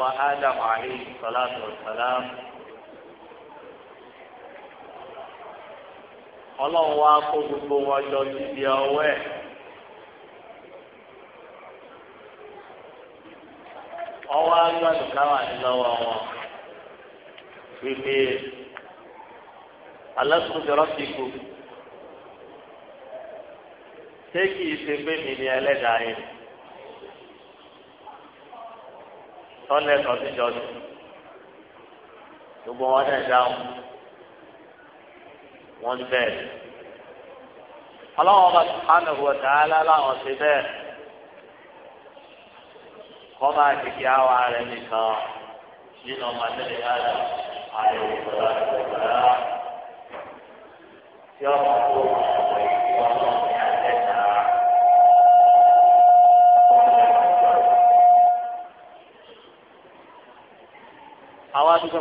ọmọ Adam alayhi salatu wa salam. ọlọ́run wá ọwọ́ wọn alásùnjọ́rọ́ ti kú ṣé kìí ṣe pé mi ni ẹlẹ́dàá tọ́lẹ̀ tọ́síjọ́sí gbogbo wọn náà dáhùn wọn bẹ́ẹ̀ ọlọ́wọ́n bá subhanahu wa ta'ala láwọn ṣe bẹ́ẹ̀ kọ́ máa kìkì àwọn ààrẹ nìkan nínú ọmọ àtẹ̀lẹ́ yára àyẹ̀wò pẹ̀lú àyẹ̀wò pẹ̀lú tí ọmọ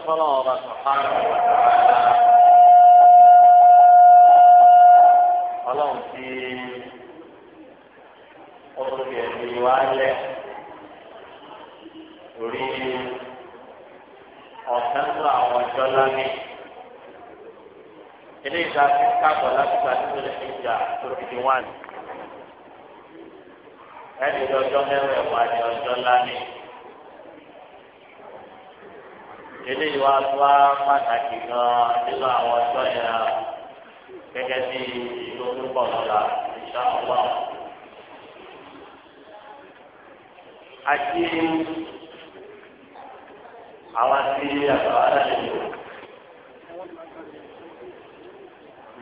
fọlọ́n ti wá wá pàtàkì gan nínú àwọn ọjọ́ yẹn gẹ́gẹ́ bí ìlú púpọ̀ lọ́la ìṣá ọgbà. àti àwọn tí àgbà rẹ̀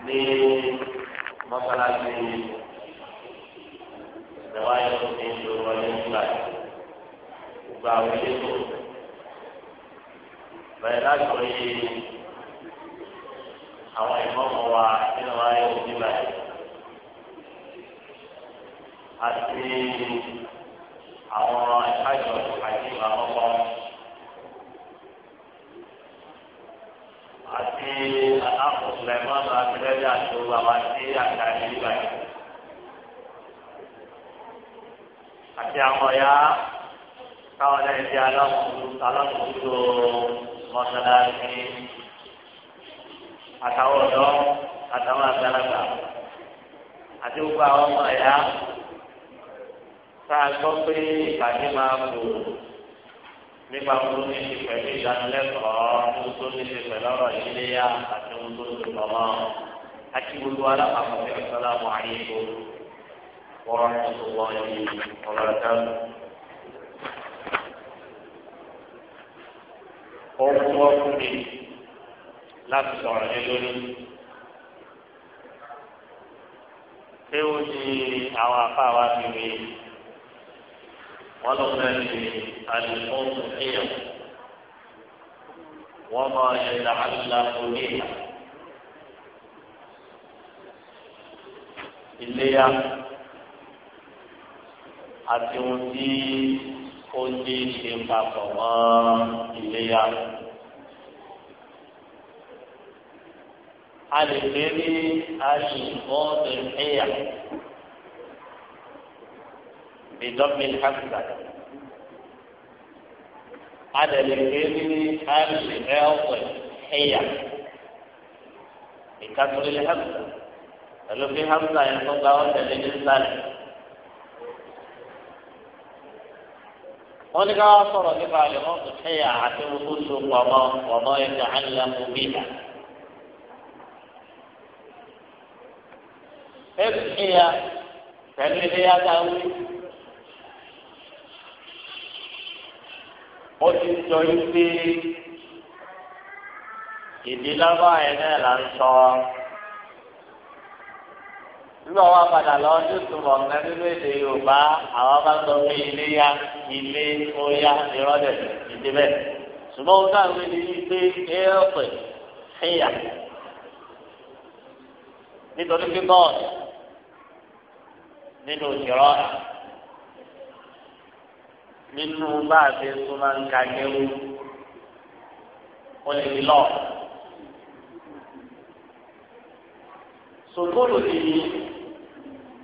ní mọ́sálásí ìdáwáyé ní ìlú ọdún ìgbà gbogbo àwọn ilé tó bẹ́ẹ̀ láti rí àwọn ìmọ̀mọ̀ wa nínú ayé òbí báyìí àti àwọn ìkájọ àti ìmọ̀mọ̀ àti àkọsílẹ̀ mọ́tò àtìlẹ́yìn àti gbogbo àwọn àti àtàlẹ́ yìí báyìí àti àwọn ọ̀yá táwọn ẹ̀dí aláwọ̀ tó aláwọ̀ tó mọ́sálásí àtàwọn ọ̀dọ́ àtàwọn àgbàlagbà àti gbogbo àwọn ọmọ ẹ̀yà tá a gbọ́ pé ìpàdé máa bò nípa ohun tó ní ti pẹ̀lú ìdánilẹ́kọ̀ọ́ ohun tó ní ti pẹ̀lú ọ̀rọ̀ ìléyà àti ohun tó ti pọ̀ àti gbogbo alápapọ̀ fẹ́ sọ́lá mọ́ àyè tó wọ́n tó wọ́n yìí ọ̀rọ̀ dáná. ohun tí wọ́n fún mi láti sọ̀rọ̀ lé lórí. pé ó ní àwọn afá wa fi wé wọ́n lọ fẹ́ fi àlùfóònù kéèyàn wọ́n máa yẹ làálùlá orí ìlà. iléyà àti ohun tí. ó ní ṣe papọ̀ mọ́ iléyà. a lè pè é ní alìmọ́ọ̀dẹ̀ ẹ̀yà ìdọ́gbìn hamza a lè pè é ní alìmọ́ọ̀dẹ̀ ẹ̀yà ìkàtúndínlẹ̀ hamza pẹ̀lú bí hamza yẹn tó gba ọ̀dẹ̀ lẹ́yìn sálẹ̀. wọn ní ká wá sọ̀rọ̀ nípa àlẹmọ kẹyà àti wọlọsọ pọmọ pọmọ ẹgbẹ alẹmọ bíyà. ẹkẹyà pẹ̀lú ẹyà káwé ó ti jọ yí pé ìdílábà ẹ náà là ń sọ nígbà wà padà lọ ọdún túbọ̀ nǹkan nínú èdè yorùbá àwọn bá sọ pé ilé ya ilé ó yá ìrọ́lẹ̀ ìdí bẹ́ẹ̀ ṣùgbọ́n ohun táwọn ènìyàn yìí pé éèpẹ̀ ṣìyà nítorí pé bọ́ọ̀lù nínú ìrọ́ nínú bá a ṣe tó máa ń ka kéwú ó lè rí lọ́ọ̀. sòkòlò nìyí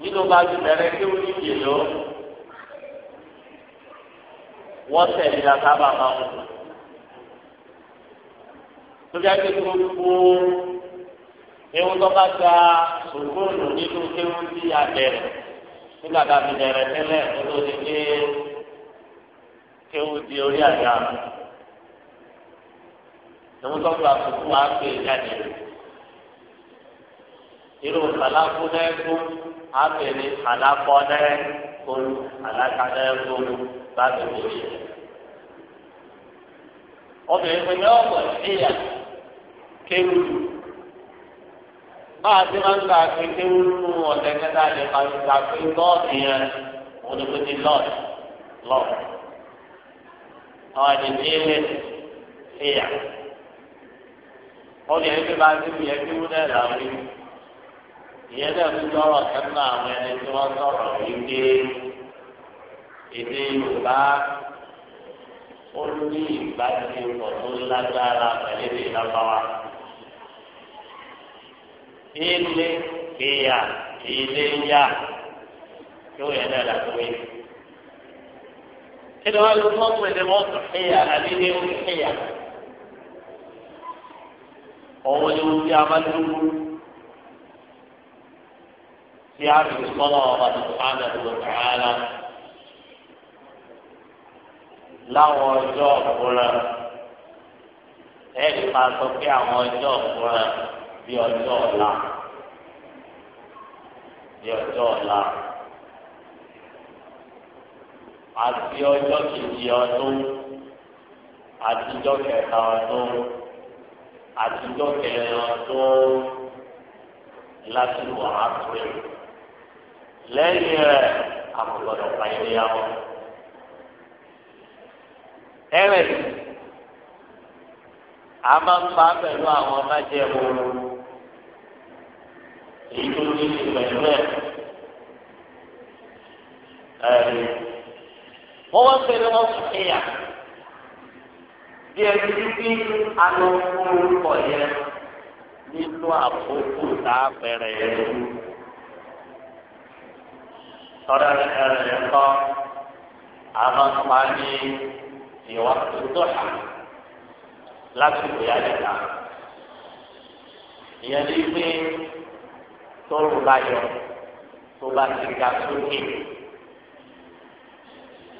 nínú bá ti bẹ̀rẹ̀ kí ó ní ìjèlò wọ́n tẹ̀lé la sábà máa ń lò. Tóbi á ti gbogbo ewu tó bá ga sòkòrò nínú ewu tí a bẹ̀rẹ̀ nígbà tá a fi bẹ̀rẹ̀ tẹ́lẹ̀ tó ti gbé ewu di orí àga. Ewu tó gba sòkòrò á pè jáde rẹ̀ irú kàlákùnẹ́kùn ábẹ̀ni kàlákọ́nẹ́kùn kàlákànẹ́kùn láti wò yẹ. obìnrin pẹ̀lú ọ̀pọ̀ ìyà kéwù máa ti máa ń gbà pé kéwù nù ọ̀tẹ̀ kẹta lè máa ń gbà pé lọ́ọ̀tì yẹn wọ́n ti pèsè lọ́ọ̀tì lọ́ọ̀tì. àwọn àdìsí ilé ìyà obìnrin pẹ̀lú àti ìyẹn kéwù náà làwọn ènìyàn ìyẹn náà fi lọ́rọ̀ sẹ́nu àwọn ẹni tí wọ́n sọ̀rọ̀ wípé èdè yorùbá ó ní ìbáṣepọ̀ tó lágbára pẹ̀lú èdè lábáwá. ilé ìyà ilé yá yóò yẹn náà dàgbé. kí ni wọ́n lọ fún èdè wọ́n sọ ìyà àbí ilé ìyà. ọ̀wọ́ ni wọ́n abájú tí a fi sọ́nà ọba sùpánà tó tààlà láwọn ọjọ́ ọ̀kúnra ẹ̀ẹ́dì máa sọ pé àwọn ọjọ́ ọ̀kúnra bí ọjọ́ ọ̀la bí ọjọ́ ọ̀la àti ọjọ́ kejì ọdún àtijọ́ kẹta ọdún àtijọ́ kẹrin ọdún láti wà á lẹ́yìn rẹ̀ àkùgbọ̀dọ̀ fàyẹ̀yàwó. ẹ̀rẹ̀ a máa ń pa pẹ̀lú àwọn májẹ̀mú èyí tó ní ti ẹ̀. wọ́n wá ń pè ní wọ́n fún ẹ̀yà bí ẹni títí alọ́ fún orúkọ yẹn nínú àkókò tá a fẹ́rẹ̀ yẹn sọ́dọ̀ ẹ̀rẹ̀ ẹ̀kọ́ àwọn ọmọ ní ìwà tuntun láti ìgbéyà níta ìyẹn ní pé tó rù láyọ̀ tó bá ti ga sókè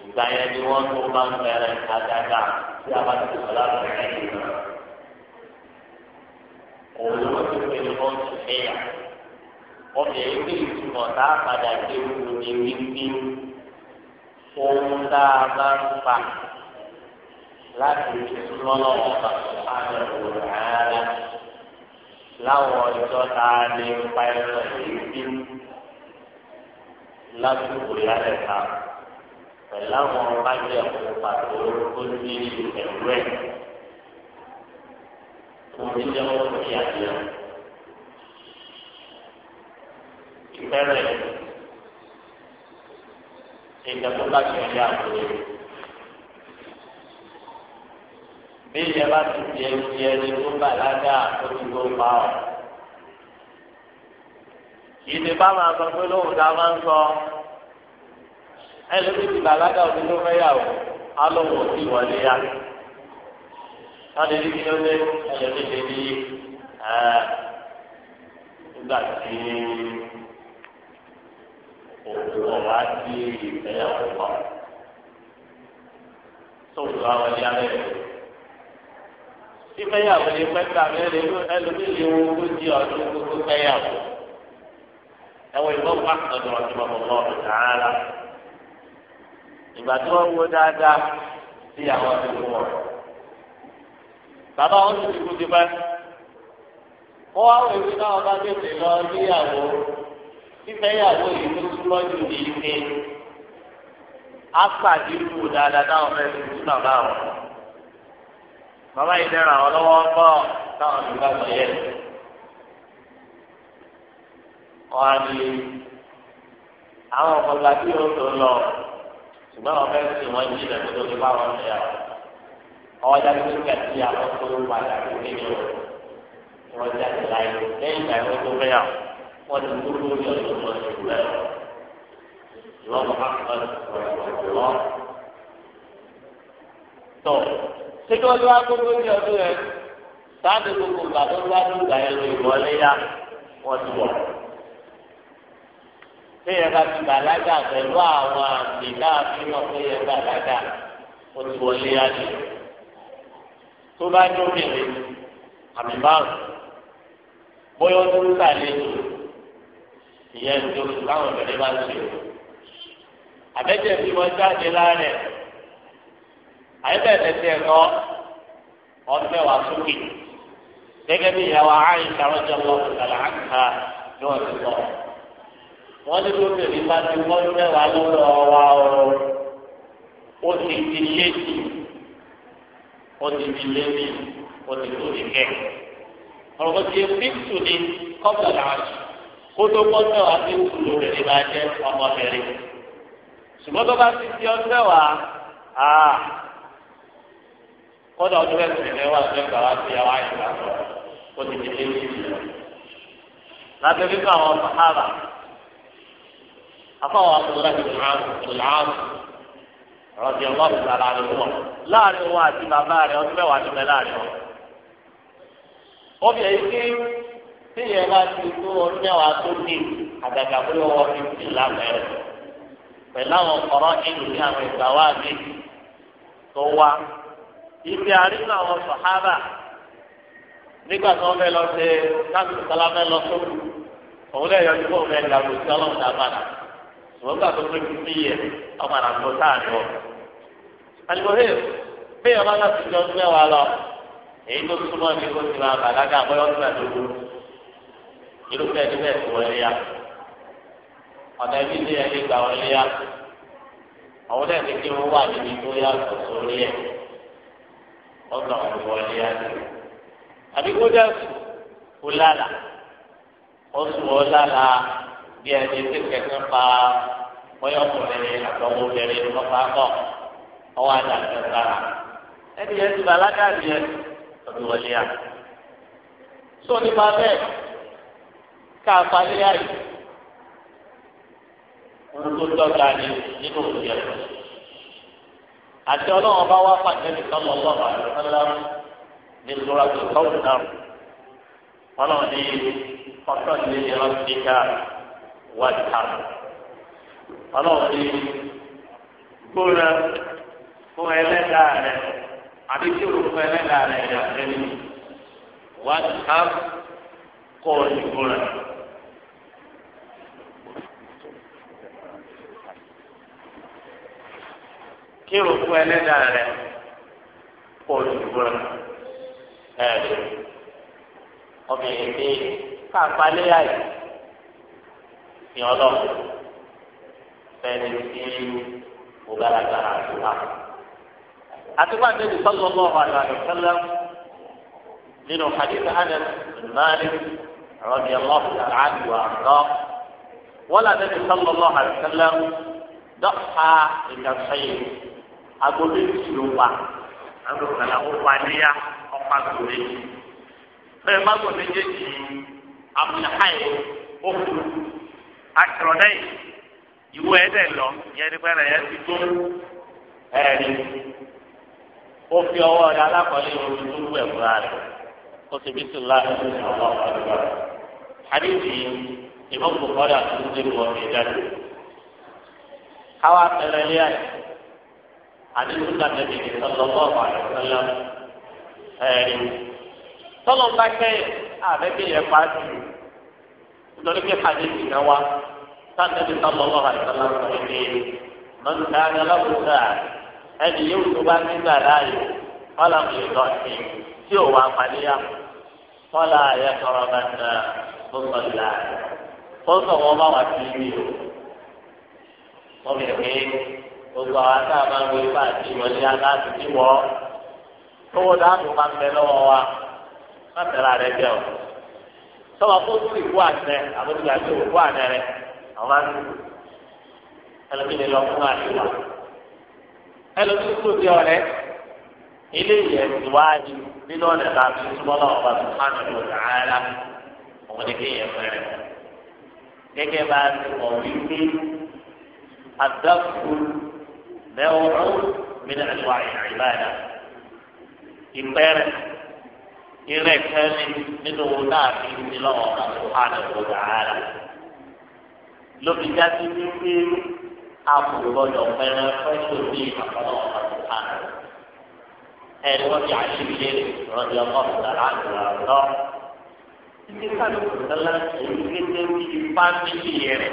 ìgbà yẹn ni wọ́n tó máa ń bẹ̀rẹ̀ àgàgà tí a bá ti sọ̀rọ̀ láti ẹ̀yìn náà òun ló ti pè ní wọ́n ti fẹ́yà ọmọ yẹn pé ìtumọ̀ tá a padà dé wúlò ní wípé ohun tá a bá ń pa láti súnmọ́ lọ́wọ́ pàṣẹ àná òwò rárá láwọn ọjọ́ tá a lè pa ẹ̀rọ ìdí lásìkò yálẹ̀ ká pẹ̀lú àwọn ọ̀bájẹ́ ọ̀pọ̀ pàtó tó ní ẹ̀rọ ẹ̀ kò ní jẹ́ wọ́n fi àjẹmọ́. ìfẹ́rẹ̀ ìjà tó bá ti ọjà àbúrò bí ìjà bá ti di ẹni di ẹni tó bà lága tó ti tó pa ọ. ìdè bá máa sọ pé lóhùn tá a máa ń sọ ẹni tó ti bà lága òbí tó fẹ́ yà wò á lóhùn òsì wọlé yá. wọ́n kí ló dé ẹ̀yọ́ lè dé ní ìgbà tí òkú ọ̀wá sí ìfẹ́yàwó wa sóòtú àwọn ilé alẹ́ rẹ̀. ìfẹ́yàwó lè pẹ́ ká mẹ́rin ẹlòmíì lè wo ọdún gbogbo fẹ́yàwó. ẹ̀wọ̀n ìbọn bá tọ̀dọ̀ ọdún ọmọọmọ ọdún ìgbà tí wọ́n wo dáadáa sí àwọn ọdún wọn. bàbá wọn ti kú ti bá. wọ́n á wọ ìwé náà bá tètè lọ síyàwó fífẹ́yàwó yìí tó súnmọ́ jù ní ife apàdéhù dáadáa táwọn fẹ́ẹ́ fi tún bàbá wọn bàbá yìí dẹ́ràn àwọn lọ́wọ́ ń bọ̀ táwọn ti bá gbọ́ yẹ wọn á ní àwọn ọ̀pọ̀lọpọ̀ àti yóò tó lọ ṣùgbọ́n àwọn fẹ́ẹ́ sìn wọ́n jí lẹ́kọ́ tó ti bá wọn lẹ́yà ọwọ́ jáde tó kẹ̀sí àwọn tó ń padà kú nínú wọn jáde láyé lẹ́yìn ìgbà yẹn wọ́n tó fẹ́yàwó wọn lè kó lórí ọdún wọn lè kú ẹ ìwọ muhammed ọ̀rọ̀ tó títí wọn ti wá kó lórí ọdún yẹn sáàdì gbogbo gbàdó gbàdó gbà yẹn lórí ìwọlé yá wọn ti wọ tí yẹn bá ti bàlágà pẹ̀lú àwọn àmì náà fi hàn pé yẹn bàlágà ó ti wọlé yá ni tó bá dún mìíràn àmì márùn bóyá ó tún sàlẹ̀ yìí ìyẹn ń dókè káwọn obìnrin bá ń ṣe o àbẹ́jẹ́ bí wọ́n jáde láàrẹ̀ àyẹ̀bẹ̀rẹ̀ tẹ̀ lọ ọ̀fẹ́ wà sókè gẹ́gẹ́ bí ìyàwó àyíṣà rọ́jà lọ́wọ́ kàlà àkàkà ni wọ́n ti lọ. wọ́n ní lókè ní bá ti wọ́n mẹ́wàá lọ́wọ́ wa o ó ti di létí ó ti di létí ó ti tó ní kẹ́ ọ̀rọ̀ ti fi tù ní kọ́pù làásù kótó pọ́ńtẹ́ wa ti kúlò rẹ̀ ní bá jẹ́ ọmọbìnrin ṣùgbọ́n tó bá ti di ọ̀sẹ̀ wa a kọ́dọ̀ ọdún mẹ́sàn-án ní wà lọ́jọ́ gbà wá sí àwọn àyíká kó ti di dé sí ìlú. lábẹ́ fífọ́ àwọn sàhábà afọwọ́ àkùnrin láti dùn án dùn án rọ̀jì ọlọ́ọ̀bù sára rẹ̀ láàrin wọn àti bàbá rẹ̀ ọdún mẹ́wàá ti mẹ́ láàrin wọn. obìnrin kí tíyẹ̀ bá ti tó ọdún mẹ́wàá tó ní àgàgà pé wọ́n fi ti lànà pẹ̀lú àwọn ọ̀rọ̀ ìlú ní àwọn ìgbà wá tó wá. Ibi àwọn sàhábà nígbà tí wọ́n fẹ́ lọ káàkiri lọ òun lè yọjú fún ọmọ ẹ̀dá lòdì ọlọ́run a ọmọ ọ. Àlùbọ̀hẹ́ bí ọba náà ti jọ ọdún mẹ́wàá lọ èyí tó túmọ̀ ní kó ti máa irúfẹ́ ẹni bẹ́ẹ̀ tó wọlé ya ọ̀nà ẹbí tí ẹni gbà wọlé ya àwọn náà ní kí wọ́n wà níbi tó yá sọ sórí ẹ̀ ọ̀nà ọ̀nà wọlé ya ni àbí kó dẹ́ kó lára ó sùn ó lára bí ẹni tí kẹ̀kẹ́ pa bóyá ọkùnrin àtọwọ́bìnrin lọ́pàá akọ ọwọ́ àdàgbẹ́ sára ẹni yẹn ti bàlágà ni ẹ ọdún wọlé ya sọ ká a parí àyè ohun ni nínú òbí ẹ̀ àti ọlọ́run bá wá pàṣẹ nìkan lọ lọ́wọ́ àlùfáà ní ìlúra tó tọ́wọ́ náà ní ní wà ká ní gbóná fún àbí tí yà sẹ́ni wà ká kọ́ kírun fún ẹlẹ́dàá rẹ kó o ti gbọ́n ẹ̀rọ obìnrin ní káàpálẹ́ àyè ní ọlọ́run fẹ́ẹ́ni tí mo gbàlagbàrà àdúrà. àtúkọ̀ àdébí sọ́dọ̀ ọlọ́run àti àdùnkẹ́lẹ́ nínú hadith Anas Malik rọ̀bì ọlọ́run àti àdùnkọ́ wọ́n làdébí sọ́dọ̀ ọlọ́run àti àdùnkẹ́lẹ́ dọ́kítà ìgbà sẹ́yìn agbo méjì ló pa agbo kàlà ó pa níyà ọ̀pá agbo méjì bẹ́ẹ̀ mago méjèèjì amúnyáháì òkú akérọ̀dẹ́ ìwé ẹ̀dẹ̀ lọ yẹn ní pẹ́rẹ́ yẹn ti tó ẹ̀rí ó fi ọwọ́ rẹ alákọ̀ọ́lẹ̀ ìròyìn tó wù ẹ̀fúra rẹ̀ ó ti bí tìlá ọ̀pọ̀ ọ̀dùnmá àdéhùn ìmọ̀ àti ìdílé wọn fi káwá pẹ̀lẹ́ lé àdìsú làbẹ́bí ní sọlọ́mọ́ àyọ̀sọ́lá ẹ̀rí. tọ́lọ́ bá kẹ́ àbẹ́bí yẹn pa sí i lórí pé àdìsú náà wá sábẹ́bí sọlọ́mọ́ àyọ̀sọ́lá sọ̀rọ̀ ní mọ̀nká alábùsà ẹni yóò tó bá nígbà láàyè kọ́lá mi lọ sí tí ò wá pàdéyà kọ́lá ayẹ kọ́rọ́ bá ta tó sọ ìlà kó wọn bá wà sí ibi o. wọ́n fi hẹ́ gbogbo àwọn tá a bá ń wọlé bá àti ìwọlé aláàbí tí wọ́ owó dáàbò bá ń bẹ lọ́wọ́ wa má tẹ̀lé àrẹ jẹ o sọ́wọ́ kó tún ìwú àtẹ àbójútó àti òkú àtẹ rẹ àwọn máa ń lò ẹlòmíì lọ fún àdìwà ẹlòmíì kúrò Di ọ̀rẹ́ ilé ìyẹn ti wá nínú ọ̀nà tá a túbọ̀ náà wà fún àdìwà tààlà òun ni kéèyàn fẹ́rẹ̀ gẹ́gẹ́ bá a ti mọ̀ wípé àdàkùn. نوع من أنواع العبادة إمبارح إلى كان من أولاد الله سبحانه وتعالى لو بجد يمكن أبو بجو فلا فشل الله سبحانه ẹni wọn ti àṣì ilé الله، ọkọ fúnra láti rà lọ. títí kálukú sọlá èyí kéde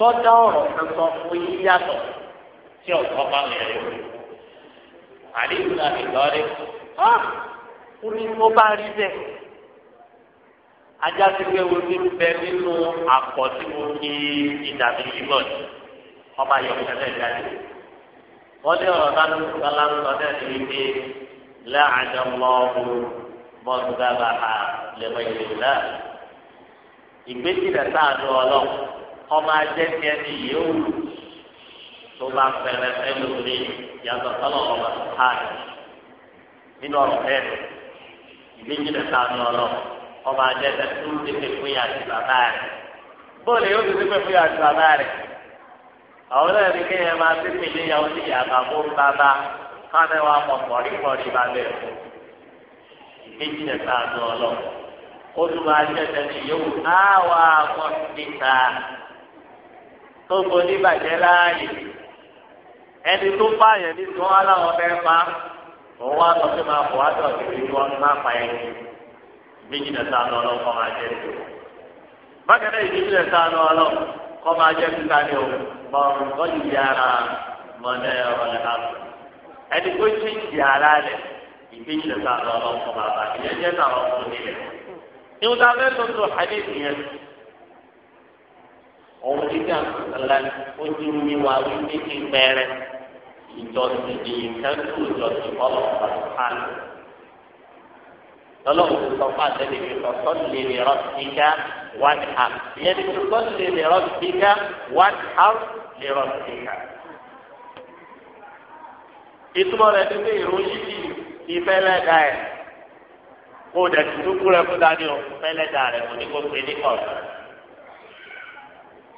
tọ́jà ọ̀rọ̀ tuntun fún yín yàtọ̀ tí ọ̀tọ́ bá lè rí o. àdéhùn àti lọ́rí ó ní mo bá rí bẹ́ẹ̀. ajá ti gbé wo ní bẹ nínú àpọ̀ tí mo fi ìdàbí ìmọ̀ ní ọba yọ̀kẹ́lẹ́ jáde. wọ́n ní ọ̀rọ̀ náà ló ń sọ láńsọ náà ní wípé láàjọ mọ́ọ̀mù bọ́ọ̀dù dábàá lẹ́mọ̀ ìlú náà. ìgbésí rẹ̀ sáà ní ọlọ́run ọmọ ajẹ́ ti ẹni yìí ó wù tó bá fẹ́rẹ́ fẹ́ lórí yàtọ̀ sọ́lọ̀ ọmọ sùpáàdì nínú ọ̀rọ̀ bẹ́ẹ̀ ìbéjì lẹ́ta ni ọlọ́ ọmọ ajẹ́ tẹ tó ti fi fún yàtì bàbá rẹ̀ bóòlù yóò ti fi fún yàtì bàbá rẹ̀ àwọn náà ní kéèyàn máa ti pè ní ìyàwó sí ìyàtọ̀ àbúrò bàbá káfẹ́ wa mọ̀ pọ̀rípọ̀rí bàbá ẹ̀ fún ìbéjì lẹ́ta ni ọlọ́ ó tún máa jẹ́ tẹ tó ń bọ̀ níbàjẹ́ láàyè ẹni tó pààyàn ní tí wọ́n á láwọn fẹ́ pa òun wá sọ pé máa bọ̀ wá sọ̀ sí ibi wọn máa pa ẹni méjì náà sáà lọ́wọ́ kọ́ máa jẹ́ tó bákan náà ìdíjì náà sáà lọ́wọ́ kọ́ máa jẹ́ tó o mọ̀ lọ́yìn yára ọ̀rọ̀ ẹni tó ṣe rẹ̀ náà sáà kọ́ máa bá ìyẹn jẹ́ òun ti dá nǹkanla ó ti mi wá wí ní ti ìjọsìn ní ìjọsìn ọlọ́pàá àná. lọ́lọ́run ti sọ fún àtẹ́lẹ̀ mi sọ sọ́ọ̀lì lè rọ síga wájú ha ìyẹn ti sọ sọ́ọ̀lì lè rọ síga wájú ha lè rọ síga. ìtumọ̀ rẹ̀ ti pé ìròyìn ti ìfẹ́ lẹ́ga ẹ̀ kó o dẹ̀ tuntun kú fún dání o fẹ́ lẹ́ga rẹ̀ kò ní kó o ní kọ̀ọ̀tù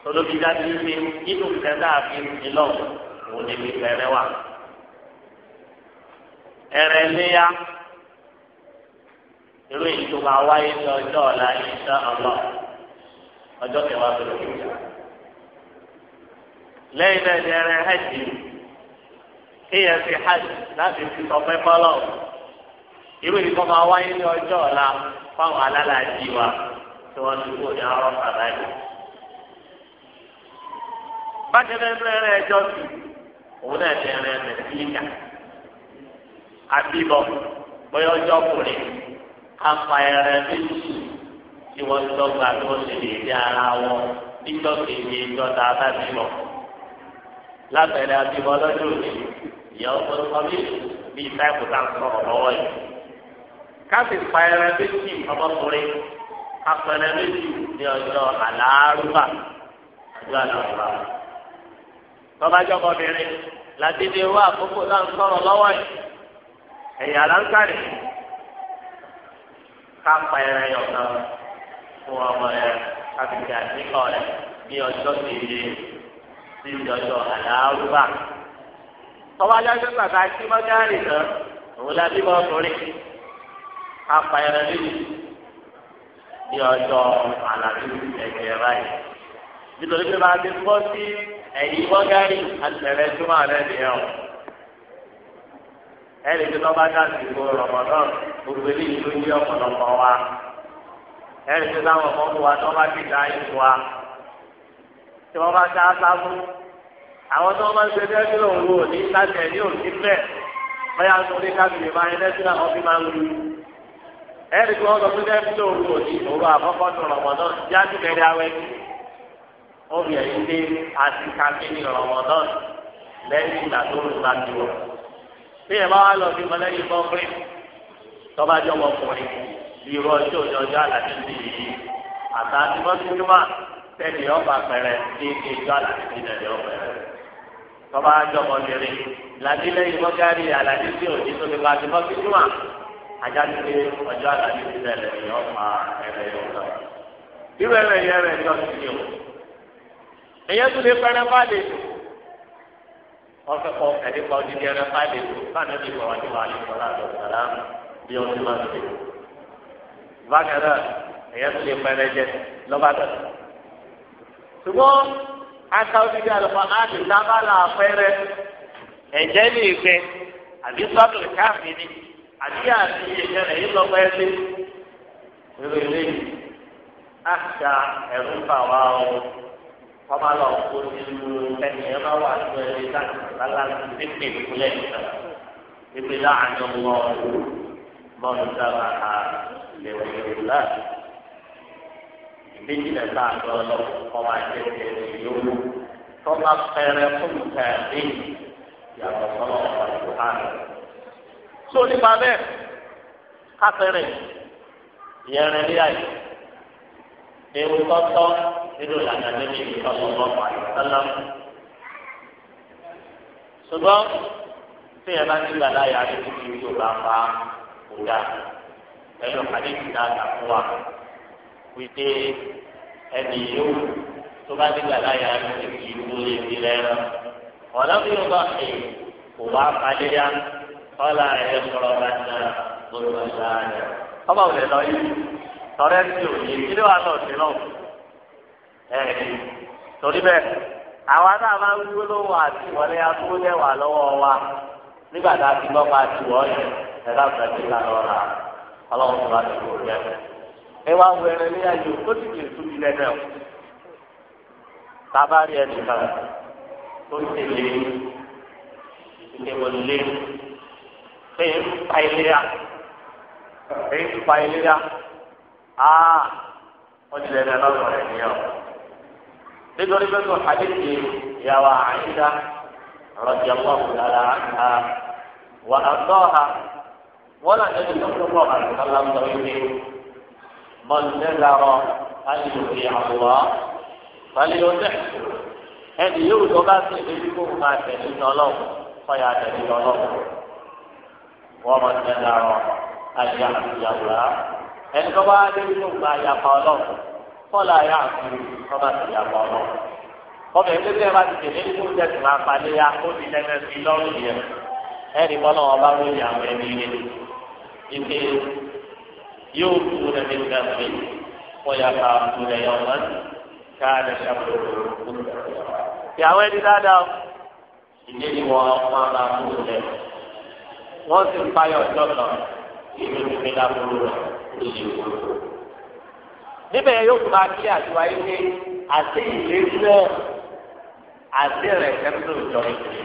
tolóbi dájú pé nínú kẹta àfi ìlọ òun ni ìbẹ̀rẹ̀ wa ẹrẹ léya irú ìtura wáyé ní ọjọ́ ọ̀la ìṣá ọlọ ọjọ́ kẹwàá tó lókè jà lẹ́yìn náà ní ẹrẹ hajj kéèyàn fi hajj láti fi sọpẹ́ bọ́lọ̀ irú ìtura máa wáyé ní ọjọ́ ọ̀la fáwọn alálàájì wa tí wọ́n ti kó ní arọ́ fàdáyé bájẹ́ bẹ́ẹ̀ bẹ́ẹ̀ rẹ̀ ẹjọ́ sí òun náà ti rẹ̀ ẹ̀ sí ìyá bóyá ọjọ́ kùnrin afa ẹrẹ méjì tí wọ́n dọ́gba tí wọ́n ṣe lè dé ara wọn níjọ́ kejì ìjọba abábíbọ̀ lábẹ́rẹ́ abíbọ̀ lọ́jọ́ òní ìyàwó pọ̀lọ́pọ̀lọ́ bíi táìpù tá a sọ̀rọ̀ lọ́wọ́ yìí káfí fa ẹrẹ méjì ọmọkùnrin apẹrẹ méjì ní ọjọ́ àlàárúbà ọjọ́ àlàárúbà tọ́bajọ́ ọmọbìnrin láti fi wá àkókò náà ń sọ̀rọ̀ lọ́wọ́ yìí ẹ̀yà láńkàrì ká pa ẹran yọ̀ kan fún ọmọ rẹ̀ káfíńtì àtìkọ́ rẹ̀ ní ọjọ́ kejì sí ìjọjọ́ àdáàrúbà tọ́bajọ́ pé bàbá tí náà òun la bímọ ọkùnrin ká pa ẹran lórí ní ọjọ́ àlàbí ẹgbẹ̀rún báyìí nítorí pé bá a ti fọ́ sí ẹ̀yin mọ́gárì àtẹ̀rẹ́ túmọ̀ rẹ̀ nìyẹn o. ẹnì tí wọ́n bá dá sí ìbò rọ̀mọ̀dán gbogbo eléyìí ló yí ọ̀pọ̀lọpọ̀ wa. ẹnì tí táwọn ọmọ mú wa tí wọ́n bá ti dá ìfún wa. tí wọ́n bá dá sáfù. àwọn tí wọ́n bá ń ṣe dẹ́gbẹ́ lòun wò ní láti ní òsì bẹ́ẹ̀. báyà ń sọdí kábìlì máa ń lẹ́sìn àwọn fi máa ń lu. ẹnì tí wọ́n sọ fún dẹ́gbẹ́ lòun wò ní òru àkọ́kọ́ obìnrin dé àtìkámi ní rọmọdán lẹ́yìn ìgbà tó ń gba jù ọ. bí ẹ bá wá lọ bí mọlẹ́yìn bọ́ọ̀kùnrin tọ́ba jọ ọkùnrin bí irú ọjọ́ òjò ọjọ́ àlàyé ti yìí àtàtì mọ́tìjúmọ́ tẹ̀lé ọba pẹ̀rẹ̀ ní ìjọ àlàyé ti tẹ̀lé ọba pẹ̀rẹ̀. tọ́ba jọ ọmọbìnrin làbí lẹ́yìn mọ́gárì àlàyé tí òjì tó ti bá ti mọ́tìjúmọ́ ajá ti pé ọjọ́ àlàyé ti tẹ̀lé ọba pẹ̀rẹ̀ yọ èyẹ tún lè pẹrẹ bá lè lò wọn fẹ́ kọ ẹni pa odidi ẹrẹ bá lè lò báyìí bí wọn ti wà lè sọ láàbọ sọlá bí wọn ti máa lè lò bákan náà èyẹ tún lè pẹrẹ jẹ lọba dọ ṣùgbọ́n aka odidi àlùfọ àti dábàlà àpẹrẹ ẹ̀jẹ̀ lè gbẹ àbí sọdọ káàmì ni àbí àti ìyẹn rẹ yìí lọ pẹ sí rere kọ́má lọ kó nínú ẹnìyẹn bá wà nínú ẹni láti lálá pípé ìpínlẹ̀ ìgbà pípé láàánú wọn bọ́ọ̀lù sábà á lèwọ̀ ìlú láti ìbíjìlẹ̀ bá a lọ lọ kọ́má jẹ́ ẹni yòówù kọ́má pẹrẹ fún kẹ́ẹ̀dé yàtọ̀ sọ́nà ọ̀pọ̀ ìbùhánù. tó nípa bẹ́ẹ̀ kápẹ́rẹ́ ìyẹn rẹ̀ ní àyè ewu tọ́tọ́ nínú ìlànà níbi ìtọ́sọ̀tọ̀ àyọ̀tọ́lá. ṣùgbọ́n tí ẹ bá nígbà láyà ní títí tí o bá fa òdà pẹ̀lú àdéhùn náà kàfún wa wípé ẹnì yóò tó bá nígbà láyà ní títí tó lè fi lẹ́nu. ọ̀nà bí o bá fi kò bá padéyà ọ̀là ẹ̀ sọ̀rọ̀ bá ní ọ̀rọ̀ ìlànà. ọba ò lè lọ yìí tọrẹ tí o yìí kí ló wà lọ sí náà. ẹ̀rí torí bẹ́ẹ̀ àwa náà máa ń ati wà àti ìwọlé akúndẹ̀wà lọ́wọ́ wa nígbà tá a ti gbọ́ pa àtiwọ́ yẹn ẹ̀dá ọ̀sẹ̀ ti là lọ́ra ọlọ́run tó bá ti kú rẹ̀. ẹ wá wọ ẹrẹ léyà yìí ó sì kìí tóbi lẹ́nu a tábà rí ẹni kan tó ń ṣé ń pa ìlera ṣé ń pa ìlera ti lẹ́nu ẹ̀ lọ́sọ̀rọ̀ ẹ̀ nítorí pé kò hadithi ìyàwó àyíká rọ̀jì ọlọ́run lára àyíká wà á tọ́ ha wọ́n náà nínú tó kún bọ̀ àtàlà ń lọ ilé mọ̀lẹ́dàrọ̀ alìlùmí àwọ̀ balẹ̀-ọ̀dẹ̀ ẹni yóò tó bá sí ibi kó máa tẹ̀lé ní ọlọ́run fọyà tẹ̀lé ní ọlọ́run wọ́n mọ̀lẹ́dàrọ̀ alìyàwó ẹni tó bá dé kó máa yàpa ọlọ́run kọ́lá yà àkùrù kọ́ba ti yà bọ̀ ọ́. ọmọ ẹgbẹ́ bẹ́ẹ̀ bá ti tẹ̀lé ikú jẹ́ tì máa palẹ̀ ya ó ti lẹ́nu ẹbí lọ́rùn yẹn. ẹnì kan náà ọba ló yà àwọn ẹbí yẹn. ike yóò tu ẹbí kan pé wọ́n yà ká tu ẹ̀yà ọ̀gá ká lè ṣàkóso ìyá àwọn ẹni dáadáa ìdí ni wọ́n máa bá tu ẹ̀. wọ́n sì ń payọ̀ ọjọ́ kan ìlú ìpínlẹ̀ àbúrò rẹ̀ lóye ìwòrò níbẹ̀ yóò tún máa kí àtiwá yìí pé àti ìlérí náà àti rẹ̀ kẹ́tù jọ ìdílé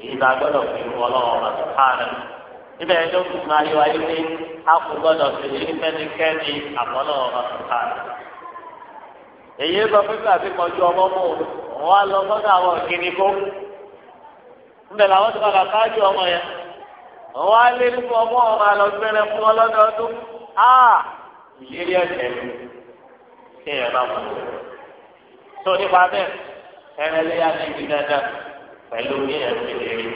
èyí bá gbọ́dọ̀ fi ọlọ́wọ́ ọ̀rọ̀ sùpáàlà níbẹ̀ yóò tún máa yọ ayé pé a kò gbọ́dọ̀ fi èyí fẹ́nikẹ́ni àbọ̀lọ́ ọ̀rọ̀ sùpáàlà. èyí sọ pé kí àti kọjú ọmọ mú wọn á lọ sọ́dọ̀ àwọn ìkíni kó ńbẹ làwọn ti padà kájú ọmọ yẹn wọn á lé nípa ọmọ ọmọ àlọ́ ìlérí ẹ̀jẹ̀ mi kí èèyàn máa mú un. tó nípa bẹ́ẹ̀ ẹran ẹlẹ́yà ní ibi dandan pẹ̀lú bí èèyàn ti lè rí.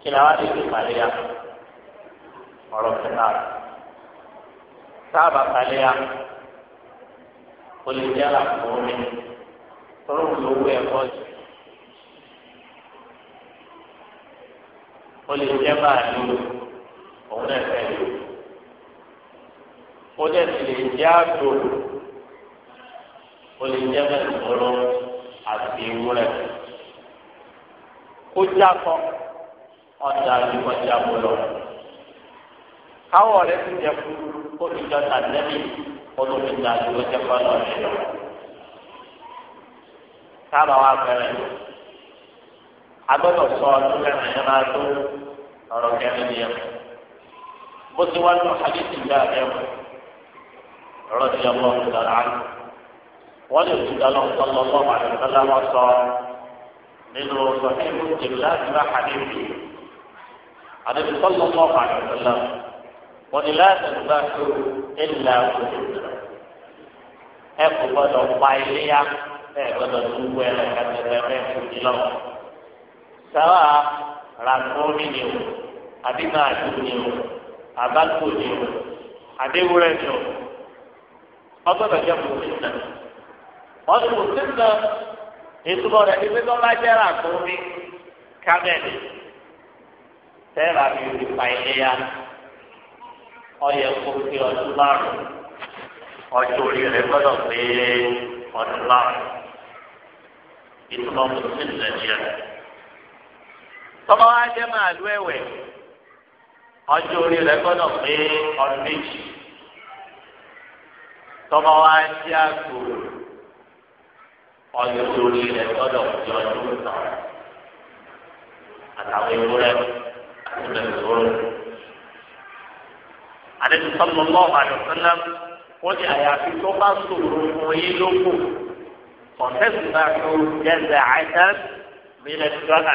kí ni àwọn àdéhùn ìpàdé yá ọ̀rọ̀ kẹta rẹ̀. sáàbà pàdé yá jẹ́ àpò omi tọ́lọ́ olówó ẹ̀kọ́ jù. o jẹ́ báàlú òun náà fẹ́ lò ó dẹ̀ sì lè jẹ́ àgbò ó lè jẹ́ bẹ́ẹ̀ lọ́rọ́ àti ewúrẹ́ kó jákọ́ ọ̀dà àdìgbọ̀jà bọ̀ lọ. káwọ̀ rẹ̀ ti jẹ́ fún kó ti jọ tàdẹ́lì kó tó ti dà àdìgbọ̀jà bọ̀ lọ rẹ̀ lọ. káàbà wa bẹ̀rẹ̀ agbọ́dọ̀ sọ ọdún mẹ́rin yẹn máa tó ọ̀rọ̀ kẹrin yẹn. bó ti wá lọ àdìsí ìgbà rẹ̀ wọ̀. رضي الله تعالى عنه ولد الله صلى الله عليه وسلم صار من صحيح الله ما حديثه عن النبي صلى الله عليه وسلم وإن لا تذبحوا إلا وجودا أكو بدر بايليا أكو بدر سويلة كتبه كتبه سواء رانقومي نيو أبي ما أجوني أبالكو نيو أبي ورنيو ọgbọ́dọ̀ jẹ́ mùsùlùmí wọ́n ti mùsùlùmí ìtumọ̀ rẹ̀ ibi tó bá jẹ́ ràkún mi kámẹ́lì tẹ́lá mi ò lè pa ìléyà ọyẹ kó fi ọdún márùn ọjọ́ orí rẹ̀ gbọ́dọ̀ pé ọdún márùn ìtumọ̀ mùsùlùmí nàìjíríà tọ́ba wa jẹ́ màálù ẹ̀wẹ̀ ọjọ́ orí rẹ̀ gbọ́dọ̀ pé ọdún méjì tọ́mọ wa ń ṣe àtò ọyọ lórí rẹ̀ lọ́dọ̀ ọjọ́ ọdún náà àtàwọn ewúrẹ́ àti mẹ́tòrò. àdébí sọ́mọ lọ́wọ́ àdùnsánná wọ́n ní àyàfi tó bá sòrò fún yín lóko kọ̀ǹtẹ́sì bá tó jẹ́sẹ̀ àìsàn mílẹ̀ dọ́là.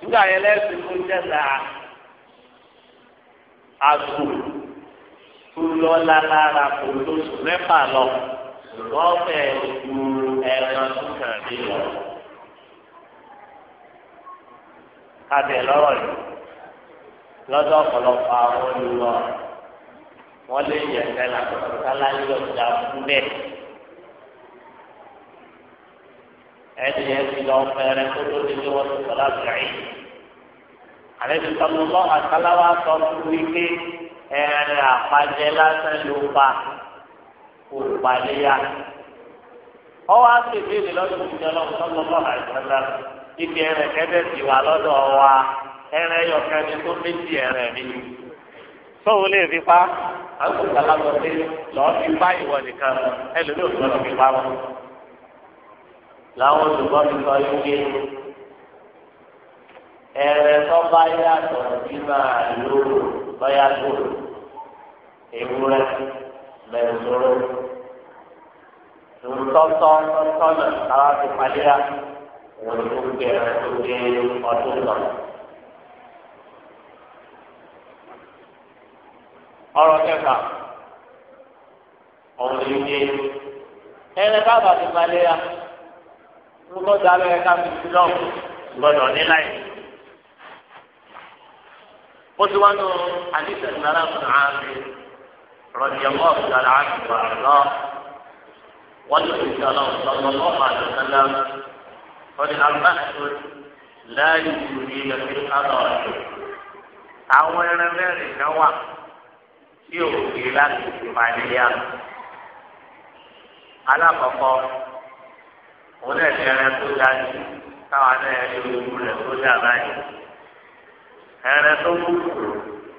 nígbà yẹn lẹ́sìn fún jẹ́sẹ̀ àgùrù tó lọ́la lára kò tó sùn mẹ́fà lọ ṣùgbọ́n bẹ́ẹ̀ ẹran tó kàn lọ. kábẹ̀ lọ́rọ̀ yìí lọ́dọ̀ ọ̀pọ̀lọpọ̀ àwọn olùwọ̀ wọ́n lé yẹ̀fẹ́ làkọ̀tọ̀ sáláyé ọ̀dà fún ẹni yẹn ti lọ fẹ́rẹ́ kó ti lé wọn tó sọ̀rọ̀ àgbà yìí. àlejò sọ̀rọ̀ lọ́wọ́ àtàláwá sọ fún wípé. ẹ̀rẹ̀ àpàjẹ lásán ló pa kò paléyà. ọwọ́ àtẹ̀bẹ̀rẹ̀ lọ́dún ìjọ lọ́wọ́ sọ́dún lọ́wọ́ àìsàn ibi ẹ̀rẹ̀ kẹ́tẹ́ sì wà lọ́dọ̀ wa ẹ̀rẹ̀ yọkẹ́ni tó méjì ẹ̀rẹ̀ mi. sọ́wọ́ lè fi pa àwọn ìgbàlagbọ̀ lọ́ọ́ fi pa ìwọ nìkan fi pa wọn. làwọn olùkọ́ mi sọ ẹ̀rẹ̀ tó bá yàtọ̀ sí máa lọ́yà tó ewúrẹ́ mẹ́sọ̀rọ̀ tòótọ́tọ́ tọ́tọ́nà táwa ti parí rà wọ́n tó gbẹ̀rẹ̀ tó lọ. ọ̀rọ̀ kẹfà ọ̀rọ̀ yìí ẹnlẹ bàbá ti parí rà ń gbọ́dọ̀ alẹ́ ká fi sílọ̀ wọ́n ti wá nù àdìsẹ́ ìlànà fún àmì rọ̀dìyàwó ìlànà àgbà lọ. wọ́n ti fi sọ̀rọ̀ sọ̀rọ̀ lọ́wọ́ àdìsẹ́lá wọ́n ti àgbà tó láàyè ìlú ilẹ̀ fi kálọ̀ ọ̀dọ̀. àwọn ẹran mẹ́rin náà wà tí ò fi láti fi máa ní yá. alákọ̀ọ́kọ́ òun náà ti ẹran tó dájú táwọn náà ẹni olùkú rẹ̀ tó dà báyìí. ẹrẹ tó kú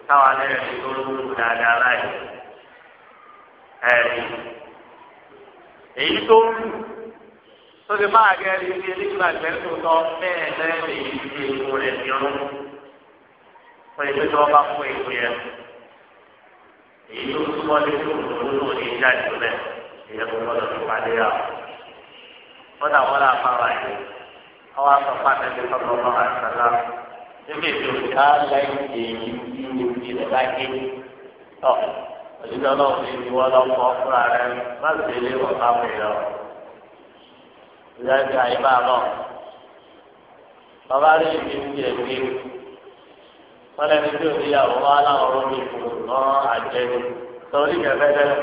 táwa lẹ́yìn tó tó kú dáadáa láyé ẹ̀rí èyí tó kú tó lè máa gẹ ẹni bí nígbà tẹ́tù tọ́ bẹ́ẹ̀ lẹ́yìn èyí tí èkó rẹ̀ ní ọdún fún ẹgbẹ́ tí bá fún èkó yẹn èyí tó túbọ̀ ní tó kú tó tó ní jáde tó tó ebi tó ká láì dé ibi ibi rẹ bá gé tọ òṣìṣẹ́ ọlọ́run ti fi wọ́n lọ́kọ́ fúnra rẹ má sì lè wọ́n bá mi lọ. ìdájọ́ àyè bá lọ bàbá rí ibi ti ẹ̀ gbé wọ́n lẹ́ni tí òṣìyàwó wá láwọn ọ̀rọ̀ mi kù lọ́n àjẹni torí kẹfẹ́ tẹ́lẹ̀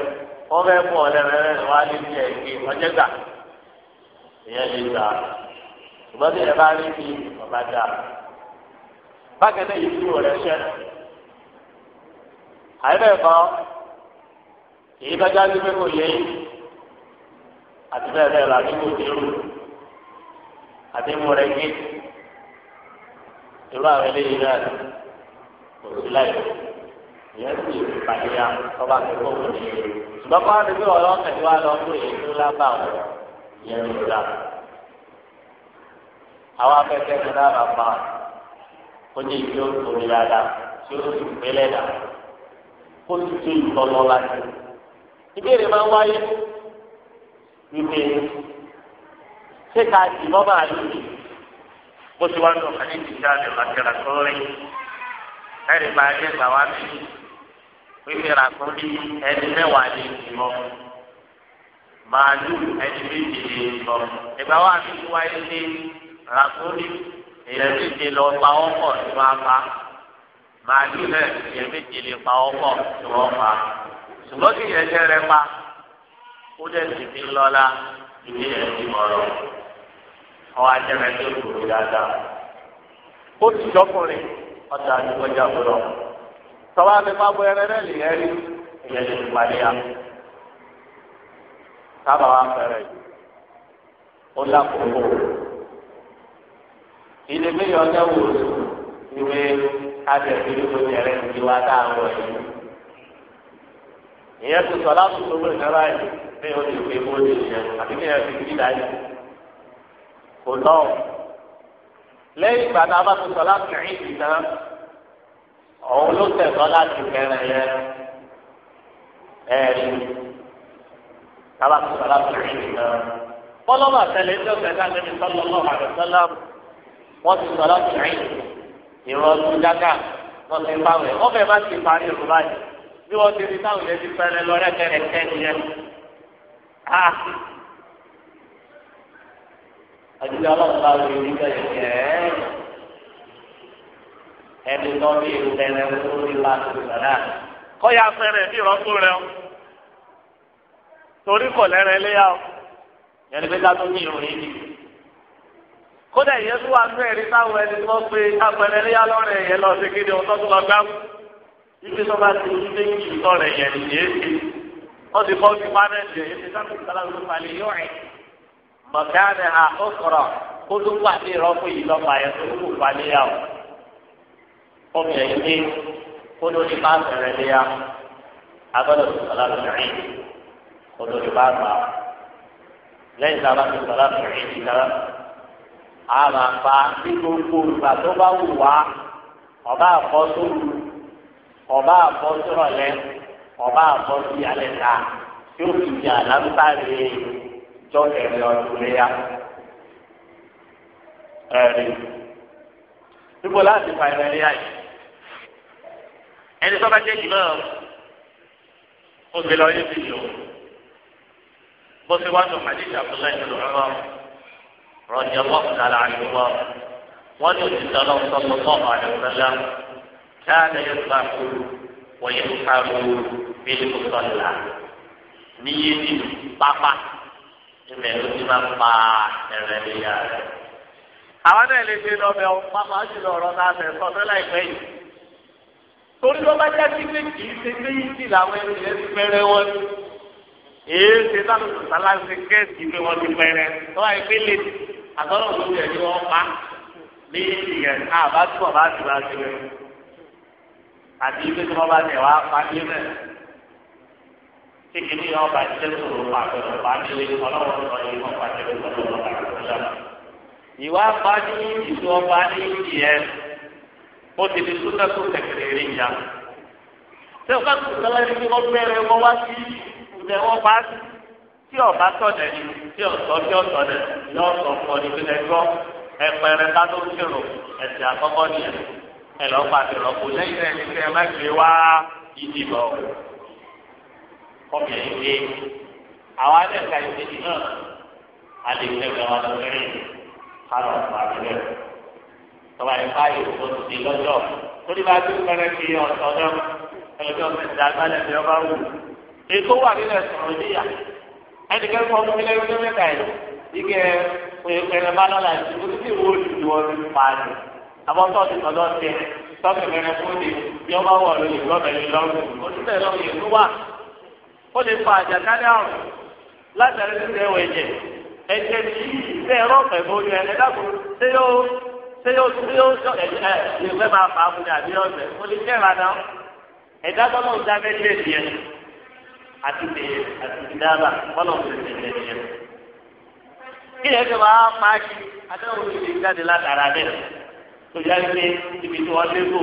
wọ́n fẹ́ mú ọ̀lẹ́ rẹ wá ní ti ẹ̀ gbà ìyẹn lè gbà ṣùgbọ́n tí bá rí ibi ọ̀bá dáa bákan náà yìí kúrò rẹ̀ ṣẹ́ àìbẹ̀ kan èyí bá jáde pé kò yẹ yìí àti bẹ́ẹ̀ bẹ́ẹ̀ la nínú ìdírù àti mú rẹ̀ gé irú àwọn eléyìí náà kò sí láì ìyẹn sì pàdé ya ọba tó kó wọlé ṣùgbọ́n kó wá bí ọlọ́run tẹ̀lé wa lọ fún èyí tó lábà wọn ìyẹn ló dá àwọn afẹ́fẹ́ tó dára pa kó jẹ́ ìgbé òtòrí dáadáa tí ó sì pélé dà kó sì tó ìtọ́lọ́ láti. ìbéèrè máa ń wáyé wípé ṣé ká di bọ́ máa lù mí bó ti wá ń lọ kàní ti dá lè máa tẹ̀lé sórí ẹ̀rì máa dé gbàwá mi wípé ràkún ní ẹni mẹ́wàá ní ìmọ̀ màálù ẹni méjì ní ìmọ̀ ìgbà wa mi wáyé ní ràkún ní èèyàn méje lọ pa ọkọ̀ tí wọ́n pa màálù náà èèyàn méje lè pa ọkọ̀ tí wọ́n pa ṣùgbọ́n kí ìyẹn jẹ́ rẹ pa ó dẹ̀ sì fi lọ́la ìdí ẹ̀ ti mọ̀rọ̀ ọwọ́ ajẹ́rẹ́ tó kù dáadáa ó ti jọkùnrin ọ̀tá àdúgbòjà búrọ̀ tọ́wọ́ àgbẹ̀pá bọ ẹrẹ náà lè rí ìyẹn lè fi parí ya sábà wà fẹ́rẹ̀ ó lákòókò ilé méjì ọjọ́ wò ó ìwé abẹ́rẹ́ ìlú tó jẹrẹ ìdí wa dá àwọn ẹ̀yìn. ìyẹn tó sọ láti gbogbo ìjọba yìí bí o lè fi bóde yẹn àbí bí ẹ fi kí láyé kò lọ. lẹ́yìn ìgbà tá a bá tó sọ láti rìn ìdí tán òun ló tẹ̀sọ́ láti kẹrin yẹn ẹ̀rí tá a bá tó sọ láti rìn ìdí tán. bọ́lọ́mà tẹ̀lé ń dọ́kẹ́ sáà níbi sọ́lọ́lọ́ àdùsọ́lá wọ́n ti sọ láti rìn ìrọ̀ ọdún wọ́n ti pa wẹ̀ ọ̀fẹ́ bá ti parí ìrù báyìí bí wọ́n ti rí táwọn yẹn ti pẹ́rẹ́ lọ rẹ́kẹ̀rẹ́kẹ́ nìyẹn. a àdúgbò ọlọ́ọ̀ta ló rí kẹ́lẹ́ kẹ́ẹ́ ẹni tó bí ìlú lórí láti sọ̀rọ̀ kọ́yà pẹ́rẹ́ bí ìrọ́kú rẹ̀ o torí kò lẹ́rẹ̀ léyà o yẹn pé ká tó ní ìròyìn yìí kódà ìyẹn tó wà nú ẹ̀rí táwọn ẹni tó ń pe ní yálọ́rẹ̀ yẹn lọ sí kéde ọ̀tọ́ tó lọ gbáwó ibi tó bá ti ní méjì tọrẹ yẹn nìyẹn ti wọ́n ti kọ́ sí pánẹ́ẹ̀lì yẹn ti sábà kọ́lá ló falẹ̀ yóò rẹ̀ mọ̀kánì à ó sọ̀rọ̀ kó tó wà ní ìrọ́pò yìí lọ́pàá yẹn tó kù falẹ̀ yà ó fọ́ọ̀mù ní kó àràpá tí gbogbo ìgbà tó bá wù wá ọba àkọ́ tó wù ọba àkọ́ tó rọ̀lẹ́ ọba àkọ́ sí alẹ́ ta tí ó fi di àlámsáré jọ ẹ̀rẹ̀ ọdún léyà. ẹ̀rí níbo láti fa ẹ̀rẹ̀ léyà yìí ẹni tó bá jẹ́ jù náà ó gbé lọ yé bìyàn bó ṣe wá tó màdìsí àbúlá ìlú ọ̀rọ̀ rọ̀jẹ̀ lọ́kùnrin aláàánú wa wọ́n ní òtítọ́ lọ́sọ̀tọ̀ lọ́kọ̀ àdàkùnrin káàdà yóò bá kú wọ́yẹ̀ kárò bíi mùsọ̀lá níyé ní pápá ìmẹ̀ ló ti máa ń pa ẹ̀rẹ̀ níyà rẹ̀. àwọn náà lè ṣe lọ́bẹ̀ ọ̀hún pápá jùlọ ọ̀rọ̀ náà fẹ́ sọ fẹ́ láìpẹ́ yìí torí wọn bá jáde pé kì í ṣe pé yìí sì làwọn ẹni yẹn ti pẹrẹ wọn èé ṣe sáà lọ sọsọ aláṣẹ kẹẹsì pé wọn ti pẹrẹ tó wáyé pé lè àtọ́nà òkú rẹ̀ ni wọ́n pa ní ìyẹn àbá tí wọ́n bá ti wá sí rẹ̀ àti ilé tí wọ́n bá tẹ̀ wá pa ní rẹ̀ kékeré yẹn ọba ìṣẹ́ sòrò pàtẹ́wọ̀ pa ní ilé ọlọ́wọ́ sọ yìí wọ́n pa tẹ̀wọ̀ sọ̀rọ̀ lọ́wọ́ àgbàlá. ìwà pa ní ìlú ọba ní ìyẹn ó ti di súnẹ́sù kẹ̀kẹ́rẹ́ ìyá. tẹ́wọ́n bá tún sọ́lá ní kí wọ́n bẹ̀rẹ̀ wọ́n wá sí ìlú tí ọba tọ̀dẹ̀ ni tí ọ̀sọ́ tí ọ̀sọ̀dẹ̀ ni ọ̀sọ̀ kọ́ ni fi lẹ́gbọ́ ẹ̀pẹ̀rẹ̀ ká tó kírun ẹ̀sẹ̀ àkọ́kọ́ nìyẹn ẹ̀lọ́pàá ti rọ̀pò lẹ́yìn rẹ̀ ní kí ẹ má gbé wá ìdìbò kọ́mì ẹ̀yìn pé àwọn alẹ́ka ìdíjì náà a lè fẹ́ gbà wọn lọ́rẹ́ kárọ̀ ọ̀pọ̀ àbílẹ̀ tọ́ba ìfá yìí tó ti di lọ́jọ́ torí bá ti pẹ́rẹ́ fi ọ̀sọ̀ náà ẹ̀jọ́ mẹ́ta gbálẹ̀ bí ọba wù èkó wà nílẹ̀ sọ̀rọ̀ níyà ẹnìkan kọ́ ọdún mílẹ̀ ọdún mẹ́ta yìí ike ẹ̀rẹ̀ bá lọ́la yìí o ti wo olùdó ọdún pàdé àbọ̀tọ̀ ti tọ̀dọ̀ tiẹ̀ tọ́kì mẹ́rin fún mi bí ọba wọ̀ lóye lọ́bẹ̀rẹ̀ lọ́rùn o ti bẹ̀rẹ̀ lọ́rùn yìí wá ó lè fa àjàkálẹ̀ àrùn látàrí títẹ̀ ẹ̀wọ̀ ẹ̀jẹ̀ ẹ̀jẹ̀ yìí bẹ́ẹ̀ rọ́ọ̀fẹ̀ bó yẹ ẹ̀ dàgbọ́ ṣé yóò ṣé yóò ṣé yóò ṣọ ẹ̀jẹ̀ ẹ̀ ìwé máa fà á fún mi àbí ọ̀sẹ̀ mo lè jẹ́ ìrànà ẹ̀dá àti bèrè àti ìdáàbà kọ́nà òṣèlú ìjẹ̀lẹ̀ yẹn. kí lè fi máa máa ṣe adáwọ̀ òṣèlú ìjáde látara bẹ́ẹ̀ tó yá pé ibi tí wọ́n lébò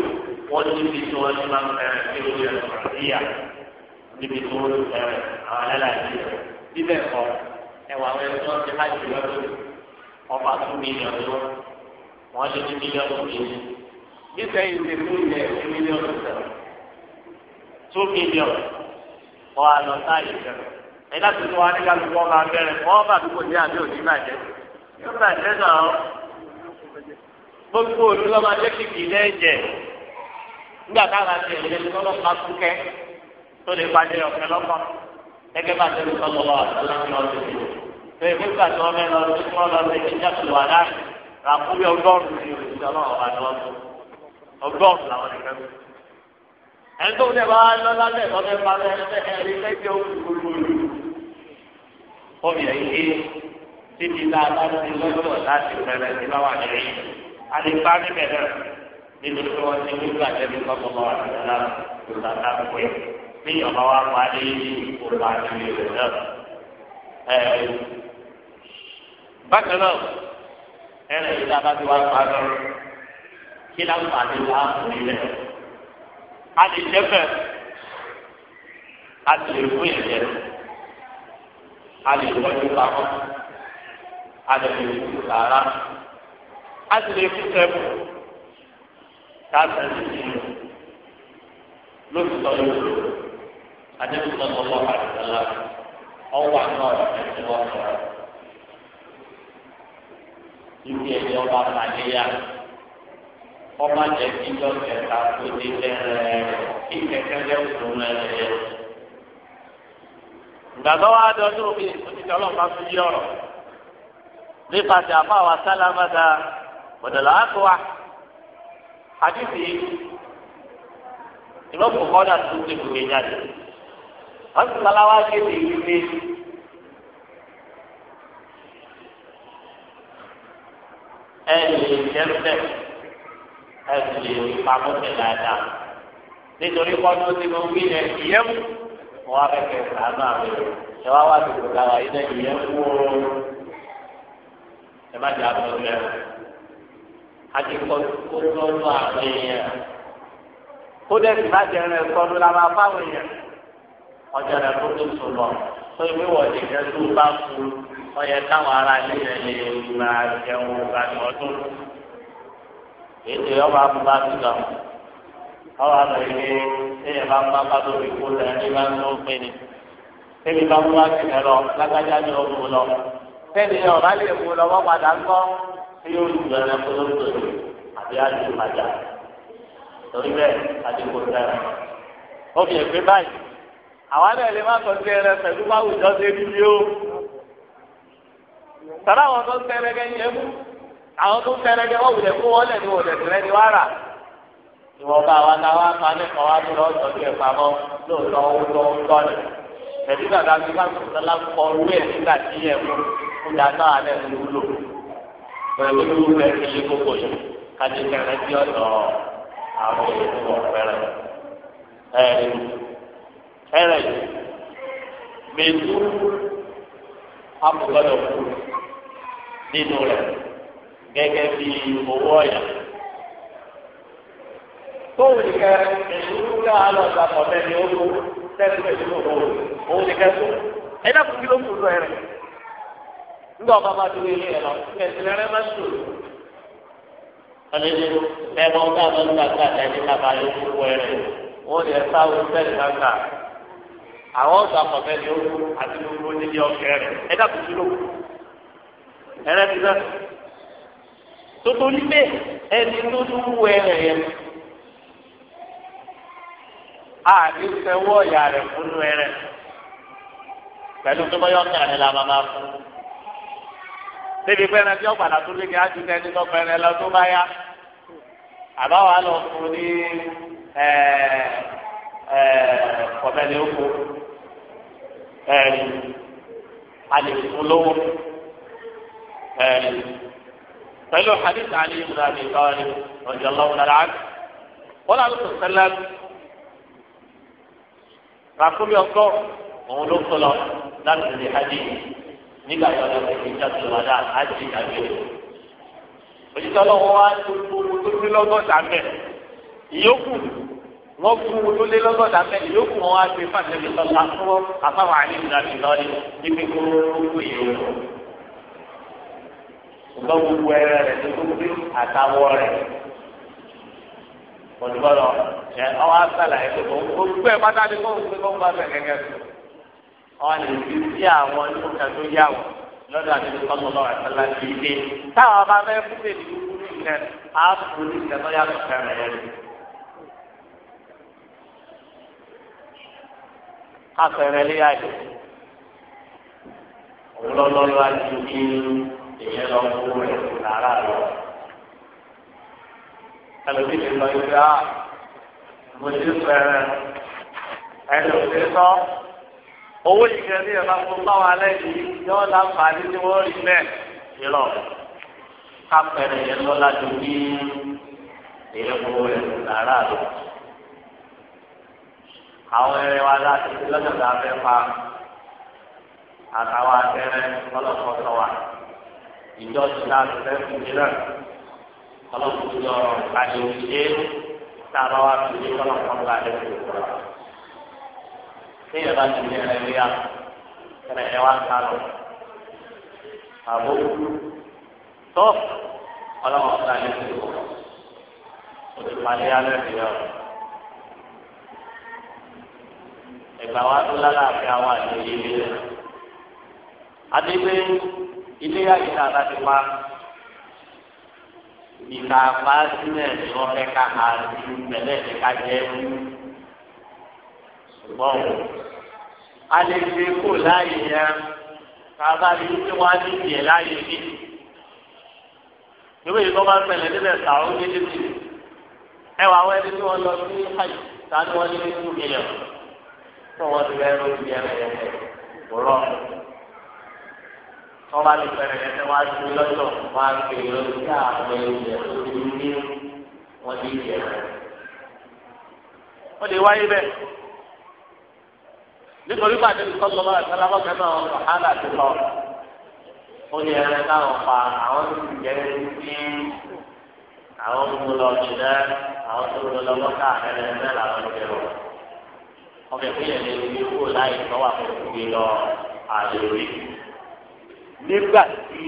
wọ́n ti fi tí wọ́n ti máa ń fẹ́rẹ̀ sí orí ẹ̀sọ̀ àríyá níbi tí wọ́n ń fẹ́rẹ̀ àwọn alálàájì bíbẹ̀ kọ́ ẹ̀wà àwọn ẹni tí wọ́n ti há jù lọ́dún ọba tún mílíọ̀nù lọ wọ́n lé ní mílíọ̀nù méjì nígbà yìí ti fún ilẹ̀ ní mílíọ̀nù sẹ́wọ̀n tún mílíọ̀nù kọ́ àlọ́ táyì jẹun ẹ̀dá tó ti wá ní kálukú ọba abẹ́rẹ́ wọ́n bá àdúgbò ní àbí òní bàjẹ́ yóò bàjẹ́ náà gbogbo òdu lọ́ba jẹ́ kìkì lẹ́jẹ̀ nígbà táwọn àti ẹ̀yẹ ní ọlọ́pàá kúkẹ́ tó lè pàdé ọ̀fẹ́ lọ́kọ̀ ẹgbẹ́ bá tẹ̀lé sọ́dọ̀ lọ àtàlẹ́ lọ́dún yìí tó ìwé ìgbà tí wọ́n mẹ́rin lọ́dún tí wọ́n lọ sí ìjà tó wà láàrin ràkúrẹ́ ọgọ́rùn ẹ̀ńtọ́ ní ẹ̀bá lọ́lá bẹ́ẹ̀ kọ́ bẹ́ẹ̀ parẹ́ ẹ̀rí lẹ́jọ́ olùkúlùkúlù. Omi ẹ̀yìn títí tá a bá ti lọ́jọ́ láti pẹ̀lẹ́ ní bá wà nílé. A lè pa níbẹ̀ náà nítorí pé wọ́n ti ní ìgbà tẹ́lẹ̀ kọ́kọ́ bá wà nílẹ̀ náà tó ta ta pé bí ọba wa pa dé òpá nílé rẹ̀ náà. Bákan náà, ẹ̀rẹ̀ ìta bá ti wá pa náà kí láǹfààní wà á fún ilẹ̀. a lè jẹ bẹ́ẹ̀ a lè fún ìjẹ a lè tọ́jú pamọ́ a lè fi fún sàrà a sì lè fún sẹmù káàtà sí i lóṣù àná ẹsẹ wọn sọ̀rọ̀ ìdí ọba àlàyé ya. ọba jẹ kíjọ kẹta tó di lẹrẹ kí kẹkẹ lẹ òkú lẹrẹ. gbàgbọ́ wa dọ́dún mi òtítọ́ ọlọ́pàá fi yí ọ̀rọ̀ nípasẹ̀ àbáwá sálámàdà ọ̀dọ̀là àkọ́wà àdìsí ìlọ́pù kọ́dà tó ti gbòòrò jáde wọ́n ti sáláwá kéde ìwé. ẹ lè bẹ́ẹ̀ ẹ̀sùn lè fi pamọ́ sí dáadáa nítorí kọ́ńtò tí mo wí lẹ̀ ìyẹn mú wọn á fẹ́ kẹ́ sàánú àwọn èrò ẹ wá wá dùkú dára yìí náà ìyẹn mú o ẹ má jà tó lẹ àti kọ́ńtò lọ́dún àwọn èèyàn kó dẹ́sì má jẹ́ rẹ̀ kọ́ńtò la máa fáwọn èèyàn ọjà rẹ̀ tó tó sùn lọ tó ìwé wọ̀nyí kẹ́tù bá fún ọyẹ táwọn ará ilé yẹn lè máa jẹun ìgbà tó tó ètò yọba àbúrò àti gàm ọwọ àlọ ilé ẹyẹ bá ń bá bá lórí ikú rẹ ẹni bá ń lọ pé ni ẹni bá ń bá ti rẹ lọ lágbájá ni ó mú lọ tẹ́lẹ̀ yẹn ọba lè mú lọ wọ́n padà ń kọ́ tí yóò lù bẹ̀rẹ̀ polówó àbí àti ìbàjá torí bẹ́ẹ̀ àdìgbò tẹ̀rẹ̀ ó fi èpè báyìí àwa náà lè má kọ́ sí ẹrẹ pẹ̀lú báwùjọ́ sí ẹbí yìí ó tọ́lá àwọn tó ń tẹ́rẹ̀ kẹ́yìn ẹ̀mú àwọn tó ń tẹrẹ ní wọn wulẹ̀ fún wọn lẹ̀ ní wọn lẹ̀ tẹrẹ ní wọn rà ìwọ̀n bá wa la wa fa nípa wa tó lọ sọ̀tì ẹ̀ pamọ́ lóòótọ́ owó tó ń tọ́ ni ẹ̀bí bàbá mi bá sọ̀tọ̀ la kọ orí ẹ̀ nígbà tí ẹ̀ mú kó da náà alẹ́ wúlò pẹ̀lú olú rẹ̀ kí lé yìí kájí kẹrẹ bí ọ̀dọ̀ àwọn olùkọ́ pẹ̀rẹ̀ ẹ̀rẹ̀ ẹ̀rẹ̀ mẹ́tú àbúgbọ́dọ̀ kú nínú rẹ̀ gẹ́gẹ́ bí owó ọ̀yà. Tóun nìkẹ́ èyí ń gbé àlọ́ ìgbàpọ̀ bẹ́ẹ̀ ni ó kú sẹ́ẹ̀tì pẹ̀lú owó òun nìkẹ́ kú. Ẹ dákun kí ló kù lọ ẹ̀rẹ̀. Nígbà ọba bá dúró ilé ẹ̀rọ, ẹ̀sìn rẹ̀ máa ń sùn. Ọ̀lẹ́dẹ̀ ẹ̀rọ ọ̀gá ló ń gbàgbà ẹni bàbá ló kú wọ ẹ̀rẹ̀. Wọ́n lè sá orí bẹ́ẹ̀ gbàgbà. Àwọn ìgbàpọ̀ bẹ́ẹ̀ ni ó kú àti gbogbo onílé ọ̀kẹ́ rẹ̀. Ẹ dákun kí ló kù. Ẹ̀rẹ́ ti náà tótó níbẹ̀ ẹni tó ń wọ ẹ̀rẹ̀ yẹn àbí fẹwọ́ ìyá rẹ̀ fúnú ẹ̀rẹ̀ pẹ̀lú tó bọ́yọ̀ ọ̀kẹ́ rẹ̀ la máa máa fún débi pé ẹran tí ó padà tó lé kí á ju ẹni tó pẹ́ ẹran lọ tó bá yá àbáwá lọ fún ní ọ̀bẹ̀ni oko a lè fún lówó pẹ̀lú hadith ali ibn abi talib ọjọ́ lọ́wọ́ lára àgbà wọ́n lọ́wọ́ tó sẹ́lẹ̀ ràkúnmí ọkọ òun ló sọ lọ láti lè hajj nígbà tó lọ sí ìjà tó wà dáa hajj àgbẹ̀ òjijì ọlọ́wọ́ wa tó gbogbo tó ní lọ́gọ́ta mẹ́ ìyókù wọ́n fún un tó lé lọ́gọ́ta mẹ́ ìyókù wọn wá gbé fàtẹ́lẹ́ sọ́lá fún afáwọn àlejò àti lọ́ọ̀lì níbi kúrú ìyókù lọ gbogbo ẹrẹ rẹ tó gbogbo àtàwọ rẹ olùbọlọ ẹ ọwọ asàlàyé tó kọ gbogbo ẹ pátá ni kò ń gbé kóńgbà bẹ gẹ́gẹ́ tó ọwọ lè fi sí àwọn onímọ̀ọ́ta tó yà wọ lọ́dọ̀ àti ìfọ̀mọ́ lọ́wọ́ àtàlà ti dé táwọn bá fẹ́ fún bèbí kúkúrú ìṣẹ́ àápù ní ìṣẹ́ tó yàtọ̀ fẹ́rẹ̀ rẹ. afẹ́rẹ́ lé àjò òun lọ́lọ́lọ́ àti òkè ìyẹn lọ kó rẹ̀ nàrà lọ. ẹlòmíì lè lọ ibi á mo ti fẹ́rẹ̀ ẹlòmíì sọ owó ìgbẹ́ ní ẹ̀fà fún báwa lẹ́yìn yóò láǹfààní tí wọ́n rí bẹ́ẹ̀ yìlọ kápẹ̀rẹ̀ yẹn lọ́la ju bí èyẹ kó rẹ̀ nàrà lọ. àwọn ẹ̀rẹ̀ wa láti lọ́jọ́ tá fẹ́ pa àtàwọn akẹ́rẹ́ ọlọ́kọ̀ọ́tọ̀ wa ìjọ ìlànà lẹ́kùn nílẹ̀ ọlọ́run ti yọ àyè òṣìṣẹ́ tá a bá wà sí ilé ọlọ́run bá lẹ́kùn ìkọlá. ṣé ìyàbá ti ní ẹrẹ rí a ẹrẹ ẹ wá sá lọ àbó tó ọlọ́run ilé ayé tá a bá ti pa ìka pa sílẹ̀ ní wọ́n fẹ́ ká a ti pẹ̀lẹ́ ní ká jẹ́ ẹ̀kú ṣùgbọ́n a lè fi kó láàyè yẹn tá a bá rí i pé wọ́n á ní ìyẹ̀ láàyè mi ìwé yìí kọ́ bá pẹ̀lẹ́ níbẹ̀ sàrún níbi tí ẹ wà wọ́n ẹni tí wọ́n lọ sí hajj tani wọ́n ní two million tó wọ́n ti bẹ́ẹ̀ lórí ẹ̀rẹ̀ ẹ̀rẹ̀ kò rọrùn wọ́n bá lè pẹ̀rẹ̀ lẹ́sẹ̀ wá sí lọ́jọ́ wá pè é lórí àwọn èèyàn tó ti ní wọ́n ti yẹ. wọ́n lè wáyé bẹ́ẹ̀ nítorí pàdé ìsọ́nù lọ́wọ́ àtàlámọ́ kẹ́mẹ́ àwọn ọ̀hánà ti lọ. ó ní ẹran táwọn pa àwọn tó ti jẹ́ sí àwọn tó lọ jìnnà àwọn tó lọ lọ́kà ẹran náà làwọn ti rọ̀. ọmọ ìpínlẹ̀ lè fi kó láì sọ́wọ́ àkókò nígbà tí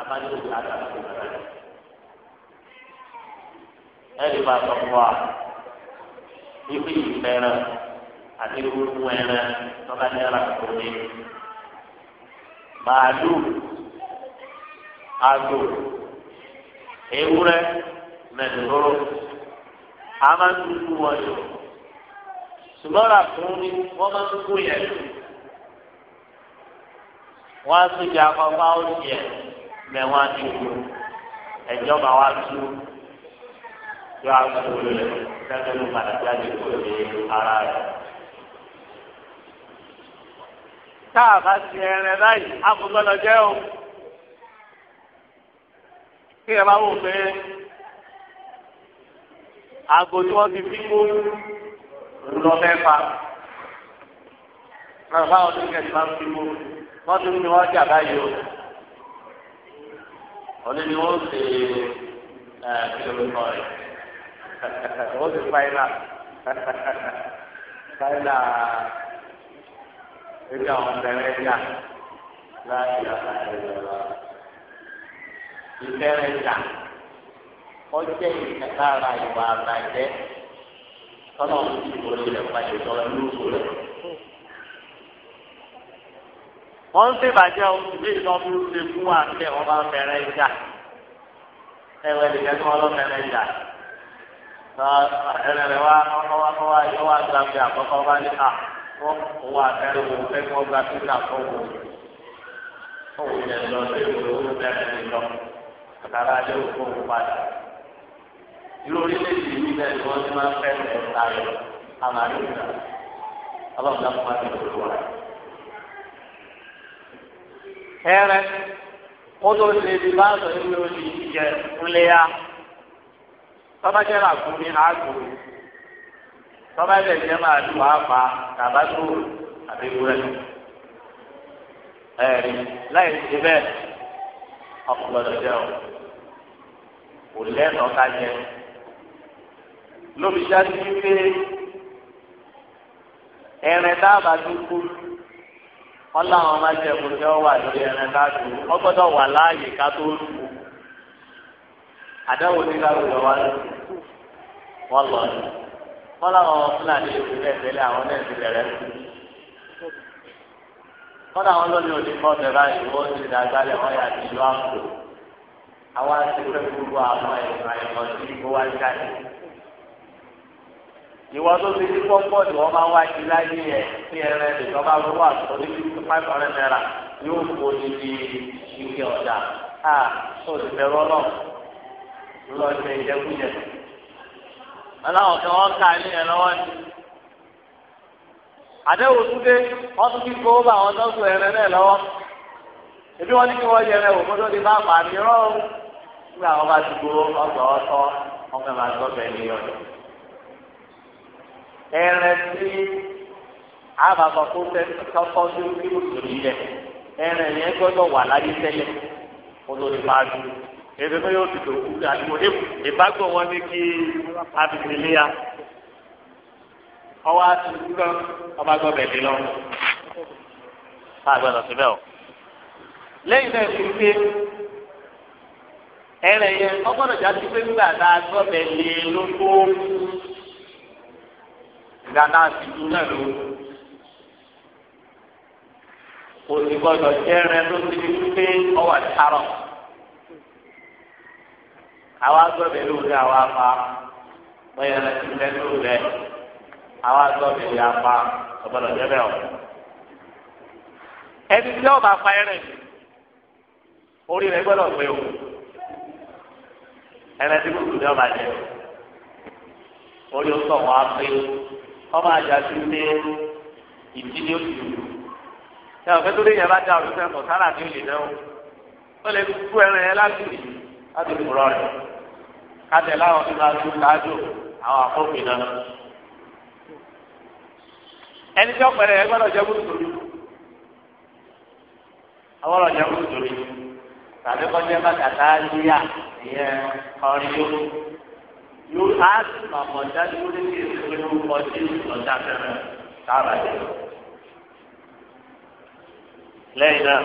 abájọ́bí adàlú kò bẹ̀rẹ̀. ẹ̀rí máa sọ fún wa ibi ìfẹ́ràn àti gbogbo ẹran tọ́ba ní alákòókò ní màálù àgbò ewúrẹ́ mẹ̀lúrú a máa ń dúdú wọn jù ṣùgbọ́n rà fún wọ́n máa ń dúdú yẹn jù wọn á tún jẹ akọkọ àwọn tiẹ mẹ wọn á ti kú ẹjọ bá wa tú yọ àgbo rẹ sẹgbẹ ló padà jáde kúrò ní ara rẹ. tá a bá ti ẹrẹ báyìí a kò gbọ́dọ̀ jẹ o kí ẹ bá wò pé àgbo tí wọn ti fi kú lọ mẹ́fà náà báwọn tó kẹsì máa ń fi kú wọ́n tún ní wọ́n jà báyìí o ọdún ni wọ́n ṣe ẹ rẹ̀ wọ́n ṣe fáìlà fáìlà ẹgbẹ́ àwọn bẹ̀rẹ̀ ẹ̀yà láti àtàlẹ́yọ̀lá ìbẹ̀rẹ̀ ẹ̀yà ọjọ́ ìkẹta ara ìwà àgbàjẹ́ tọ́lọ́mù ti wọlé rẹ̀ pàṣẹ tọ́lọ́mù lóko rẹ̀ wọ́n ń ṣèbàjẹ́ oṣù bí ìlọ́mú ṣe fún wa pé wọ́n bá fẹ́rẹ́ ìjà ẹ̀wẹ̀ nìkan tí wọ́n lọ fẹ́rẹ́ ìjà ẹ̀rẹ̀ wa ọwọ́ wa yọ wá gba bí àkọ́kọ́ bá ní à wọ́n wà fẹ́rẹ́ wò pé wọ́n gba bí àkọ́kọ́ wò ó wò lẹ̀ lọ sí ìwé owó bẹ́ẹ̀ ní lọ àtàrà ajé òkú òkú padà irú orílẹ̀-èdè yìí bẹ́ẹ̀ ni wọ́n ti máa ń fẹ́rẹ̀ ẹ̀ ẹrẹ kótó lè di bá sọ ní olè ìjẹ ńléyà tọ́ba jẹ́ làkú ní àgbo tọ́ba ha fa máa lù wá pa tàbá tó àbí wúrẹ́ ẹ̀rí ṣe bẹ́ẹ̀ ọ̀pọ̀lọpọ̀ jẹ́ o kò lẹ́nu ọ̀ka jẹ lóbi wọn làwọn máa jẹ kó tí wà lórí ẹran káàtó wọn gbọ́dọ̀ wà láàyè ká tó lù kú àdáwò ní lù wọn lọ ní wọn làwọn fúlàní yòókù àwọn náà ti wọn làwọn lónìí òní kọ bẹ̀rẹ̀ àyè wọn ti wọn yà àwọn àti ìwọ tó ti ní pọ́pọ́ ni wọ́n máa wá sí láyé ẹ̀ tí ẹrẹ nìkan bá wọ́n wà tó ní five hundred naira yóò kó ní bí ike ọ̀dà a ó sì bẹ̀rù ọlọ́run lọ ṣe ìjẹkújẹ. aláwọ̀ kan wọ́n ká ilé yẹn lọ́wọ́ ni. àdéhùn túnde wọ́n tún fi kó bá àwọn tọ́sùn ẹrẹ náà lọ́wọ́. ebi wọ́n ní kí wọ́n yẹrẹ òkú tó ti bá pàmì rọ́ọ̀ nígbà wọn bá ti gbó ọgbà ọ̀tọ̀ ọgbà máa gbọ́ bẹ́ẹ̀ ní ọ̀dọ̀ ẹrẹ tí àbàbà kó tọ́kọ́ sí kí mùsùlùmí yẹ ẹrẹ yẹn gbọ́dọ̀ wà láyé tẹ́lẹ̀ olórí máa dùn ebi mi yóò dùn òkú àdìmọ̀ ẹ̀kú ìbágbọ̀ wọn ni kí abìmílẹ̀ ya ọwọ́ àti ìdúró ọba gbọ́ bẹ̀ẹ̀ dé lọ́wọ́ àgbẹ̀dọ̀ síbẹ̀ o lẹ́yìn náà fi pé ẹrẹ yẹn ọgbọ́dọ̀ jáde pé nígbà tá a gbọ́ bẹ̀ẹ̀ lé lóko ìdáná ti dún náà ló kò sì gbọdọ̀ jẹ́ rẹ ló ti di pé ọwọ́ àtàrọ̀ àwa gbọ́dọ̀ ló rẹ àwa pa bóyá rẹ ti rẹ ló rẹ àwa gbọ́dọ̀ ló rẹ pa ọ̀gbọ́dọ̀ jẹ́ bẹ́ẹ̀ o. ẹni tí ọba pa ẹrẹ orí rẹ gbọ́dọ̀ pé o ẹrẹ tí kò tún ní ọba jẹ orí o sọ wọn á pé o. ọba àjàsí pé ìdí ni ó ti dùn. ẹ ọ̀fẹ́ tó lè bá dá ọ̀rọ̀ sẹ́yìn kọ̀ lè kú ẹran yẹn láti rì láti kúrọ̀ rẹ̀. kájẹ láwọn tó máa tún kájò àwọn àkókò náà. ẹni tí ọ̀pẹ̀rẹ̀ yẹn gbọ́dọ̀ jẹ́ mùsùlùmí. àwọn tàbí kọjá bàtà tá a yíyà ìyẹn yóò yóò á sì máa mọ̀ dájú lórí ìpinnu ọdún ọ̀dà fẹ́ràn sára yẹn. lẹ́yìn náà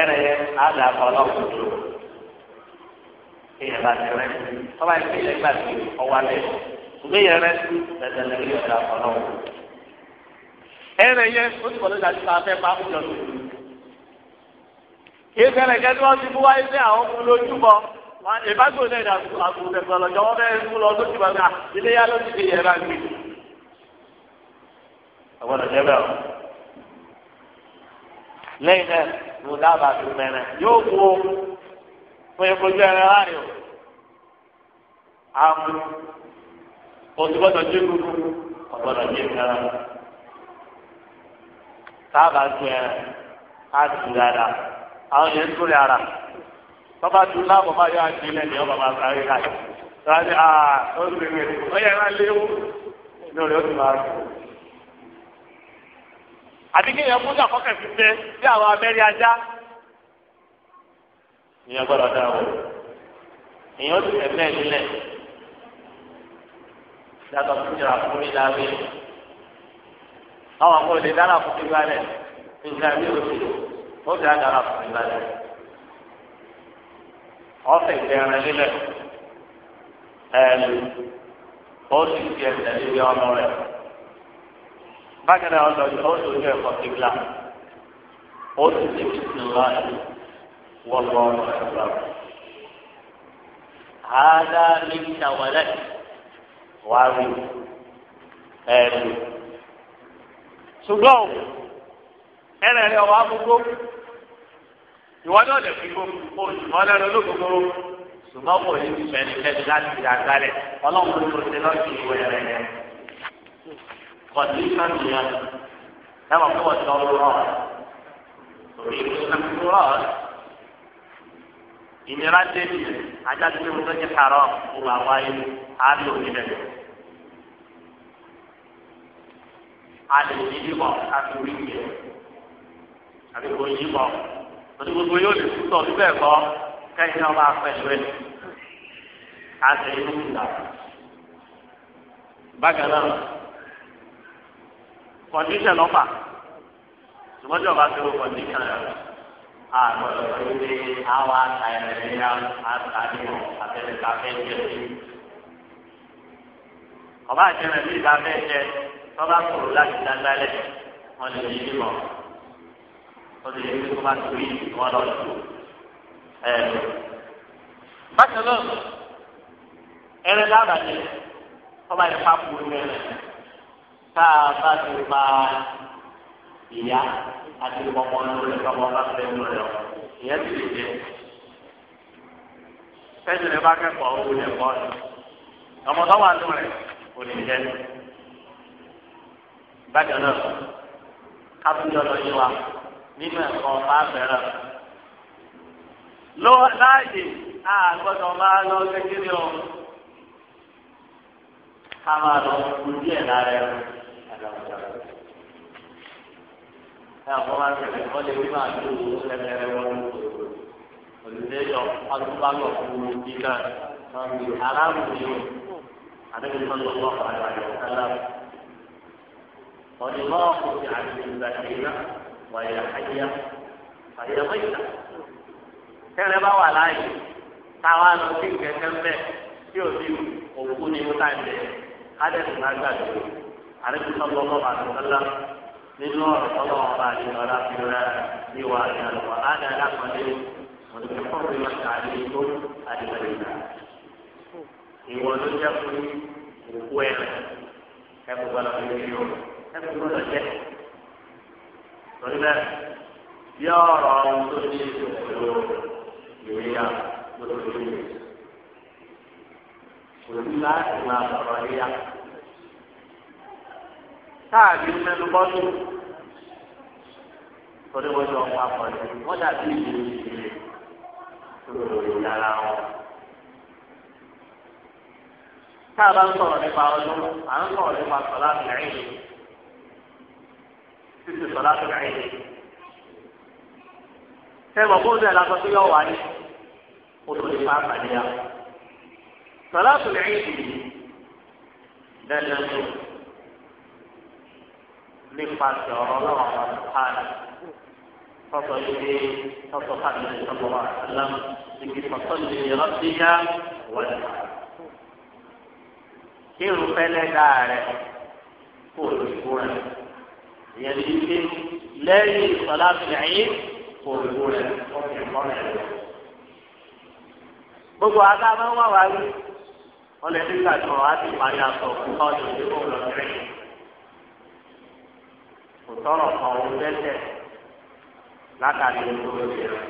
ẹ̀rẹ̀ yẹn á dà kọ́ ọlọ́run tó kéèyàn bá ti rẹ́ ọba ìpínlẹ̀ gbà tí ọwọ́ alẹ́ ìgbéyàn rẹ́ sí ẹ̀sẹ̀ lẹ́yìn ọ̀dà kọ́ ọlọ́run. ẹ̀rẹ̀ yẹn ó ti kọ́ ló dájú pé fẹ́ pa kúlọ̀ lójú. kì í fẹ́rẹ̀ kẹ́tí ti bú wáyé sí àwọn olójúmọ́. ìbágbó náà ní àgùntẹ̀gbọ̀n lọ́jọ́ wọn bẹ́ẹ̀ mú lọ lójú bàbá ilé yá lójú ti yẹra gbé. ọgbọ́dọ̀ jẹ́ bẹ́ẹ̀ o. lẹ́yìn náà mo dábàá tó mẹ́rin yóò wo fún epo ju ẹran láàrin o. àmú oṣù jẹ́ gbogbo ọgbọ́dọ̀ jẹ́ ẹran. sábà ju ẹran á ti dáadáa àwọn yẹn ń ara. tọ́ba tún láàbọ̀ bá yọ àti ilẹ̀ ní ọba bá sáré láì sáré à ó ti rìn rìn ó yẹ máa léwu inú rẹ̀ ó ti máa rìn. àti kí èèyàn kúndà kọ́kẹ́ fi tẹ bí àwọn abẹ́rẹ́ ajá. ìyẹn gbọ́dọ̀ dá o èèyàn ó ti tẹ̀ bẹ́ẹ̀ nílẹ̀ yàtọ̀ fún ìyàrá fún mi láàbí. àwọn akọ̀ròdé dára fún mi balẹ̀ nígbà tí o ti o ti á dára fún mi balẹ̀ ọ̀sẹ̀ ìgbẹ́rin nílẹ̀ ẹ̀ẹ́dù ó sì fi ẹ̀sẹ̀ níbi ọmọ rẹ̀ bákan náà ọ̀dọ̀ ó sì fi ẹ̀kọ́ sí gbà ó sì fi bísí ńlá wọ́n lọ ọmọ rẹ̀ gbà. هذا من ولد wàá ẹ̀ẹ́dù ṣùgbọ́n ẹ̀rẹ̀ rẹ̀ wàá gbogbo ìwọ náà lè fi gbogbo ìmọ̀ lẹ́nu olókòkò ṣùgbọ́n kò ní ti bẹ̀rẹ̀ kẹ́kẹ́ láti fi àgbálẹ̀ ọlọ́run ló ti lọ́ọ̀kì ìwé rẹ̀ yẹn. kọ̀díṣọ́n yẹn lẹ́wọ̀n kó wọ́n tọ́ rọ̀ òye ìṣẹ́kù rọ̀ ìnira débi ajá tó ní mo tó ti kàrọ̀ kó wà a lè yí bọ̀ a fi yí bọ̀ torí gbogbo yóò lè fún tọ̀ síbẹ̀ kọ́ kẹ́yìn náà máa pẹ̀lú ẹ̀ àti inú ìlà. bákan náà kọ̀ǹdíṣẹ̀ lọ́pàá ṣùgbọ́n tí ọba ti wo kọ̀ǹdíṣẹ̀ rẹ̀ àgbọ̀dọ̀ tó ní àwọn àṣà ìrìnlẹ̀ àtàdéhùn àtẹ̀lẹ́ta fẹ́ jẹ́ ọba àjẹrẹ bí ìdá fẹ́ jẹ tọ́ba kòrò láti dáńdálẹ̀ wọ́n lè yí mọ́ wọ́n ti kó bá tó yìí kí wọ́n lọ tó. bákan náà ẹrẹ lára ni wọ́n bá yẹ pápú rẹ̀ tá a bá ti ma ìyá àti ọmọ lórí ọmọ bá fẹ́ lórí ọ ìyẹn ti lè jẹ. sẹ́yìn rẹ̀ bá kẹ́kọ̀ọ́ owó lè kọ́ ọ ọmọ tó wà lórí kò lè jẹ. bákan náà kábíyọ̀ lọ yé wa. nínú ẹ̀kọ́ ọba fẹ́ràn. lọ láàyè a máa lọ kékeré o ká máa lọ kú díẹ̀ lára ẹ̀rọ àdàmọ̀dà. ẹ àwọn máa ń tẹ̀lé kọ́ lè wíwá àti òwò lẹ́mẹ̀rẹ̀ wọn olùdéyọ ọdún bá lọ kú dídá aráàlú yìí àdébìtì ọlọ́pàá àti àyọkálá ọdún náà kò sí àti ìgbà. wàyà àyà àyà mẹ́ta tẹ́lẹ̀ bá wà láàyè táwa lọ sí kẹ̀kẹ́ mbẹ́ tí o ti òkú ni mo táyì bẹ́ẹ̀ adẹ́sùn náà gbàgbé àdébùsọ̀ lọ́wọ́ àdùnkálá nínú ọ̀rọ̀ ọlọ́wọ́ bá àdìyẹ ọ̀la fi rẹ̀ ní wà ní àlùkò àdá alákọ̀ọ́lẹ́ òdìbò fún mi máa ta àdìyẹ tó àdìyẹ ìgbà ìwọ ló jẹ́ fún òkú ẹ̀rẹ̀ ẹ̀kú gbọ́dọ̀ fi rí o ẹ̀kú gbọ́dọ̀ jẹ́ torí bẹ́ẹ̀ bí ọ̀rọ̀ ohun tó ní ìlú pẹ̀lú ìwé ya ló ti rí mi. láti máa sọ̀rọ̀ yíyá. Káàdì mẹ́nu bọ́dún torí wọ́n jọ papọ̀ ní wọ́n dàbí ìlú ìdílé tó lòlò yàrá wọn. Tá ń sọ̀rọ̀ nípa ọdún, à ń sọ̀rọ̀ nípa sọ̀lá àtìlẹ́yìn títí sọlá tó káyé lé sẹ́wọ̀n kó ní ẹ̀la sọ pé yọ wà ní oṣù tó fà pàdé yà sọlá tó káyé lé dandan tó nípasẹ̀ ọ̀rọ̀ ọlọ́wọ́ àwọn ọ̀hánà tọ́sọ̀ ilé tọ́sọ̀ káàdì ní sọ́kọ̀ wa alámù ìgbì tọ́sọ̀ ní ìrọ́sí yá wọlé. kí irun fẹ́lẹ́ rẹ̀ kó o lè kú rẹ̀ ìyẹn لي صلاة lẹ́yìn ìsọ̀lá fìyàyín kò rìbò rẹ̀ ọ̀kẹ́ kọ́ rẹ̀. gbogbo àgbà máa ń wà wá rí wọ́n lè nígbà tí wọ́n á ti parí aṣọ fún ọdún tí kò lọ sí rẹ̀. kò tọrọ kan òun lẹ́sẹ̀ látàrí gbogbo rẹ̀.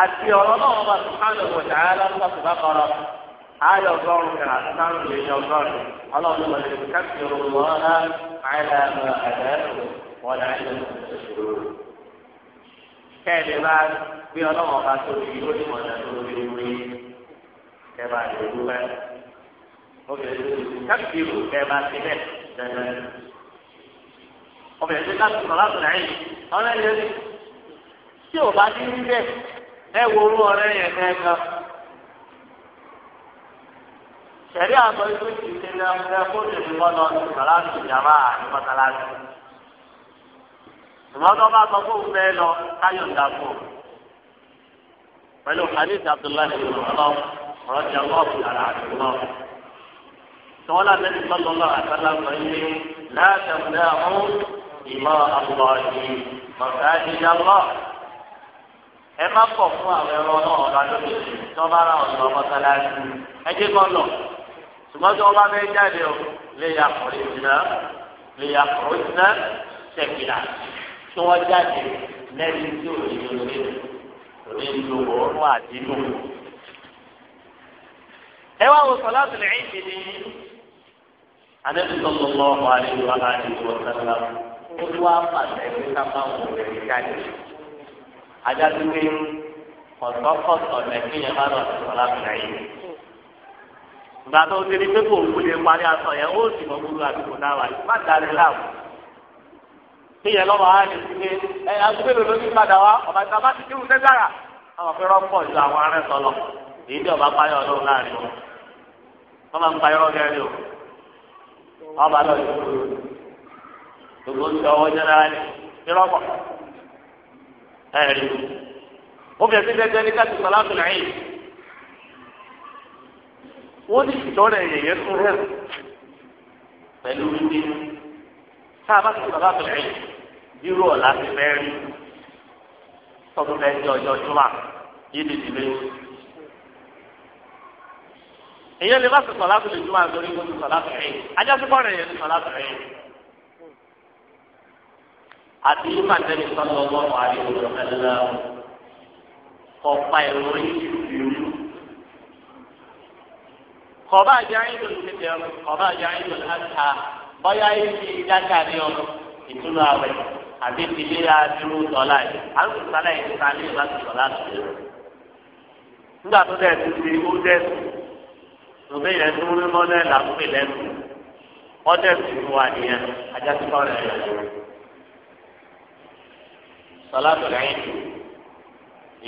àti ọ̀rọ̀ náà wọ́n bá sùn káàdùn kò dáa lọ́sọ̀tún bá kọ́ na-asa ahịa ọụụ ga-azụtahi keee ewe ụe sẹ̀rí àgbọ̀ ikú ti ṣe ní ọ̀sẹ̀ kóòtù ní mọ́nà ìmọ̀láṣí ìjàmbá àti mọ́sálásí. ìmọ̀tọ́ bá sọ fún fẹ́ lọ káyọ̀ ìdàpọ̀ pẹ̀lú hadith abdullahi ìrọ̀lọ́ ọ̀rọ̀jà lọ́ọ̀bù yàrá àdúgbò. sọ́wọ́n láti ní sọ́lọ́ lọ àtàlà sọ ilé látàkùnrin àwọn ìmọ̀ àbúrọ̀ọ̀dì mọ̀sáàdìjàlọ́ ẹ má pọ̀ fún àwọn ẹ̀rọ náà ọ̀rọ̀ tí wọ́n bá ra ọ̀dọ̀ mọ́sálásí ṣùgbọ́n tí wọ́n bá fẹ́ jáde o lè yà kọ̀rọ̀ ìdùnnà lè yà kọ̀rọ̀ ìdùnnà ṣẹ̀kìlà tí wọ́n jáde lẹ́yìn tí ò ní lórí lórí ló wọ́n àti lò. ẹ wá wo sọlá tìlẹ̀ ẹ̀ ṣe ní adébísọ̀tò lọ́wọ́ àlejò aláàlejò ọ̀sán ó wá pàṣẹ pé ká bá wọn rẹ̀ jáde. ajá tó gbé lẹ́kìn yẹn bá lọ sọlá tìlẹ̀ yìí. ìgbà tó ti di pé kò wúlé parí aṣọ yẹn ó sì mọ gbogbo àdúgbò náà wáyé má dalẹ̀ láàbù. kíyẹn lọ́wọ́ á lè ṣe ẹ agbébè lórí padà wá ọ̀bà bá ti àwọn rọ́pọ̀ ju àwọn èyí tí ọba ọdún láàrin wọ́n máa ń pa irọ́ gẹ́rẹ́ o lọ sí gbogbo ọwọ́ wọ́n ní ìjọ́rẹ̀ yẹ̀yẹ́ tún hẹ̀ pẹ̀lú wípé tá a bá ti bàbá bẹ̀rẹ̀ bírò ọ̀la ti fẹ́ rí tọ́dún fẹ́ ọjọ́ júmọ̀ yìí dìde lé. èèyàn lè má sọ sọ̀lá lè júmọ̀ lórí kó ti sọ̀lá tó rẹ̀ ajásíkọ́ rẹ̀ yẹn ti sọ̀lá rẹ̀ àti ìpàdé mi sọ́dọ̀ ọgbọ́n wà ní ìlú ọ̀fẹ́ lọ́wọ́ kọ́ pa kọba àjẹ ayélujára ló ti tẹ ọ kọba àjẹ ayélujára láti ha bọ́yá ibi ìdáka ni ọ ìtúnu àwẹ̀ àbí ìdílé adúrú tọ́lá yìí àrùn sálẹ̀ yìí ta ní ìgbà tó tọ́lá tó yẹ. nígbà tó dẹ̀ ti di ó dẹ̀ tó bẹ́ẹ̀ yẹn tó rí mọ́lẹ̀ làkúrè lẹ́nu wọ́n dẹ̀ tó wà nìyẹn ajá tó kọ́ rẹ̀ yẹn. tọ́lá tó lẹ́yìn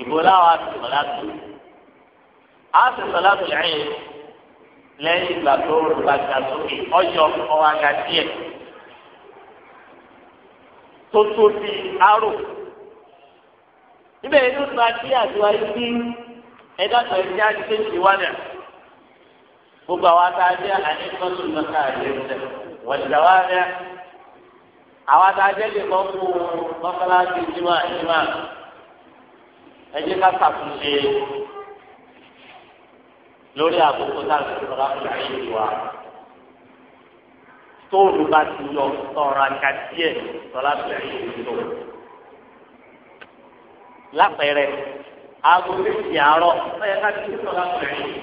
ìbò láwa tó tọ́lá tó. a sì tọ́lá tó lẹ́yìn. lẹ́yìn ìgbà tó rúba gbà sókè ọjọ́ aga díẹ̀ tó tó di arò níbẹ̀ yìí ló gba àdúrà yìí bí ẹ̀dá tó ẹ̀dá ti ti wá nà gbogbo àwọn atajẹ́ àníkọ́sù lọ́kà àdéhùn wọ̀dìdàwà rẹ̀ àwọn atajẹ́ lè kọ́ fún mọ́kànlá ẹ̀jẹ̀ ká lórí àkókò táwọn ìṣòro àfihàn yìí wà tóòlù bá ti yọ tọrọ àga díẹ̀ tọlá bẹ̀rẹ̀ yìí tó lápẹẹrẹ aago méjì àárọ̀ ọyẹ ká ti tọlá bẹ̀rẹ̀ yìí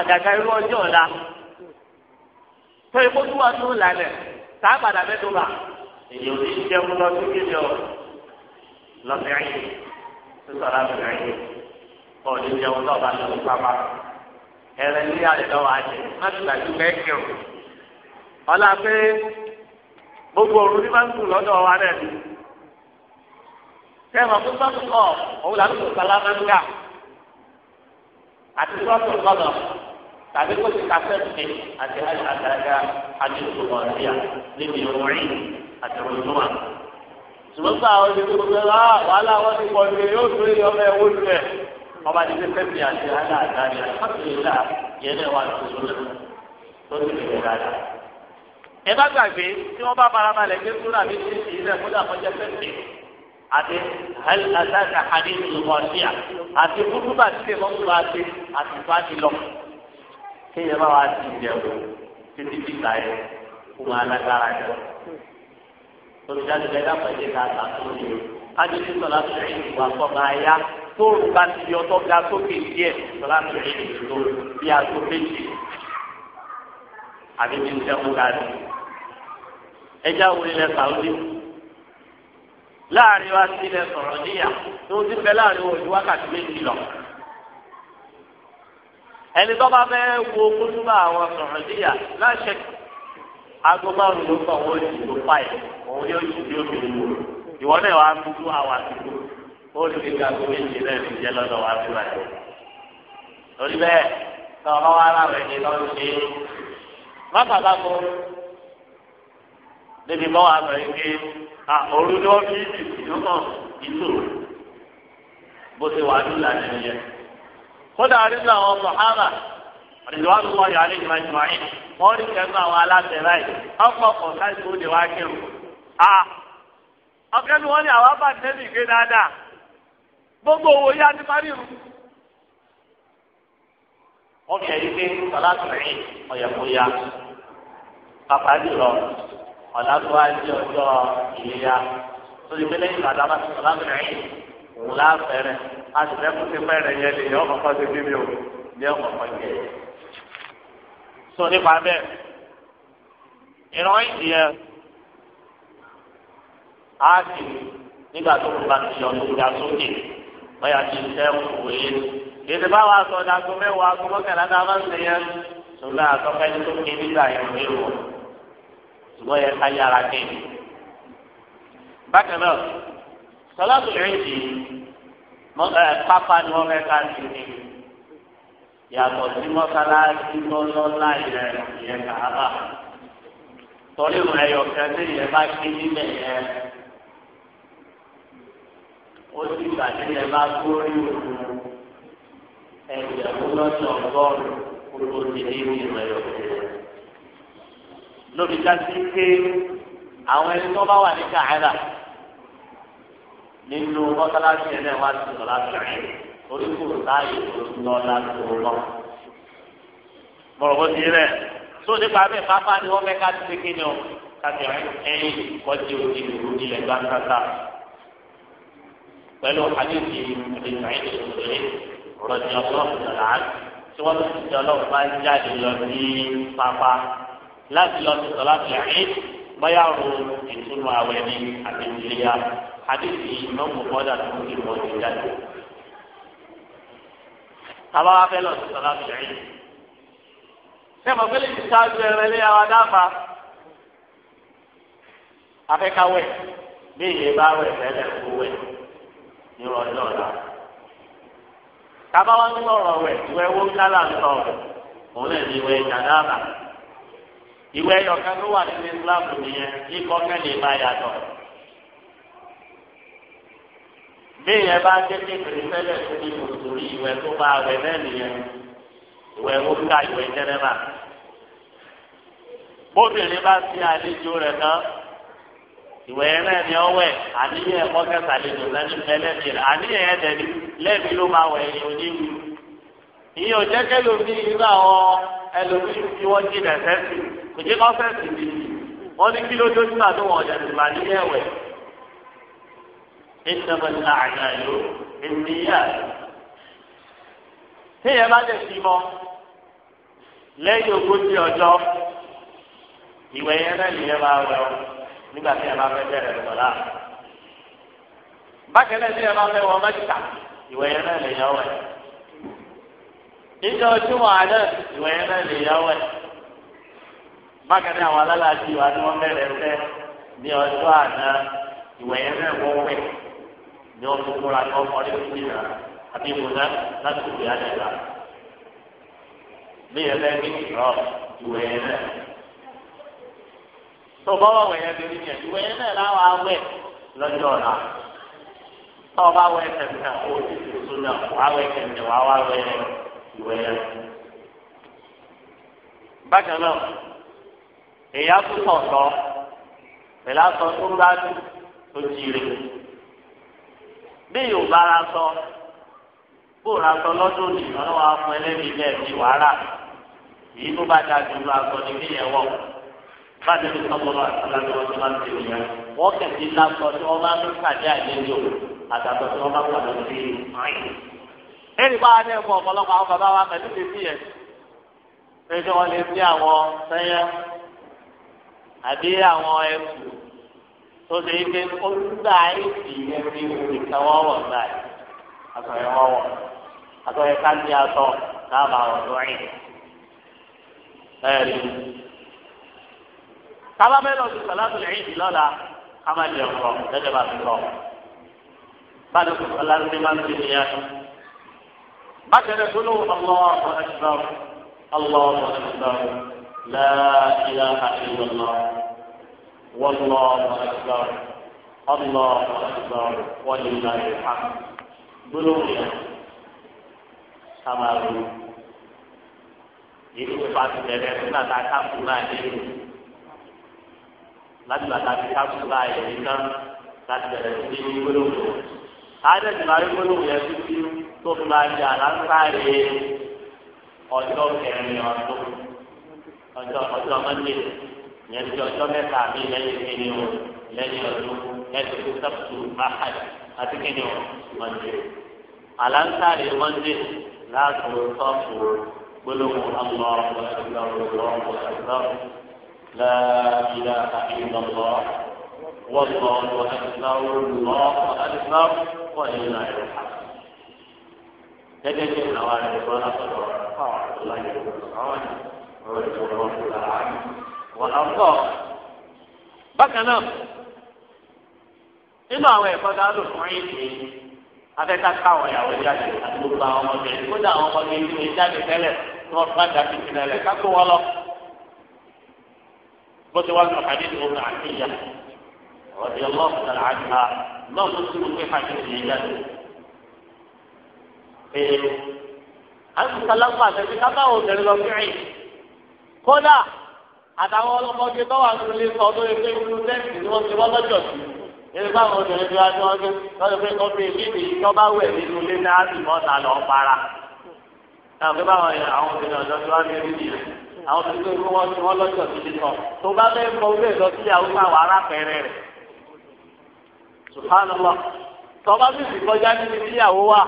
àgàgà irú ọjọ́ ọ̀la tó ikú tó wà tó lálẹ́ sáà padà mẹ́tò bá èyí ò ní jẹun lọ sí kéde ọ lọ bẹ̀rẹ̀ yìí tó tọlá bẹ̀rẹ̀ yìí ọ̀dẹ jẹun náà bá lọ sí pápá ẹrẹ ní àlẹ lọ́wọ́ àjẹ má ti gbàgbé mẹ́kìn ọlá pé gbogbo òru ní máa ń kù lọ́dọ̀ wa náà ni sẹ́wọ̀n fún sọ́kùnkọ́ òun làbí kò sálámángà àti sọ́kùnkọ́ lọ tàbí kò sí kásẹ̀tì àti àgàgà àdìsùnmọ̀ ìyá níbi ìròyìn àti ìròyìnwá. ṣùgbọ́n sáà ọ̀dẹ̀ gbogbo ẹ̀ wá wàhálà wọn ti pọ̀ ju yóò tún ọba ti fi fẹ́mi àti àdá àdáni àfọ́sílẹ̀ yẹn lè wà lóṣù náà tó ti lè dáadáa. ẹ bá gbàgbé tí wọ́n bá farabalẹ̀ gbé súnà mi ti sì ilẹ̀ fún àkọjẹ fẹ́mi àti àtàkà àdéhùn ìmọ̀ọ́síà àti kúrúbà tí lè mọ́tò bá ti àti bá ti lọ. kéèyàn bá wà á ti ìjẹ̀wò títí dìgbà yẹn kó máa lágbára jọ. olùdarí bẹ́ẹ̀ jẹ́ ká àtàkùn yìí. adé ti sọ̀rọ̀ àti ìwà kọ́ máa yá tóòrùn bá ti yọ tó ga sókè díẹ̀ sọlá tó lè tó bí aago méjì àbí bí sẹ́kù káàdì. ẹja wo ilẹ̀ sàwùdí láàrin wa sí ilẹ̀ sọ̀rọ̀ níyà tó ti fẹ́ láàrin òjò wákàtí méjì lọ. ẹni tó bá fẹ́ wo kúndùmá àwọn sọ̀rọ̀ níyà láṣẹ aago márùn ló kọ̀ wọ́n ti tó fàyà òun yóò ti di obìnrin wò ìwọ náà wàá dúdú àwọn àdúgbò ó lè fi ga gbogbo ìdí náà ti jẹ́ lọ́dọ̀ wá sí wáyé. lórí bẹ́ẹ̀ tọ́ ọ wá láwọn ẹni lọ́dún ní mọ́tàlá kó níbi mọ́ wàá sọ pé òru ni wọ́n fi ìdìbò náà ìṣòro bó ṣe wà nílà nìyẹn. kódà nínú àwọn sọ̀hánà àdìwọ́n lọ́wọ́ yàrá ìjìnlẹ̀ ìjìnlẹ̀ yìí wọ́n rí kẹ́kọ̀ọ́ àwọn aláṣẹ báyìí ọ̀pọ̀ ọ̀pọ̀ sáìsì ó lè wá kírun. ọ̀kẹ́ ni wọ́n ní àwọn abàtẹ́lì gbé dáadáa gbogbo owó yá ni parí o. wọ́n fi ẹ̀yí pé sọláàtì rẹ̀ ọ̀yẹ̀kúya pàpà jùlọ ọ̀làtúwájú ọjọ́ ìléyà lórí pé lẹ́yìn ìgbàdá bá ti sọláàtì rẹ̀ òun láàfẹ́rẹ́ a sì fẹ́ kó ti pẹ́ẹ́rẹ́ yẹn lè yọ ọkọ̀ ti bíbí o ní ọkọ̀ jẹ. sọ nípa bẹ́ẹ̀ ìran ìdí yẹn á sì nígbà tó kó bá ti yọ ọdún ìdá sókè ọyà ti tẹ òye gbèsè bá wa sọ dàgbọ mẹwàá agbọ mọkànlá tá a máa ń sè yẹn ṣùgbọ́n àtọkẹ tó ké nígbà yẹn òye wọ ṣùgbọ́n yẹn ká yára ké bákan náà sọlá tó pápá ni wọn fẹ́ ká sí ni yàtọ̀ sí mọ́sálásí lọ́lọ́lá ilẹ̀ ìyẹn kàá bá torí ìwọ̀n ẹ̀yọ̀ kẹ́sì yẹn bá ké nílẹ̀ yẹn ó ti gbàdé yẹn bá gbórí òkú ẹgbẹ̀rún lọ́sọ̀ ọgọ́rùn-ún kúrò ti ní ìrìn ẹ̀yọ̀ kẹrẹ. lóbi dásí pé àwọn ẹni tó bá wà ní káàdà nínú mọ́sálásí ẹ̀ náà wá sí sọ̀rọ̀ àtúnṣe oríkùrù láàyè tó lọ lásìkò lọ. mọ̀rọ̀kọ́ ti rẹ̀ tó nípa bẹ́ẹ̀ pápá ni wọ́n fẹ́ ká ti ṣe kí ni ọ ká ẹ̀yìn kọ́jú ìlú ilẹ̀ gbàǹkàǹkà pẹ̀lú hadithi ìsàyẹ̀dì ìṣòro rọ̀jì ọlọ́run nàlá tí wọ́n ti ti ọlọ́run bá ń jáde lọ ní pápá láti lọ sí sọlá tó yẹn báyà ro ìtúnu àwẹ̀ ní àti ìléyà hadithi ìmọ̀mù kọ́dà tó ti mọ̀ ní jáde. Tàbá wa fẹ́ lọ sí sọlá tó yẹn. Ṣé mo fẹ́ lè ti ṣáájú ẹrẹ lé àwọn dáfà? Afẹ́káwẹ̀ bí ìyẹn bá wẹ̀ fẹ́lẹ̀ kú wẹ̀. nírọ̀ ọ̀la. tábàwọn ní ọ̀rọ̀ ọrụ ìwẹ̀ owó ńlá ń sọ òun náà ní ìwẹ̀ ìjàdáàbà. ìwẹ̀ ẹ̀yọ̀kan tó wà nínú Islam nìyẹn kẹ́lẹ́ yàtọ̀. bí ìyẹn bá dé kékeré fẹ́lẹ̀ tó bá nìyẹn owó ńlá jẹ́rẹ́ ìwẹ̀ yẹn náà ni ọwẹ́ àníyàn ẹ̀kọ́ kẹta lè lò lẹ́nu ẹlẹ́bi rẹ̀ àníyàn yẹn dẹ̀bi lẹ́bi ló máa wẹ̀ ẹ̀yìn oníwì. ìyẹn ò jẹ́ kẹlòmí irú àwọn ẹlòmí tí wọ́n jí lẹ́sẹ̀ sí kò jẹ́ kọ́ fẹ́ sí mi. wọ́n ní kí ló dé nígbà tó wọ̀ ọ̀dẹ̀ tìmọ̀ àníyàn ẹ̀wẹ̀. ìṣẹ̀bẹ̀lá àyàyò ènìyà. téèyàn bá dẹ̀ fi lẹ́yìn ogójì ọjọ́ ìwẹ̀ nígbà tí ẹ bá fẹ́ bẹ̀rẹ̀ sọ̀lá. bákan náà ẹ bá fẹ́ wọ mẹ́ta ìwẹ̀ yẹn náà lè yọ wẹ̀. ìjọ júmọ̀ àná ìwẹ̀ yẹn náà lè yọ wẹ̀. bákan náà àwọn alálàájì wa ni wọ́n bẹ̀rẹ̀ fẹ́ ní ọjọ́ àná ìwẹ̀ yẹn náà wọ́n wẹ̀ ní wọ́n fún kóra ní wọ́n kọ́ ní kúrì náà àbí ìmúná láti kúrì á tó bá wà wẹ̀yẹ lórí yẹn ìwé yẹn náà láwọn awẹ lọ́jọ́ ọ̀la tó bá wẹ kẹ̀kẹ́ o ti ti tún náà wà wẹ kẹ̀kẹ́ wà wà wẹ ìwé yẹn. bákan náà èyí á tún sọ̀tọ̀ aṣọ tó ń bá tó jire bí yorùbá ara sọ bóòrò aṣọ lọ́dún nìkan wà fún ẹlẹ́mìí bẹ́ẹ̀ wàhálà èyí tó bá dáa lọ aṣọ ni kéèyàn wọ̀ báyìí ní sọ́kọ́lọ́ àtàlàyé wọn tó máa ń tẹ̀lé yẹn wọ́n kẹ̀sí lásọ tí wọ́n máa ń pàdé àlejò àtàtọ̀ tí wọ́n máa ń pàdé sí àyìn. ẹnì bá adé fún ọ̀pọ̀lọpọ̀ àwọn bàbá wa pẹ̀lú ti fi yẹn pé kí wọ́n lè fi àwọn sẹ́yẹ́ àbí àwọn ẹ̀kú tó ṣe é pé olùgbà èsì yẹn wọ̀ báyìí àtọ̀yẹ wọ́n wọ̀ àtọ̀yẹ sábà bẹ́ẹ̀ lọ sí sàlátù lẹ́yìn ìdí lọ́la ká má jẹ ọkọ gẹ́gẹ́ bá ti sọ. báyìí kò sọlá ní máa ń fi ní yẹn. bákan náà gbólóhùn ọlọ́wọ́ ẹ̀sán ọlọ́wọ́ ẹ̀sán láàkìlá àìlọ́lọ́ wọ́lọ́wọ́ ẹ̀sán ọlọ́wọ́ ẹ̀sán wọ́lẹ́lá ẹ̀sán gbólóhùn yẹn ká máa lu. ìlú pàṣẹ rẹ̀ fún àtàkà fún náà nílùú láti bàtà fi kápsù báyìí nìkan láti bẹ̀rẹ̀ sí ní gbólóhùn. Ádẹ́sì máa rí gbólóhùn yẹn títí tó fi máa di àlàńsáre ọjọ́ kẹrin ọdún ọjọ́ ọjọ́ mọ́ndé yẹn ti ọjọ́ mẹ́ta mi lẹ́yìn kíni o lẹ́yìn ọdún ẹ̀sìn tó sábùtù báhàdì àti kíni o mọ́ndé. Àlàńsáre mọ́ndé láti sọ́ọ̀fù gbólóhùn ọmọ ọmọ ẹgbẹ́ ọmọ ẹgbẹ́ ọmọ ẹgbẹ́ لا إله إلا الله والله أكبر الله أكبر ولله الحمد تجد الأوائل صلاة الله الله والأرض بكنا إنه هو يفضل الحمد afẹ́ká káwọn ìyàwó jáde àti gbogbo àwọn ọmọdé kódà àwọn ọmọdé ìlú ìjáde tẹ́lẹ̀ tí wọ́n bá dàbí tẹ́lẹ̀ kákó wọn lọ bọ́sẹ̀ wá ní ọ̀hádé ní ọ̀hún àtìyà ọ̀dẹ ọlọ́ọ̀fù náà àgbà náà ló sì wípé hàdé ìyẹn jáde. ee àtúntàlágbà àtẹ̀sí kábàáwò tẹ̀lé lọ sí ẹ̀yìn kódà àtàwọn ọlọ́mọdé tó wà nínú ilé sọ lórí pé inú tẹ́ǹtì ni wọ́n ti wọ́n lọ́jọ́ sí ilé báwọn obìnrin tí wọ́n ti wọ́n lọ́jọ́ pé ọbẹ̀ ìlú ìjọba wẹ̀ nínú ilé náà ti mọ́ta lọ́ọ́ para. náà àwọn tó gbé irú wọn ni wọn lọ́jọ́ tó ti sọ tó bá fẹ́ mọ ilé lọ sí àwọn àwọn arákùnrin rẹ̀ subhanallah tọ́ba sì sì kọjá níbi tí ìyàwó wa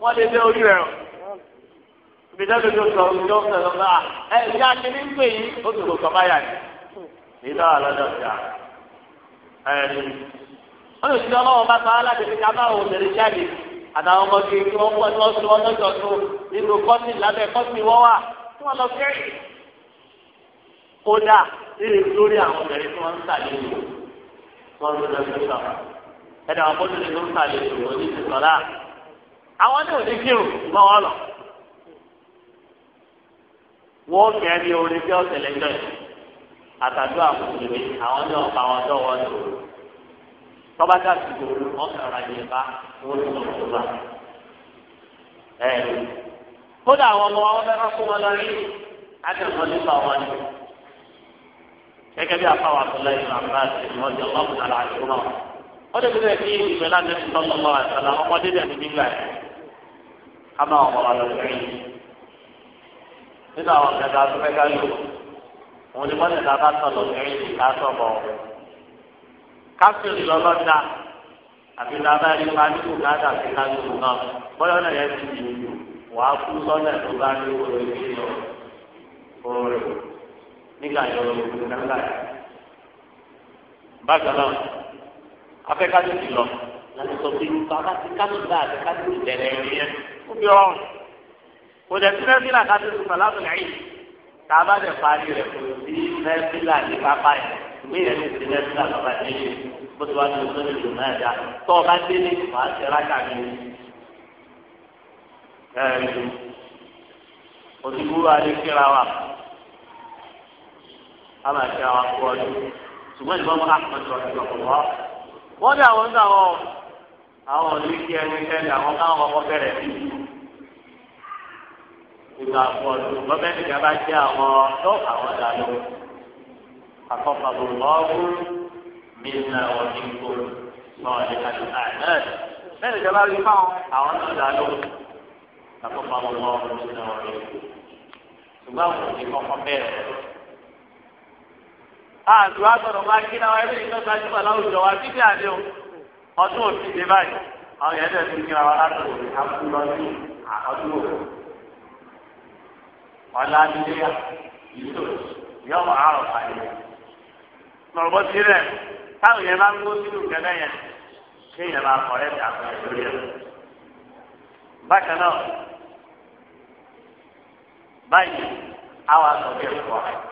wọ́n lè lé orí rẹ̀ o ibi tẹ́lẹ̀ tó sọ orí tó ń sọ̀rọ̀ náà ẹ ìyá kìíní ń pè yín ó sì kò sọ báyà ni ìlú àlọ́jọ́ ti à ẹ̀ẹ́dì ó lè fi ọlọ́wọ́ bá sọ aládìrí ká bá òun lè jáde àtàwọn ọmọ kiri tí wọ́n wọ́n lọ́sọ̀ọ́ lọ́jọ́ tó nínú kọ́sì lábẹ́ kọ́sì wọ́n wà tí wọ́n lọ fẹ́ẹ́ kódà lílè lórí àwọn obìnrin tí wọ́n ń tàlẹ́ ìlú wọ́n ń lọ sí sọ ẹ̀dá wọn kótó ló ń tàlẹ́ ìlú wọn ní ìsọ̀lá àwọn ní òní kírun mọ́ wọn lọ. wọ́n kẹ́ orin àwọn ní ọ̀pá tó lò tọ́ba yẹn bá lọ kódà gẹ́gẹ́ bí afáwọ abdullahi ibn abbas ìmọ̀jọ ọlọ́kùnrin aláàjọ náà wọ́n ti bẹ̀rẹ̀ kí ìgbẹ́ láti fi tọ́lọ́ lọ́wọ́ àtàlà ọmọdé dẹ̀ ní nígbà yẹn a máa wọ̀ ọ́ lọ́wọ́ yìí nínú àwọn ọ̀gá tó fẹ́ ká lò òun ni wọ́n lè ta bá tọ̀ lọ́wọ́ yìí ká tọ̀ bọ̀ káfíìn lọ́lọ́dà àfi ta bá rí pa nínú káàdà sí ká lò náà bọ́yọ̀ náà yẹn ti dì wàá kú sọ́nà tó nígbà yẹn lọ lóko nígbà yẹn bákan náà afẹ́kájú ti lọ láti sọ pé bàbá ti kájú bá afẹ́kájú ti bẹ̀rẹ̀ ẹ̀rí yẹn ó fi ọrùn kò dẹ̀ sí nẹ́fílà kájú ti sọ láti rẹ̀ yìí tá a bá dẹ̀ parí rẹ̀ kò sí nẹ́fílà ní pápá yẹn ìwé yẹn ti sí nẹ́fílà bàbá yẹn yìí bó ti wá ní ọjọ́ ìlú náà dá tó o bá délé wàá ṣe rákà mi ẹ̀ẹ́dù òsì aláṣẹ àwọn akọ ọdún ṣùgbọ́n ìbọn mọ́ àpọ̀jọ ìjọba wọ́n ní àwọn nígbà wọn àwọn òní kí ẹni kẹ́ni àwọn káwọn kọ́kọ́ bẹ̀rẹ̀ bí ìgbà àpọ̀jù gọ́ọ̀mẹ́ntì kan bá jẹ́ àwọn tó àwọn dàlú àkọ́kọ́ lọ́wọ́ mi nà ọ̀dí kò lọ́ọ̀dí àti àná bẹ́ẹ̀ni ìjọba rí fáwọn àwọn náà dàlú àkọ́kọ́ lọ́wọ́ mi nà ọ̀dí kò ṣùgbọ́n àwọn òní kọ́kọ́ bẹ̀rẹ̀ àdúrà gbọ́dọ̀ máa kí náà ẹbí ìjọ wa bíbí àdé o ọdún òsì dé báyìí àwọn yẹn dẹ̀ ti kíra wa pàdé. sí rẹ̀ táwọn yẹn máa ń gbó sínú yẹn yẹn máa lórí ẹ̀. bákan náà báyìí àwọn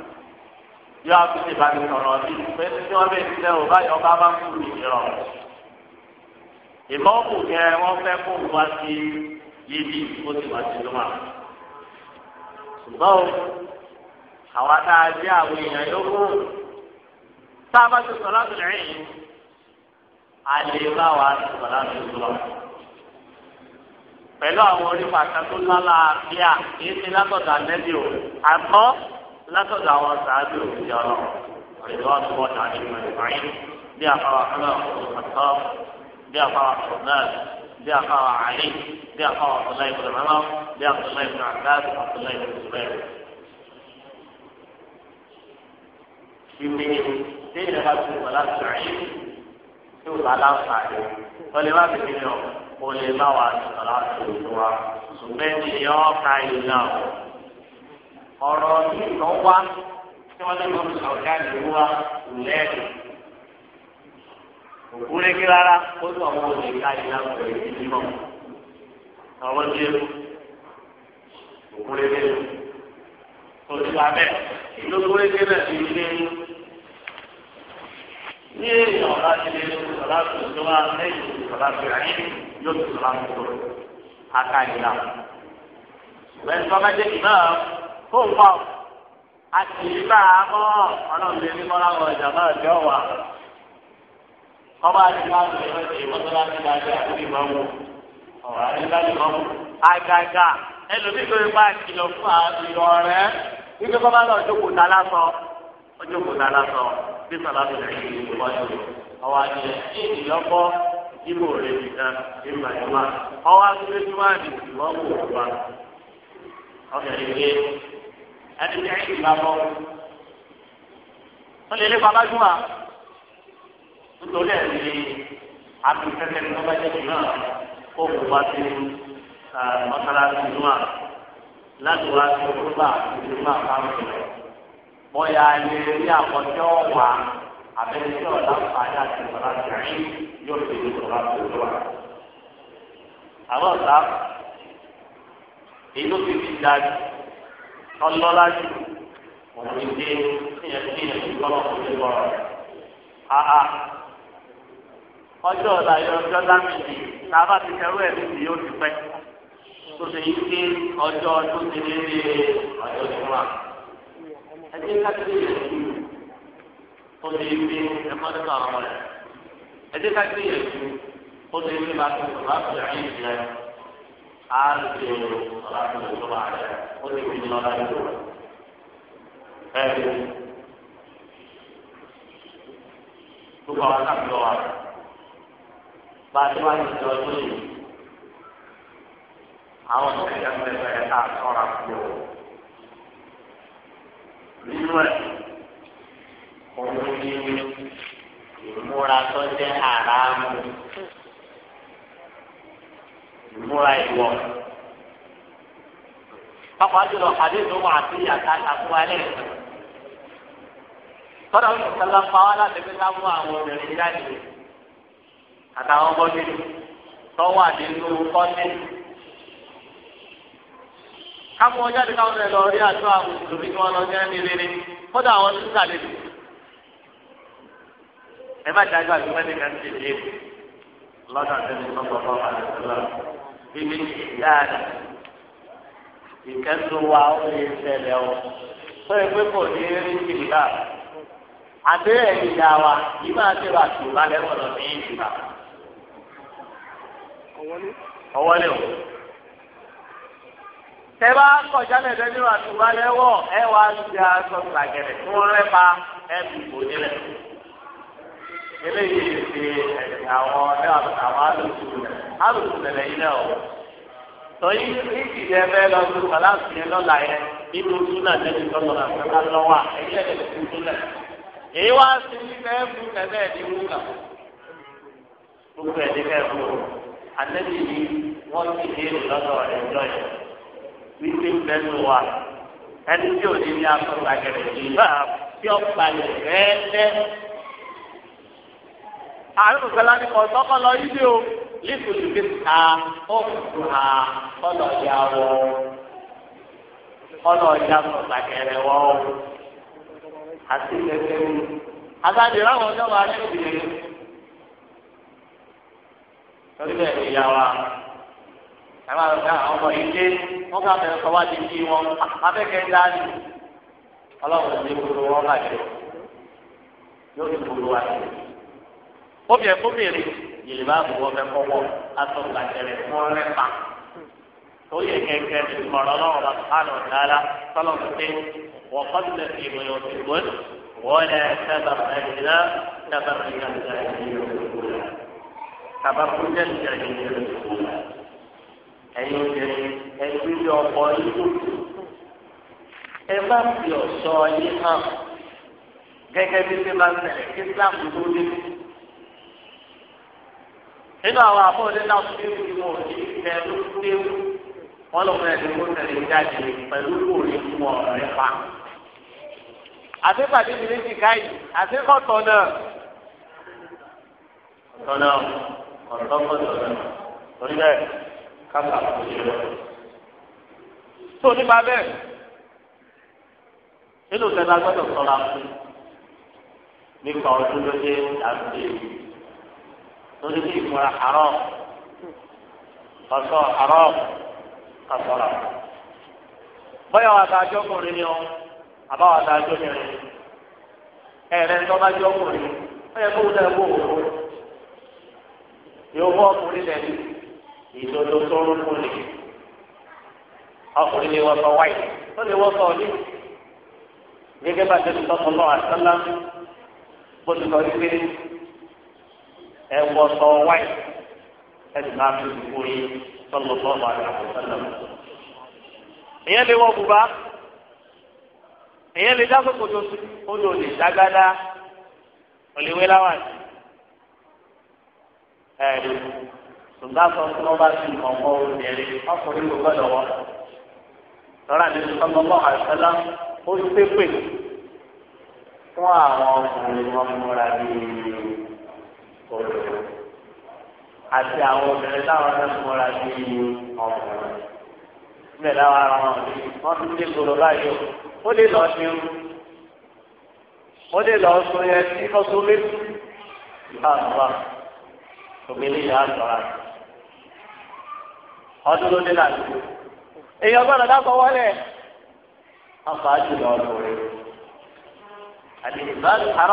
yọ àfihàn ìbáni sọ̀rọ̀ bí pé tí wọ́n bẹ̀ sílẹ̀ ò báyọ̀ bá bá kú ìrọ̀. ìmọ̀ọ́kù yẹ wọ́n fẹ́ kó wá sí yíbi ó sì wá sí lọ́wọ́. ṣùgbọ́n àwọn tá a àwọn èèyàn yòókù tá a bá ti sọ̀rọ̀ àtúnṣe yìí a lè bá wa sọ̀rọ̀ àtúnṣe lọ. pẹ̀lú àwọn onífàkàtúntàn láàbíà kì í ti látọ̀dọ̀ àlẹ́ bí o àmọ́ látọ̀dọ̀ àwọn sàájú òbí ọlọ́run ìjọba tó wọ́n dà nínú ìfàyín bí àfàwà fúnà ọ̀tọ̀ bí àfàwà fúnà bí àfàwà àlè bí àfàwà fúnà ìfúnà bí àfúnà ìfúnà àgbàdo àfúnà ìfúnà ìfúnà. ìfúnà déyìn bá tún wọn láti rìn tí o bá láǹfààní wọn lè má fi mílíọ̀nù o lè má wà ní ọ̀la tó o tó ṣùgbọ́n ènìyàn ọ̀ka ọ̀rọ̀ yìí lọ wá tí wọ́n lọ́ọ́ lọ sọ̀rọ̀ yìí wá lẹ́ẹ̀dì. Òkú régi rárá ó tún àwọn olè ká ìlà pẹ̀lú ìdí mọ́. Àwọn jẹ́ òkú régi oṣù abẹ́ ìlú òkú régi náà ti lé ní èèyàn ọ̀la ti lé lórí ọ̀la tó tó wá lẹ́yìn ọ̀la tó yà ní yóò tó tó wá kúrò. Aka ìlà. Bẹ́ẹ̀ni bá bá jẹ́ ìmáà. fún wa a kì í bá a mọ́ ọlọ́run ní mọ́ra wọn ọjà náà jọ wà. ọba àti máa ń lè ṣe mọ́tọ́láṣí láti àdúgbò máa wù ọ̀rọ̀ àdúgbò máa wù. àgàgà ẹlòmíì tó ń bá fún àbíyọ rẹ̀ lọ lásọ lásọ bí tó lè ìwọ́ ọwọ́ àti nìkan ọwọ́ àti ìwọ́ wá. ọkẹ́ ẹni tí ẹni ìgbà bọ wọn lè lépa bá júmọ nítorí ẹni àtúntẹtẹ ní wọn bá jẹ jù náà kó kó wá sí mọ́sálásí júmọ láti wá sí olúbà ìjùmọ àpamọ wọn yà á lè rí àkọsí ọwà abẹ́rẹ́ tí ọ̀la ń fa yá ti sọ̀rọ̀ yóò fi ní sọ̀rọ̀ àti olúwa. àwọn ọ̀la èyí fi fi dájú ọlọ́lá jù òun dé kíyàn kíyàn tó kọ́ lọ́kùn ọjọ́ ọ̀la yọ ọjọ́ lámìdì ti kẹrù ẹ̀ níbi yóò ti pẹ́ tó ṣe yí pé ọjọ́ tó ti lé ọjọ́ tó wà. ẹ jẹ́ ká kí tó ṣe yí pé ẹ mọ́ nípa ọmọ rẹ̀ ẹ jẹ́ ká kí tó ṣe yí pé bá tó bá tó ṣe àyè ìṣẹ́ rẹ̀ àti ọ̀làkùnrin tó máa rẹ̀ ó lè fi nínú ọ̀là ìlú rẹ̀. Ẹ̀rù gbogbo àwọn akáàbí wa bá a ti wá ní ìjọ ọdún yìí àwọn tó kẹ̀kẹ́ ni ìmúra tó jẹ́ àrà mú. ìmúra ìwọ. pápá jùlọ àdéhùn wà sí àtàkà fún alẹ́ tọ́lá ń sọ̀tàn lápá wá láti fi ká mú àwọn obìnrin jáde àtàwọn ọmọdé tọ́wọ́ àdéhùn kọ́ńdé kápọ̀ jáde káwọn ẹ̀ rí àtọ́ àwọn ìṣòro tí wọ́n lọ jẹ́ ní rere kódà àwọn tó sàlẹ̀ lù. ẹ má dájú àti mẹ́rin ti di lọ́dọ̀ àti ẹni tó ń bọ̀ bọ́ bíbí ìdáàdì ìkẹ́tù wa ó lè ṣẹlẹ̀ o tó yẹ pé kò ní rí ìgbà àbẹ́rẹ́ ìdá wa yìí máa ṣe wà tù bá lẹ́wọ̀n lọ ní ìgbà. ọwọ́ o. tẹ bá kọjá lẹ́dọ̀ ní wà ẹ wá ń ṣe aṣọ gbàgẹ̀rẹ̀ fún rẹ́pa ẹ bùbù nílẹ̀. eléyìí ti àwọn ọ̀dẹ́ àwọn alùpùpù alùpùpù rẹ̀ yìí náà o. sọyí níbi yẹn fẹ́ lọ sí kọláàsì yẹn lọ́la yẹn nínú súnà lẹ́yìn tọ́lọ̀ àgbàlá lọ́wọ́ ẹ̀yẹ́ lè fún èyí wá sí ní fẹ́ẹ́ fún kẹ́fẹ́ ẹ̀dín mú gbogbo ẹ̀dín fẹ́ẹ́ o. àtẹ́bí yìí wọ́n ti dé lọ́dọ̀ ẹ̀jọ́ yẹn. wípé bẹ́ẹ̀ wà ẹni tí ò àrùn sọlá ní kò sọ́kọ́ lọ yíyí o lífùlù bí ta ó ha ọ̀nà ìyá wọ ọ̀nà ìyá sọ̀tàkẹ̀rẹ̀ wọ àti ìlẹ̀kẹ̀ mi. àtàdé ráwọn ọjọ́ wa ní òbí torí bẹ́ẹ̀ ìyá wa ẹ̀rọ àgbà ọmọ ilé wọ́n ká bẹ̀rẹ̀ sọ wá di bí wọn abẹ́kẹ́ dání ọlọ́run ní gbogbo wọn bàjẹ́ yóò ní gbogbo wa jẹ́ kóbi ẹ kóbi rí yèlè bá bọ̀ wọ́n fẹ́ kọ́wọ́ aṣọ gbàgẹ̀rẹ̀ fún ọrẹ́ pa tó yẹ kẹ̀kẹ́ ní ìmọ̀ràn ọlọ́run bá sàánù dáadáa sọlọ tó dé wọ́n kọ́ sílẹ̀ sí ìmọ̀ yóò ti gbó wọ́n lẹ sábà ẹ̀yìn náà sábà ẹ̀yìn náà sábà kúndé ìjà ìjà ẹ̀yìn obìnrin ẹ̀yìn bí ọkọ̀ yìí ẹ bá fi ọ̀ṣọ́ yìí hàn gẹ́gẹ́ bí bí máa ń tẹ̀lé kí sáà kúndé nínú àwọn àbọ̀dé náà fún ewu ni ní fẹ́ ló fún ewu wọn lọ tẹ̀lé jáde pẹ̀lú òní fún ọ̀rẹ́ pa. àtẹ́pàdé mi létí káyì àtẹ́kọ̀tọ̀ náà tọ́nà ọ̀tọ́kọ̀tọ̀ náà torí bẹ́ẹ̀ kápá kò ṣe lọ. tó nípa bẹ́ẹ̀ nínú ìtẹ́lá gbọ́dọ̀ sọ̀rọ̀ àfún nípa ọdún lóde àti èyí lórí bí ìmúra haram ọ̀sọ̀ haram kàtọ́rọ̀. bóyá wà tá a jọ kùnrin ni ọ àbá wà tá a jọ mìíràn ẹ̀rẹ́ ń tọ́ba jọ kùnrin ó yẹ kó wúlò ẹ̀kọ́ òwò yóò bọ́ ọkùnrin lẹ́nu ìdodo tó ń kú ni ọkùnrin lè wọ́n sọ wáyé ó lè wọ́n sọ ọdí gẹ́gẹ́ bá tẹ̀sí tọ́kùn náà àtàlá bó ti sọ wípé ẹwọ sọ wáyé ẹni máa fi dùkú yín sọlọ sọlọ àyàwó sọlọ. ìyẹn lè wọ bùbá ìyẹn lè dáko kojú ojú olè dágádá olèwé láwà ní. ẹ̀ẹ́dì ṣùgbọ́n sọ fún ọba sí ọ̀pọ̀ obìnrin ọkùnrin kò gbọ́dọ̀ wọ. lọ́la ní sọlọ́mọ àṣẹlá ó ṣépè fún àwọn ọkùnrin wọn múra bíi. olè àti àwọn obìnrin táwọn ọ̀rẹ́ níbẹ̀ láwọn ará wọn ni wọ́n dé gbòòrò báyìí ó lè lọ sí ó lè lọ sọ yẹn obìnrin á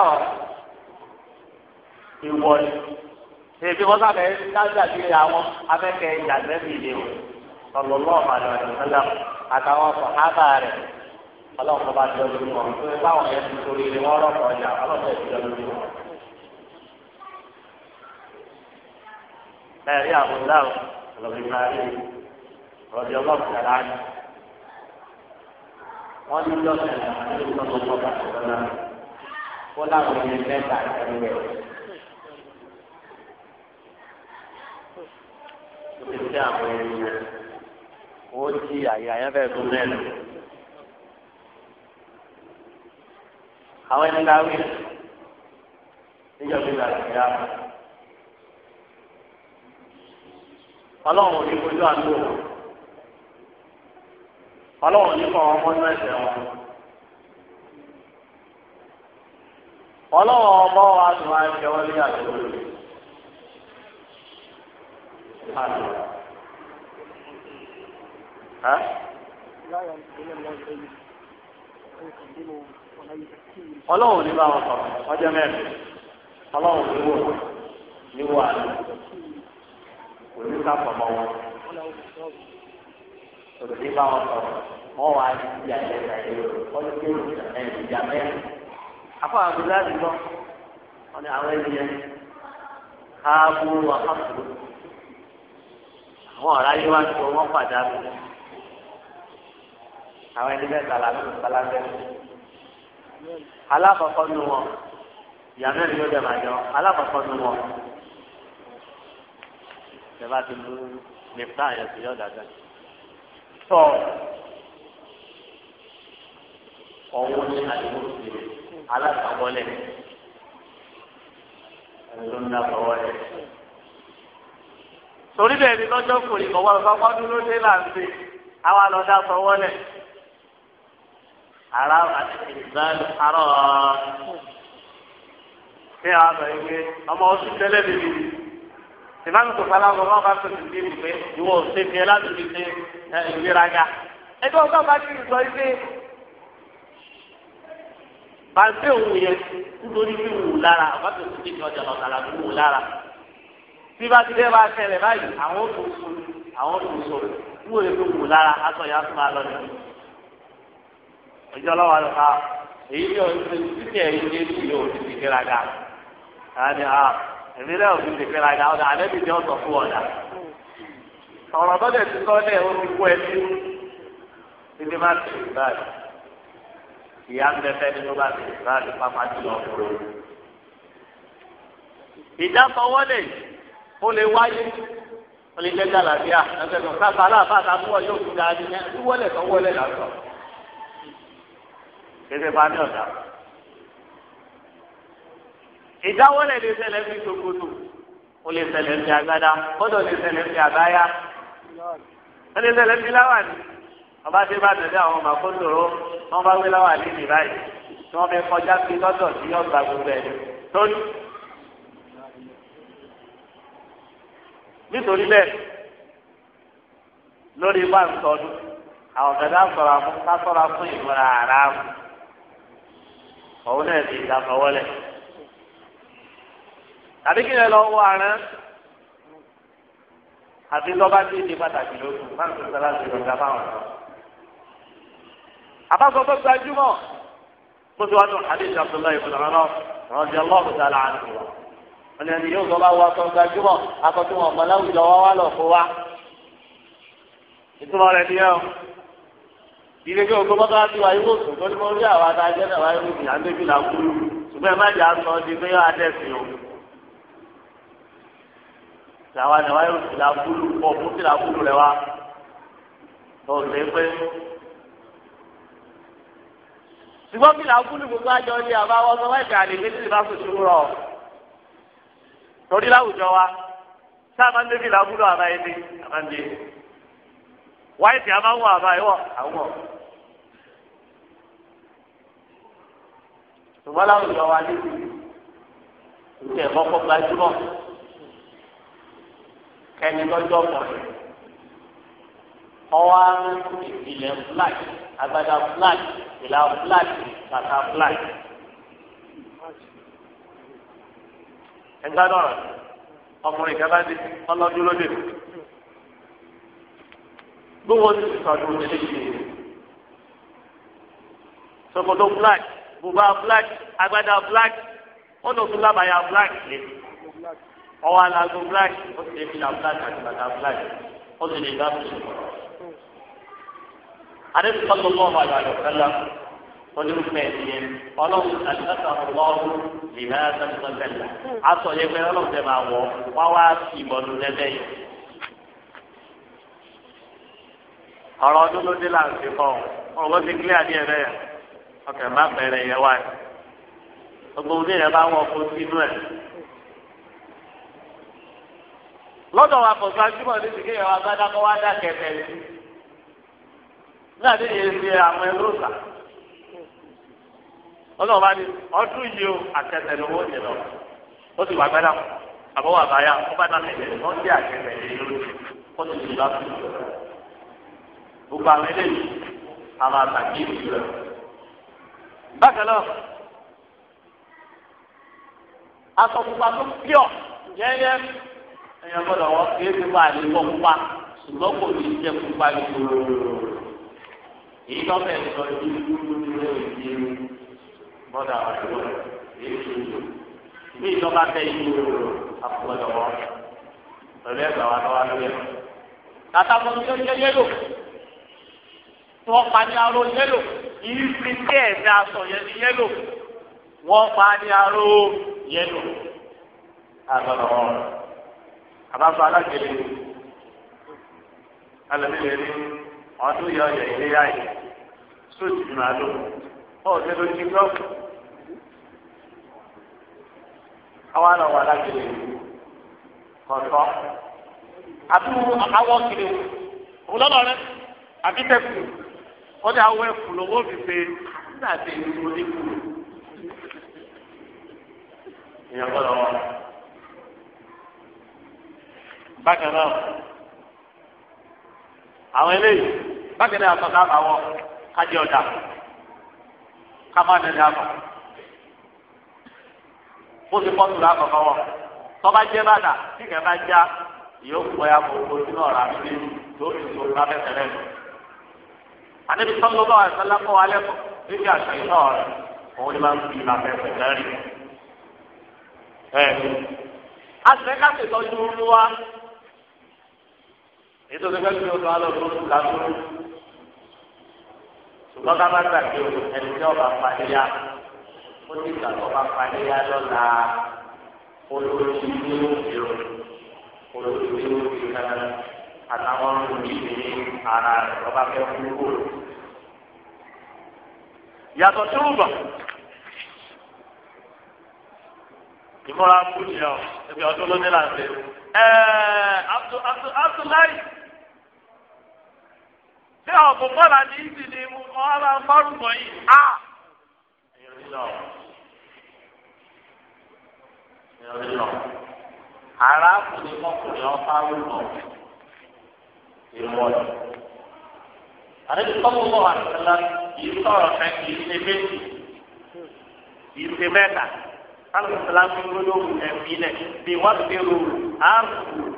ìwọ ni èbí wọn sábẹ dájàdí àwọn afẹkẹ ìyàgbẹbí ni o ọlọlọ ọmọdé ọdún àtàwọn sọhábà rẹ ọlọ́pàá bá jọ lórí wọn pé báwọn yẹn ti torí ni wọn rọpò ọjà ọlọ́pàá ti lórí wọn. ẹ̀rí àbúdáwò ọlọ́pàá ìgbà rí ọdí ọlọ́pàá rà ní. wọ́n ní lọ́sẹ̀ náà ní ìtọ́jú ọgbà tó lọ́la kó láwọn ẹni mẹ́ta ẹni rẹ̀. níbi tí àwọn ènìyàn ó jí àyè àyànfẹ́ tó mẹ́rin. àwọn ẹni láwí níjọba ìgbà ìyá ọlọ́run ò ní kojú àdó ọlọ́run ò ní kọ́ ọmọ ẹ̀sẹ̀ wọn. ọlọ́run ọmọ wa wá ń wọ́n ní àdúgbò ha ọlọ́run ní sọ̀rọ̀ ọjọ́ mẹ́rin ọlọ́run ní wò ní ní wọn sọ̀rọ̀ á di ìyá ọdún àwọn ọ̀rá yìí wá tó wọ́n pàdánù àwọn ẹni bẹ́ẹ̀ sàlá ló sàlá bẹ́ẹ̀. alákọ̀ọ́kọ́ nu wọn ìyá mẹ́rin yóò dẹ̀ máa jọ alákọ̀ọ́kọ́ nu wọn. ìjọba ti lu mẹ́fà yẹn sí yọ̀dà dá. tọ́ ọ̀hún ní àdìgbò sí alákọ̀ọ́kọ́ lẹ̀ ló ń dá fọwọ́ torí bẹ́ẹ̀ ni lọ́jọ́ kò lè kọ́ wọ́n kọ́kọ́ dúró dé láǹtì àwa lọ dá sọ wọlé ara àti ìgbàlù arọ ṣé àwọn àgbà yìí pé ọmọ oṣù tẹ́lẹ̀ mi ni ìmáàmù tó fara ọmọ bá tó ti di ìpè ìwọ òṣè tiẹ̀ láti fi ṣe ìgbéraga ẹgbẹ́ ọgbà bá ti sọ pé bàtẹ́ òun yẹn nítorí wíwù lára bàtẹ́ òun ti di ọjà lọ́tàlá wíwù lára tí bá ti dé bá ṣẹlẹ̀ báyìí àwọn ò tún sùn àwọn ò tún sùn n ò lè fi wù lára aṣọ ìyá tó máa lọ ní. ìjọ lọ́wọ́ àlùfà èyí ni òun ti títí ẹ̀rí ní èyí yóò ti di kéraga. àti à èmi náà ò ti di kéraga ọ̀dà àlẹ́bí ni ọ̀sọ̀ fún ọ̀dà. ọ̀rọ̀ bọ́dẹ̀ ti sọ ó ti kú ẹbí títí má ti rí báyìí. ìyá ń bẹ fẹ́ yìí ó lè wáyé ó lè jẹ́jà làbíà ẹgbẹ̀rún káfá aláàbàtà fún ọ yóò fi dáa ní ẹ wọlé kan wọlé làbíà kéde bá ní ọ̀dà. ìdáwọ́lé lè ṣẹlẹ̀ fi ṣòkòtò ó lè ṣẹlẹ̀ fi agbádá gbọ́dọ̀ lè ṣẹlẹ̀ fi àbáyá ó lè ṣẹlẹ̀ fi láwàní ọba tí bá tẹ̀lé àwọn ọmọ akóńdòrò wọn bá gbé láwàní nì báyìí tí wọn fi kọjá sí lọ́dọ̀ sí ọgbà gbogbo ẹ̀ nítorí bẹ́ẹ̀ lórí wà ń sọdún àwọn ọ̀gá sọ̀rọ̀ àfún ká sọ̀rọ̀ àfún ìmúra ara òun náà ti ìdàgbọ́wọ́lẹ̀ tàbí kí ni lọ wọ àrán àti lọ́ba tí ìdí pàtàkì lókun máa ń tó sọ́lá sí ọ̀gá fáwọn ọ̀gá. àbáṣọ tó gbajúmọ̀ bó ti wá ní àdéhùn Abdullahi ibùdó ọ̀rọ̀ rọ́ọ̀dì ọlọ́ọ̀kùnrin ọ̀nà ẹni yóò gbọ́ bá wọ aṣọ gbajúmọ̀ akọ́túmọ̀ ọ̀mọ láwùjọ wá wá lọ fún wa. ìtumọ̀ rẹ̀ nìyẹn o ìdílé kí ogun bọ́tọ́ àti wáyé wò sùn tó ní mo rí àwọn adájọ́ náà wáyé wò sùn àgbébí là ń kúrú ṣùgbọ́n ẹ má jẹ́ aṣọ ọdí pé yóò adẹ́sìn o. ìṣàwọn ẹ̀ wáyé wò sùn là pọ̀ fún sí là ń kúrú rẹ wá. pé ṣùgbọ́n kí là gbogbo àjọ ni àbáwọ́ sọ wáyé kàlẹ́ torí láwùjọ wa sábà ń débi làbúrò àbáyé ni àbá ń dé wáìtì àbáwọ àbáyé wọ àwọn wọ. láwùjọ wa ní ìṣe ìmọ̀kọ́ gbajúmọ̀ kẹ́ni lọ́jọ́ kan ọwọ́ ìpìlẹ̀ flag agbada flag ìlà flag bàtà flag ẹgbẹ́ dọ̀rọ̀ ọkùnrin kan bá dé ọlọ́dún lóde gbogbo ti sọ ọdún lóde yìí ṣòkòtò black bùbá black agbádá black ọdún tún lábàáyá black lé ọwọ́ alágún black ó ti fi la black àti bàtà black ó ti lè gbà fún ṣòkòtò. adé ti sọ́kòtò ọmọ àgbàdo kẹlẹ́. onírúfẹ́ ìyẹn ọlọ́run àtúntà ọlọ́run lèmi àtúntà bẹ́ẹ̀ aṣọ yẹn pé ọlọ́run tẹ máa wọ̀ wá wá ìbọnú lẹ́lẹ́ yìí. ọ̀rọ̀ ọdún ló dé láǹtí kọ́ ọ̀rọ̀ ti kílíà díẹ̀ bẹ́ẹ̀ ọkẹ́ má bẹ̀rẹ̀ yẹn wáyé gbogbo ní yẹn bá wọ̀ kó sínú ẹ̀. lọ́dọ̀ wa ní ti kéèyàn wá gbádá kọ́ wá dá kẹ̀kẹ́ ọlọ́run bá ní ọdún yìí o àtẹ̀tẹ̀ ló wọ́n jẹ lọ ó sì wà gbẹ́dà àbọ̀wọ̀ àbáyá ó bá dá tẹ̀lé wọ́n jẹ́ àtẹ̀tẹ̀ lé lórí ó sì ti bá fi gbogbo àwọn eléyìí a máa tàkì ìlú rẹ̀. bákan náà aṣọ pupa tó píọ̀ yẹ́yẹ́ ẹ̀yàn gbọ́dọ̀ wọ́n kí é ti bá àlè wọ́n pupa ṣùgbọ́n kò ní jẹ́ pupa lóòrò èyí tó fẹ́ẹ́ sọ ìdí lórí rẹ̀ ìdí bọ́dà àbúrò èyí tó yọ. bí ìjọba tẹ ìlú àpòlọwọ pẹ̀lú ẹgbẹ́ wa lọ́wọ́ lórí ẹ̀. tàtàkùn tí ó jẹ́ yẹ́lò tí wọ́n pa ní aró yẹ́lò yìí fi tí ẹ̀dá sọ yẹn ní yẹ́lò wọ́n pa ní aró yẹ́lò. àgbọ̀dọ̀wọ́ àbáfọ alágbèlè alẹ́ mi ní ọdún yọ ọ̀yẹ̀ yìí sóòtù máa lò. ọ̀sẹ̀ ló ti gbọ́. àwọn àna wà lágbèrè kọ̀tọ́ àbí kiri òwúlọ́lọ́ àbí tẹ̀kù awọ lọ́wọ́ nígbà tí èyí ní kù. èèyàn gbọ́dọ̀ wọn. bákan náà àwọn eléyìí bákan náà àwọn kájí ọjà. kámá dẹni àbọ̀ ó ti pọ́tù láàbọ̀ kọ́wọ́ tọ́ba jẹ́ bàtà tí kẹ́ bá já yóò pọ̀ ya kó o sínú ọ̀rá mi tó fi so lábẹ́ tẹ̀lé mi. àdébí sọ́nù bá wà sálá kọ́ wa lẹ́kọ̀ọ́ níbi àṣà iná rẹ̀ òun ni máa ń fi lábẹ́ tẹ̀lé rí. ẹ̀ẹ́dì àṣẹ káṣí tọ́jú wa ètò ìgbẹ́sẹ̀ oṣù alọ́ tó ń ta lóru ṣùgbọ́n ká má gbàgbé o ẹni tí ọba paníyá ó ti gbà tó bá paníyá lọ́la olórí ní òkèrò olórí ní òkèrò àtàwọn olùdíje ní ara rẹ̀ lọ́ba fẹ́ kú kúrò. yàtọ̀ tó ń bọ̀ ìmọ̀ra kú ni ọ ọdún ló ní làǹdẹ̀ ẹ̀ abdullahi ṣé ọ̀bùn bọ́lá ní ìsì ni mo kọ́ ọ́ bá fọ́rùbọ̀ yìí á. arákùnrin mọ́kùnrin ọ̀pá rúbọ̀ ìwọ̀n. àdébí tọ́kù bọ̀ wà nígbàlá yìí sọ̀rọ̀ fẹ́ kì í ṣe méjì kì í ṣe mẹ́ta. alùpùpù láti ń gbólóhùn ẹ̀mí lẹ̀ bí wọ́n ti dé rúurú á rúurú.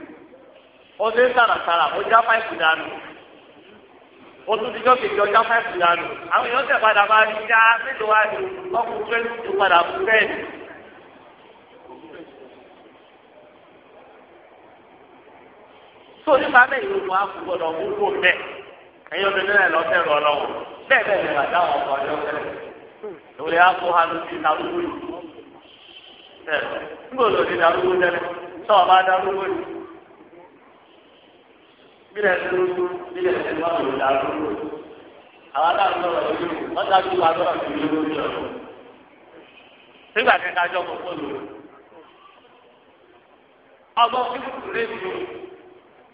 ó ṣe ń tàràtàrà ó já fáìfù dànù ó tún ti jọ́kè jọ já dànù àwọn èèyàn tẹ̀ padà máa ń já mélòó wá ní ọkùnrin pé tó padà mú bẹ́ẹ̀ ni. tó nípa bẹ́ẹ̀ yóò mú àkùn gbọ́dọ̀ gbogbo bẹ́ẹ̀ ẹ̀yin obìnrin náà lọ́fẹ́ rọ lọ́wọ́ bẹ́ẹ̀ bẹ́ẹ̀ lè bàtà àwọn ọkọ̀ ọjọ́ lórí àpò yìí bílẹ̀ lóru bílẹ̀ lóru wọn lò dáa lóru àwọn adáàbò lọ́rọ̀ lóru wọn dájú wa lọ́rọ̀ lóru lórí ọ̀rọ̀ nígbà kẹta jọ kó kó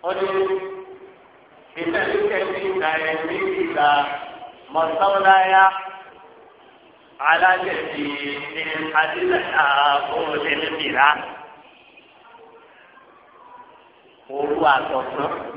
ọdún ìgbà ẹ̀ ní ìgbà ti àbúrò lẹ́nu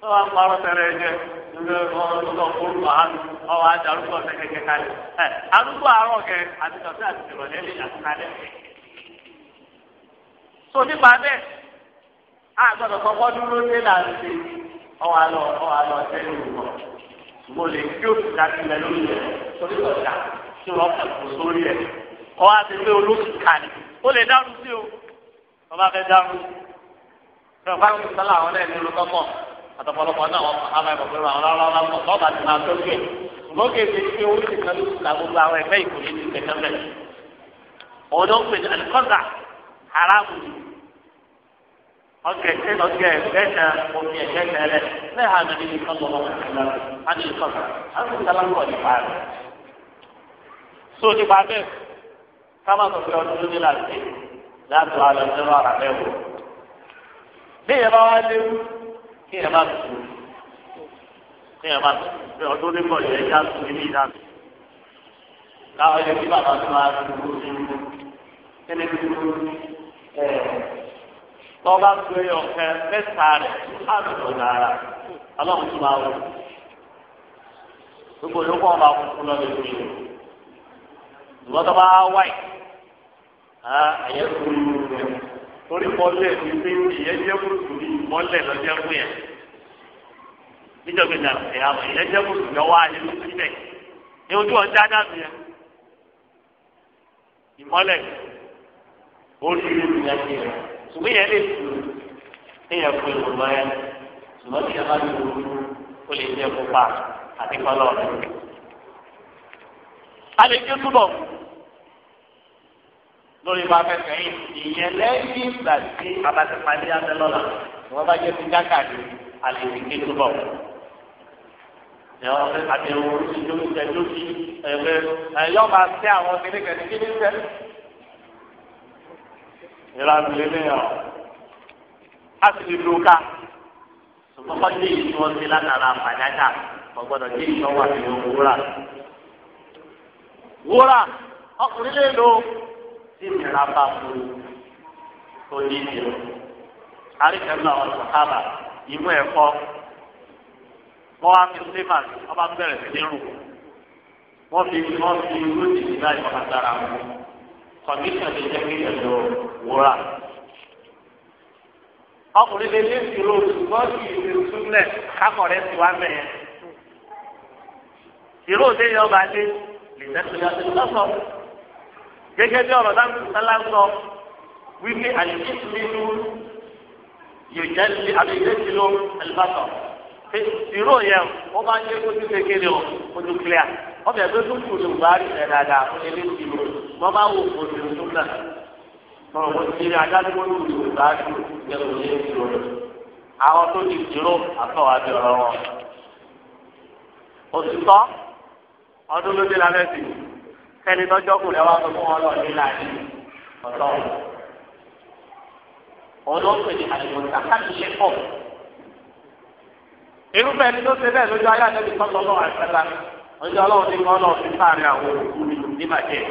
tọ́wọ́ akparọ́ tẹ̀lé jẹ ọlọ́kùnrin àánú ọwọ́ ajá arúgbó ọ̀sẹ̀ kẹ̀kẹ́ kalẹ̀ ẹ̀ arúgbó àárọ̀ kẹ àti tọ̀sẹ̀ àti ìrọ̀lẹ́ lè yàtọ̀ kalẹ̀. so nípa bẹ́ẹ̀ a gbọ́dọ̀ kọ́kọ́ dúró dé là ń ṣe ọwọ́ alọ ọwọ́ alọ tẹ́lẹ̀ òwò mo lè kí o ti dàbí ilẹ̀ lórí rẹ̀ sórí ọ̀dà tí wọ́n kà kó sórí olóṣù lè dárú sí o ọba dárú àtọ̀pọ̀lọpọ̀ náà wọ́n máa bá ìbọ̀pẹ̀ wọn rárá rárá mọ̀ lọ́ba ti máa tóbi ẹ̀ ṣùgbọ́n kì í ṣe pé owó ti kan ló ti ta gbogbo àwọn ẹgbẹ́ ìkòlè ti tẹ̀lé mẹ́. òun ló ń pè ní alikọ́ta haramu ọkẹ ṣe ọkẹ ẹgbẹ́ta omi ẹgbẹ́ta ẹlẹ lẹ́hà mi níbi kan lọ́wọ́ àti ìkọ́ta àti ìtàlámọ̀ nípa kí ẹ bá tù kí ẹ bá tù pé ọdún ní ẹ já tù ní ìlà mi. ẹni tí bàbá tó máa tó tó ọ̀kẹ́ mẹ́ta rẹ̀ ọlọ́run tó máa gbogbo ọba lọ́dọ̀ bá wáyé kúrú rẹ̀. torí mọ́lẹ̀ ti fi ìyẹn jẹ́ mùsùlùmí mọ́lẹ̀ lọ́jọ́ fún yẹn níjọba ìjà ẹ̀yà ìyẹn jẹ́ mùsùlùmí ọwọ́ ayé ló ti bẹ̀ ní ojú ọjà dàbí yẹn ìmọ́lẹ̀ orí ìlú yẹn ti rẹ̀ ṣùgbọ́n yẹn lè tu ẹ̀yẹ fún ìwòlò yẹn ṣùgbọ́n tí yẹn bá ti wò ó lè jẹ́ pupa àti kọ́lọ́ọ̀rẹ́. a lè jẹ́ túbọ̀ lórí bá fẹ́ fẹ́yìn ìyẹn lẹ́yìn ìgbà tí abatipalẹ́ abẹ́lọ́la ni wọ́n bá jẹ́ ti jákàdé àlèyé ké tó bọ̀. Ìyẹn wọn fẹ́ àbẹ̀wò ìjọ ìjẹ́jọ́ bí ẹ̀fẹ́ ẹ̀yọ́ máa tẹ́ àwọn kìnnìkẹ́ni kíní tẹ́. Ìlànà ìlẹ́lẹ́ ọ̀ á sì lè lóka. Ṣùgbọ́n wọ́n dé ìlú wọn sí látara àfàjájà ọ̀gbọ́dọ̀ dé ìṣọ́wọ́ àti ìwúrà. Wúrà ọkùnrin lè lo tí ìnira bá fún un tó ní ìdíwọ́. àríkẹ́ náà wọ́n sọ kábà ìmú ẹ̀kọ́ wọ́n wá fi sílẹ̀ màsí ọba bẹ̀rẹ̀ sí ní rù wọ́n fi wọ́n fi lóde ìdílá ìfọ̀nà dára wọn kọ̀díṣàn lè jẹ́ kí ẹ̀dọ̀ wúrà. ọkùnrin lè ní ìṣòro ṣùgbọ́n kì í súnlẹ̀ kákọ̀rẹ́ ti wá mẹ́yẹn. ìró òde yẹn dé lè tẹ́tù yàtọ̀ gẹ́gẹ́ bí ọ̀rọ̀ dáhùn sálá ń sọ wípé àlìkísìmínú yòjá lé àlìkísì ló àlìbátọ̀ pé ìró yẹn wọ́n bá ń yẹ kó tún kékeré o kó tún kílíà wọ́n bẹ̀rẹ̀ pé tún kùdù bá rí ẹ̀ dáadáa fún ilé ti lò wọ́n bá wò kó tún tún náà tọrọ wọn ti rí adájọ́ kó tún kùdù bá rí kó tún ti lò àwọn tó ti dúró àtọwà bí ọ̀rọ̀ wọn. òtítọ́ ọdún ló dé lálẹ́ sí i. sẹ́ni lọ́jọ́ kù lẹ́wọ́ sọ fún wọn ní láàyè ní àdìmọ̀tà ṣe pọ̀ irúfẹ́ ẹni tó ṣe bẹ́ẹ̀ lójú ayé àtẹ́bí lọ́wọ́ ọjọ́ ọlọ́run kọ́ àwọn ní bàjẹ́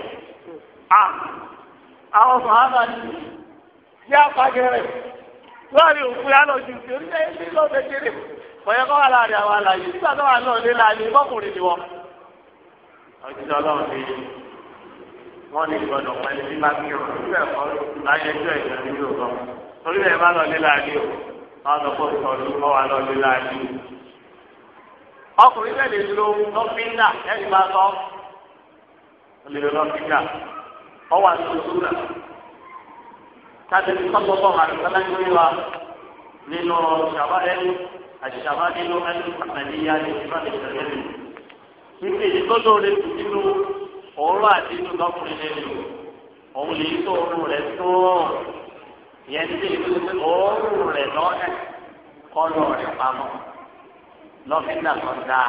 àwọn òkú ju kọ́ wà láàrin àwọn àlàyé nígbà tó wà náà ní ni wọ́n ní gbọ́dọ̀ pẹ̀lú bí máa fi hàn nígbà ẹ̀kọ́ láyé ẹjọ́ ìgbà yóò sọ. torí ẹ̀ má lọ lé láàdí o wọ́n sọ fún ìtọ́jú kọ́ lọ lé láàdí. ọkùnrin bẹ́ẹ̀ lè lo lọ́fíńdà ẹ̀rí máa sọ lè lo lọ́fíńdà ọ wà wa nínú ṣàbá ẹni àṣàbá nínú ẹni ní òórùn àti inú lọ́kùnrin lè lò òun lè tó òórùn rẹ̀ tó yẹn ní bí ìlú pé òórùn rẹ̀ lọ́rẹ̀ kọ́lọ̀ rẹ̀ pamọ́ lọ́fíńdà kan dá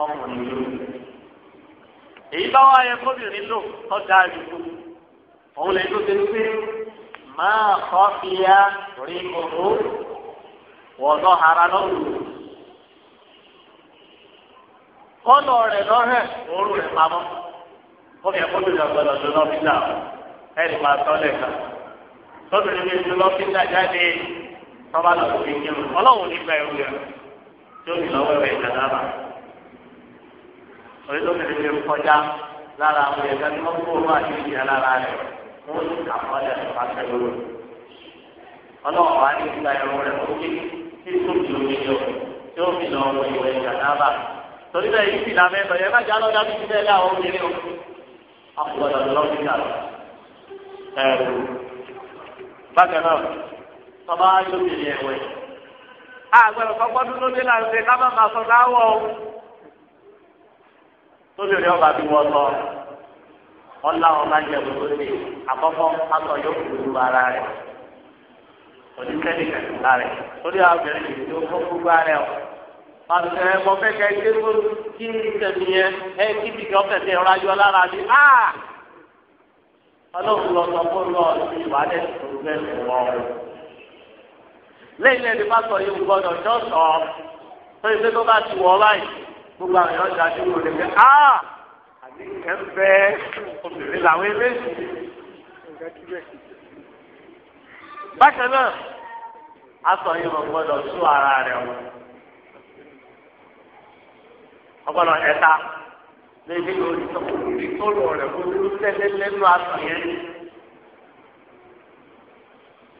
ọkùnrin lò. èyí bá wáyé kóbìnrin lò tó dáa jù kú òun lè tó tẹnu pé máa kọ́ fi ya rí kòkó wọ́dọ̀ ara lọ́rùn kọ́lọ̀ rẹ̀ lọ́rẹ̀ òórùn rẹ̀ pamọ́ kọ́mi ẹ̀kọ́tò ní ọ̀gbọ́dọ̀ tó lọ́fíìsà ẹ̀rì máa tọ́ lẹ́ka lọ́dún ní bíi tó lọ́fíìsà jáde tọ́ba lọ sí kírun ọlọ́run nígbà ẹ̀rù yẹn tí ó ní lọ́wọ́ ẹ̀rẹ̀ ìjàdába orí tó kéré ní kọjá lára àwọn ẹ̀ka tí wọ́n kúrò àti ìjìyà lára rẹ̀ wọ́n sì kà mọ́lẹ̀ pàṣẹ lóru ọlọ́run wà ní ìgbà ẹ̀rù rẹ̀ ó kí tí tó fi lọ́wọ́ ìwẹ̀ ìjàdába akọ̀gbọ́dọ̀ lọ sí ìjà ẹ̀rù. bákan náà tọ́ba yóò fi ẹ̀wẹ̀. àgbẹ̀rẹ̀ kọ́kọ́dún ló dé láti ká má máa sọ láwọ̀ o. tóbi òní ọba bí wọ́n sọ ọlá ọba jẹ gbogbo ṣe àkọ́kọ́ akọ yóò fi gbogbo ara rẹ̀ oníkẹ́nìkẹ́ lára rẹ̀ torí àwọn obìnrin yìí ló kó gbogbo ara rẹ̀ o pàṣẹ ẹmọ fẹkẹ débò kí ni tẹmí yẹn ẹ kí ni kí ọkẹ tẹ ọ̀rọ̀ ayọ̀ lára ni a Ọlọ́run lọ sọ fún lọ sí ìwádẹ tó fẹ́ sọ lẹ́yìn lẹ́yìn bá sọ yìí gbọ́dọ̀ jọ sọ tó ìfẹ́ tó bá ti wọ báyìí gbogbo àwọn èèyàn jáde wò lè fẹ́ a àbí kẹfẹ obìnrin làwọn eléyìí bákan náà a sọ yìí wọn gbọ́dọ̀ ara rẹ̀ wọn ọgbọ́n ẹ̀ta lẹ́yìn lórí ìtọ́kùnrin tó lọ rẹ̀ kó ló tẹ́lẹ̀ lẹ́nu àtọ̀ yẹn.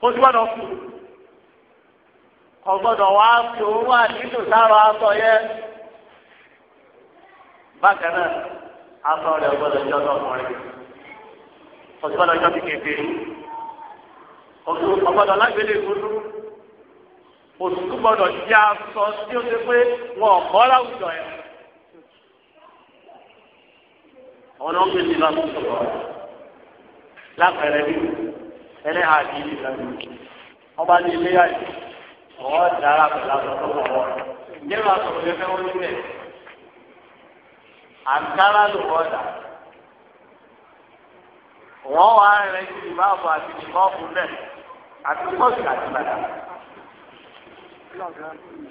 ó ti gbọ́dọ̀ kú ọgbọ́dọ̀ wá fi owó àdínù sára àtọ̀ yẹn. bákan náà àtọ̀ rẹ̀ ọgbọ́dọ̀ jọ lọ́kùnrin ó ti gbọ́dọ̀ jọ ti kékeré ọgbọ́dọ̀ lágbélé ìfúnú òtútù gbọ́dọ̀ jẹ́ aṣọ tí ó ti pé wọn ò kọ́ yẹn. àwọn náà ń gbé sí lọ́sí sọ̀rọ̀ lápẹẹrẹ bí ẹlẹ́hà kì í di ìlànà ọba ní ilé yàtì ọwọ́ dára pẹ̀lú àtọ́tọ́ ọwọ́ nígbà tó lè fẹ́ wọ́n níbẹ̀ àǹkárá ló wọ́ dà wọ́n wá rẹ̀ sí ìbáàbò àti ìbáàbò náà àti kọ́ọ̀sì àti bàtà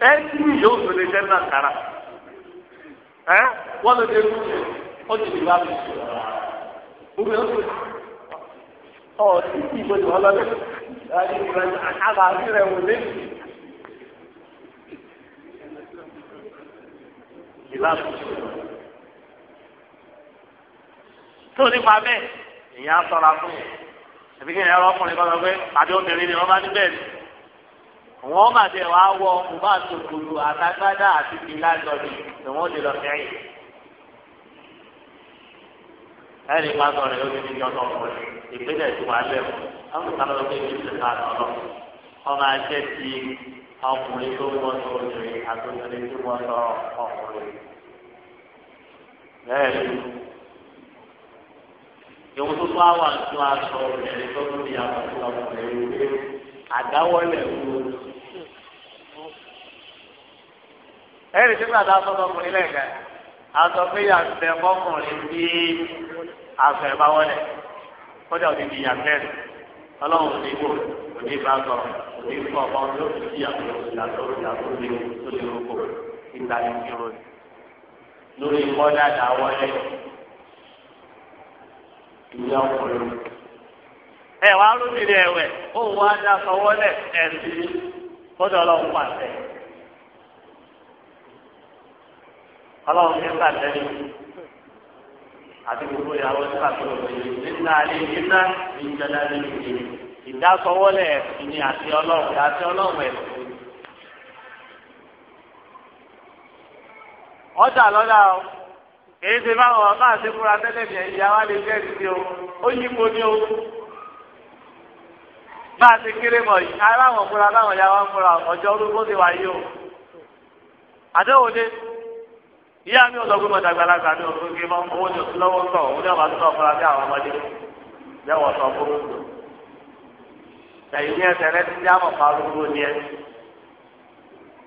ẹ́ẹ́dì yóò tó lè jẹ́ náà kára ẹ́ wọ́n lè dé lóṣù ó ti di wá bí gbogbo yẹn ó ti ọ ti ti ìbò ìwọ lọ lẹ́yìn àbàbí rẹ wò lé. tó nípa bẹ́ẹ̀ èèyàn á sọra fún yẹn àbí kí ẹ̀rọ ọkùnrin kan sọ pé àbí obìnrin ni wọ́n bá ní ni wọ́n bá tẹ̀ wá wọ ọkùnrin bá àtàgbádá àti ìlànà ni wọ́n lè lọ fẹ́yìn ẹni máa sọ rẹ lórí níbi ọdọ ọmọ rẹ ìpínlẹ̀ tó wà lẹ àwọn ìka lọ sí ìdílé ká lọlọ ọmọ ajẹ ti ọkùnrin tó wọ sọ obìnrin àtòkùnrin tó wọ sọ ọkùnrin bẹ́ẹ̀ ni ìwọ tó bá wà tó aṣọ obìnrin tó tó yàgò tó ọkùnrin wípé àdáwọlẹ wo ẹni tí gbàdá sọ́dọ̀ ọkùnrin lẹ́ẹ̀kan aṣọ pé yàgbẹ́ mọ́kùnrin bí àfẹ́ bá wọlé kọjá òdi di yàgbẹ́ rẹ̀ ọlọ́run ní kò bá gbọ́ òní kọ́ ọmọ yóò fi di yàgbẹ́ ìyàtọ̀ ìyàtọ̀ ní tó lè roko ní kíró lórí kọ́dà dà wọlé ìyá ọkùnrin. ẹ wàá lóbi rẹ ẹwẹ ó wàá dá sọ wọlé ẹ sí kọjá ọlọ́run pàṣẹ. ọlọ́run ní sàtẹ́lì àti gbogbo ìyàwó sàtẹ́lì nígbà rí nígbà ìjọba rí nìyí ìdásọwọ́lẹ̀ ni àti ọlọ́run àti ọlọ́run ẹ̀sìn. ọjà lọ́dà o èyí ti bá wọn bá àti múra tẹ́lẹ̀ ní ẹ̀yà wa lè jẹ́ o ó yí mo ní o ti kéré mọ̀ yìí aláwọ̀ ya o àdéhùn ìyá mi ò sọ pé mo dàgbàlagbà mi ò fún kí mọ owó ni òsì lọ́wọ́ sọ òun ní ọ̀bà tó fara bí àwọn ọmọdé lẹ́wọ̀n sọ fún un. ẹ̀yin ní ẹsẹ̀ rẹ ti ń yá mọ̀pá arúgbó ni ẹ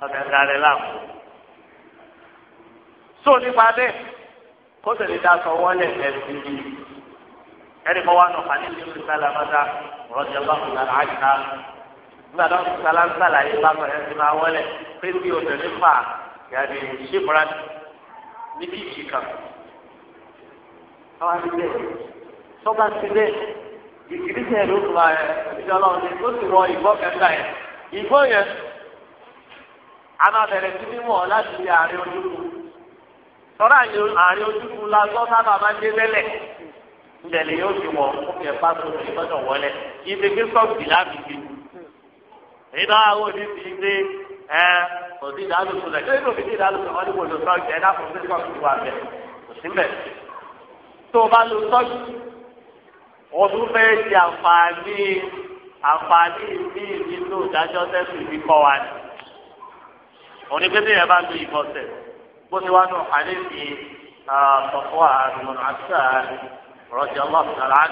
ọ̀sẹ̀ ń darẹ̀ láàmú. sọ nípa bẹ́ẹ̀ kó sì lè dasọ wọlé ẹ̀sìn yìí ẹni kọ́ wa nù fani ní ìlú sálámàtà rọ́jà bá kùnà àjà nígbà tó ń sálámàtà láyé bá ní kíkì kan ti ló fún wa ọlọ́run ni ó sì ìbọn kẹta ìbọn yẹn anábẹ̀rẹ̀ mímọ̀ láti àárín ojúkú àárín ojúkú la gbọ́ sábà máa ń dé lẹ́lẹ̀ yóò fi wọ̀ fún yẹn wọlé ibi sọ́ọ̀bì láàbì ìdáwó ti ẹ́ kò sí ìdálùsùn rẹ̀ kílódé òfin ìdálùsùn wọn ní kò lò sọ́ọ̀kì ẹ̀dá fún sí kọ́ọ̀kì ìwà bẹ̀ kò sí mẹ́. tó o bá lò sọ́ọ̀kì o tún fẹ́ di àǹfààní àǹfààní ní ìlú ìdájọ́ sẹ́sù ìbí kọ́ wa ni. òní pé téèyàn bá lo ìbọ̀sẹ̀ bó ti wá nù àdébì sọ̀fọ́ àrùn àti rọ̀jọ̀ lọ́sàn-án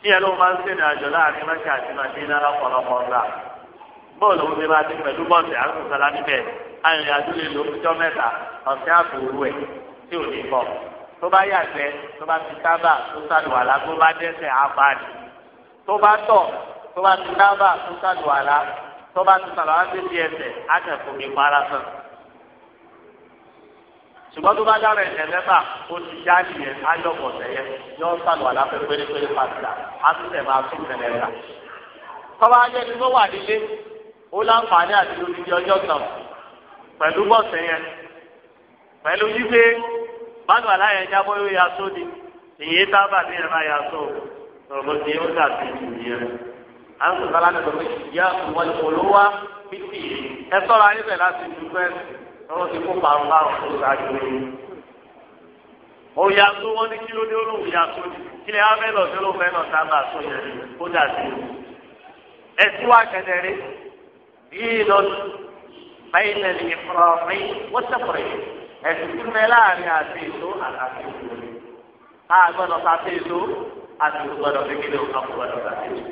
tí ẹ ló máa ń sèǹdà àjọ láàrin mẹ́kà àti màdínà lọ́pọ̀lọpọ̀ gbà bọ́ọ̀lù òun ti máa ti pẹ̀lú bọ́ọ̀sì àrùn sọlá níbẹ̀ arìnrìn àjò lè lò fúnjọ́ mẹ́ta ọ̀sẹ̀ àbòrò ẹ̀ tí ò ní bọ̀ tó bá yàgbẹ́ tó bá fi tábà tó sàlùwàlà tó bá dẹ́sẹ̀ àbàdì tó bá tọ̀ tó bá fi tábà tó sàlùwàlà tó bá ti sàlùwàlà tó di ẹsẹ̀ àtẹ̀kùn mi para sàn. ṣùgbọ́n tó bá dára ẹ̀jẹ̀ mẹ́fà ó ti já nìyẹn ayọ̀bọ̀sẹ̀ yẹn yọ sàlùwàlà pé pérépéré pàṣẹ àtúntẹ̀ máa tún tẹ̀lé rà. ni wọ́n wà ó láǹfààní àti ọjọ́ kan pẹ̀lú bọ̀sẹ̀ yẹn pẹ̀lú wípé ya só ni èyí tá a bá ní ya só ọ̀rọ̀ ti ó dà sí ìyẹn. à ń sọ̀rọ̀ láti sọ̀rọ̀ ìyá wọn ya pípì ẹ sọ̀rọ̀ ayébẹ̀ láti ya ọ̀rọ̀ ti kó parun parun tó ṣáájú rẹ̀. ó ya só wọn ní kí ló dé olóhùn ya só ni kí lè á fẹ́ lọ sí olóhùn fẹ́ lọ só yẹn dà sí. دين بين الإحرام والتفريق ẹsùn mẹ láàrin àti èso àti èso a gbọ́dọ̀ sàti èso àti gbọ́dọ̀ kékeré o kàkó gbọ́dọ̀ sàti èso.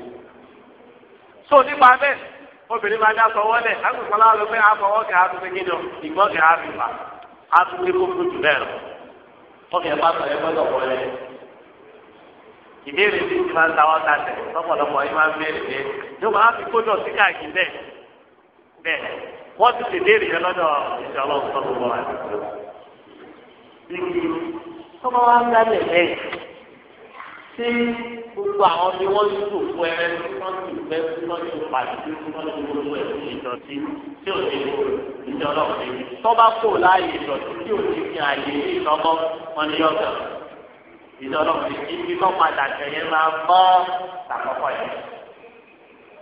so nípa bẹ́ẹ̀ obìnrin máa dá sọ́wọ́ lẹ̀ àgùntàn láàrin pé àfọwọ́ kẹ́ àtúnṣe kéde ìgbọ́n kẹ́ àfìfà àtúnṣe kókó jù bẹ́ẹ̀ lọ. wọ́n fi ẹ̀ bá sọ ẹ gbọ́dọ̀ wọ ẹ. ìbéèrè bíi ti máa ń ta ọ́ ta tẹ̀ lọ́pọ̀lọpọ̀ yìí máa ń béèrè pé yóò máa fi kó bẹ́ẹ̀ wọ́n ti tètè rí lọ́dọ̀ ìṣọ̀lọ́ ìṣọ̀lọ́ wa. Ibi tọ́ba wa ń dálẹ̀ bẹ́ẹ̀ tí gbogbo àwọn tí wọ́n yóò fún ẹrẹ́ tí wọ́n ti fẹ́ tí wọ́n ti pàdé tí wọ́n ti gbogbo ẹ̀ ní ìdọ̀tí tí ò ní ìjọlọ́ òní. tọ́ba kò láàyè ìdọ̀tí tí ò ní fi àyè ìtọ́kọ́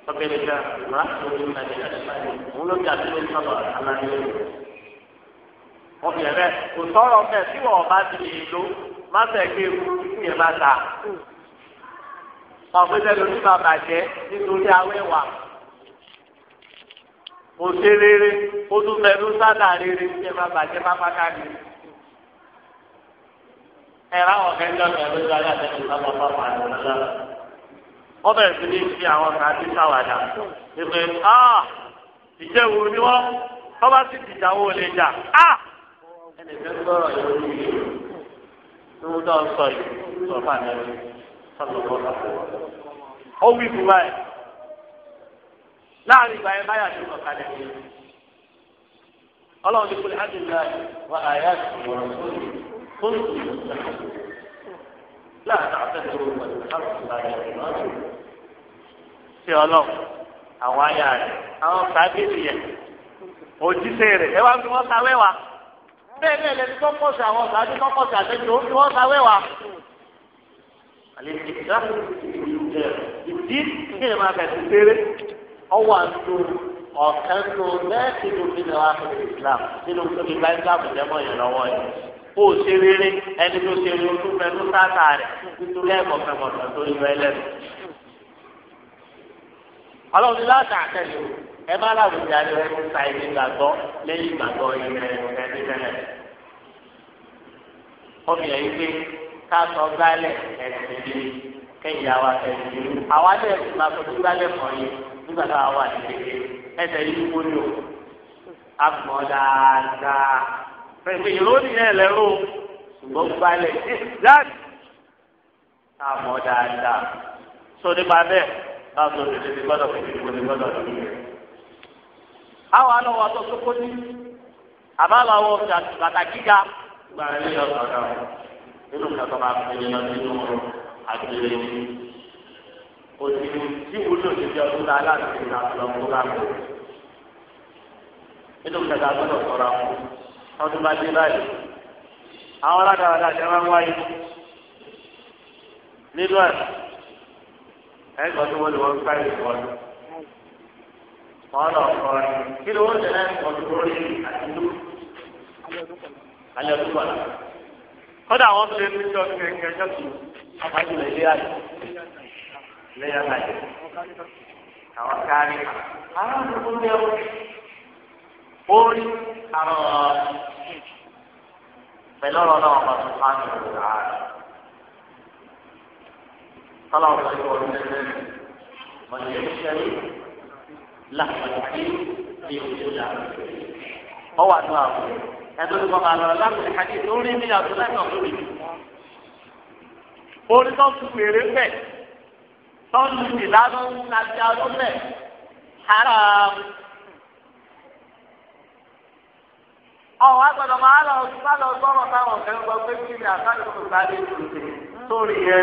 فبرجع امرأة مما لأشهر ولد أبي صبر على يوم wọ́n fi ẹ̀rẹ́ kò sọ̀rọ̀ mẹ́ tí wọ́n bá ti lè lo má fẹ́ gbé ewu yẹn má ta. ọ̀gbẹ́sẹ̀ ló ní máa bàjẹ́ nítorí awẹ́wà. kò ṣe rere kó tún mẹ́nu sádà rere yẹn má bàjẹ́ pápáká ni. ẹ̀rọ àwọn kẹ́kẹ́ ọ̀gá wọ́n bẹ̀rẹ̀ sí ní fi àwọn kàdí sáwàdà ìpè ah ìjẹ́wò ni wọ́n tọ́ba sì ti jà lè jà ah ẹnì kan gbọ́rọ̀ yóò rí i ń dán sọ yìí sọ fún àná yìí sọ̀tọ̀ bọ́ ó wí fún báyìí láàrin ìgbà yẹn báyà ti sọ̀ kalẹ̀ yìí ọlọ́run ti kúlẹ̀ ádùn náà wà áyà ti wọ̀rọ̀ sórí ìgbà yẹn. لا تعتذروا والحق لا يرضى ṣe ọlọ́run àwọn aya rẹ̀ àwọn sábẹ́ẹ̀lì yẹn òjíṣẹ́ rẹ̀ ẹ wá fi wọ́n sáwẹ́ wa bẹ́ẹ̀ bẹ́ẹ̀ lẹni tó pọ̀ sí àwọn sáájú tó pọ̀ sí àtẹ́jú ó fi wọ́n sáwẹ́ wa. àlejò ìjà ìdí kí ẹ máa bẹ̀rẹ̀ péré ọwọ́ àtúntò ọ̀kẹ́ tó bẹ́ẹ̀ kí ló fi lọ́wọ́ àfẹ́ ìsìlámù nínú tó fi bá ìsìlámù jẹ́mọ́ ìrànwọ́ yìí kó o ṣe rere ẹni tó ṣe rere tó fẹnu sáta rẹ̀ nítorí ẹ̀kọ́ fẹmọtò tó yọ ẹlẹ́nu. ọlọ́run láti àtẹ̀lé ẹ má láwùjọ àti ẹ ń ta ẹni gbàgbọ́ lẹ́yìn gbàgbọ́ ìrẹ̀ ẹni tẹ́lẹ̀. ọmọ yẹn wípé ká sọ gbálẹ̀ ẹ̀sìn ní kẹ́yìn àwa ẹ̀sìn ní. àwa lè máa fojú gbálẹ̀ kàn yín nígbà tá a wà ní kékeré ẹsẹ̀ yìí pẹ̀lú ìròyìn yẹn lẹ́rù ṣùgbọ́n balẹ̀ islam náà mọ̀ dáadáa sọ nípa bẹ́ẹ̀ náà sọ tètè ti gbọ́dọ̀ fi ìdìbò ti gbọ́dọ̀ fi ìdìbò. àwọn alọ́wọ́ tó kókó ní àbálọ̀ àwọn bàtà gíga gba ẹni lọ sọ̀rọ̀ nínú kàtọ́ máa fi ẹni lọ nínú àgbèrè òsì tí wúlò ti di ọdún náà láti fi ìlànà ọkùnrin náà nínú kàtọ́ àgbẹ̀dọ̀ sọ̀rọ̀ àwọn ọdún bá dé báyìí àwọn aládàáda àti ẹran wáyé nínú ẹ ẹgbẹ́ tí wọ́n lè wọ́n ká ìlú wọn wọn lọ kọ ẹ kí ló ń tẹ̀lé ọdún lórí àtìlú alẹ́ ọdún kọ̀ọ̀la kọ́dà wọ́n ṣe ní ìjọ kẹ̀kẹ́ ẹjọ́ tó àbájú lè lé àyè lé àyè àwọn kárí àwọn àdúgbò ní ẹwọ́n orí àwọn pẹ̀lú ọ̀rọ̀ náà wọ́n tún fáwọn ìlú rà á. Tọ́lá ọ̀sán yóò wọlé lẹ́sẹ̀ wọ́n yẹ ìṣẹ́lẹ̀ láti ní ìlú rà. Wọ́n wà ní àwọn ẹgbẹ́ tó kọ́ máa lọ láti ìkàdé orí ní àtúntà náà lórí. Orí náà tún fèrè bẹ̀. Tọ́lù ìlànà ń ta ti arọ́ bẹ̀. Haram. àwọn àgbàdo máa lọ bá lọ gbọ́rọ̀ táwọn kan gbọ́ pé kí ni àtàlù tó bá dé tòṣe sórí ẹ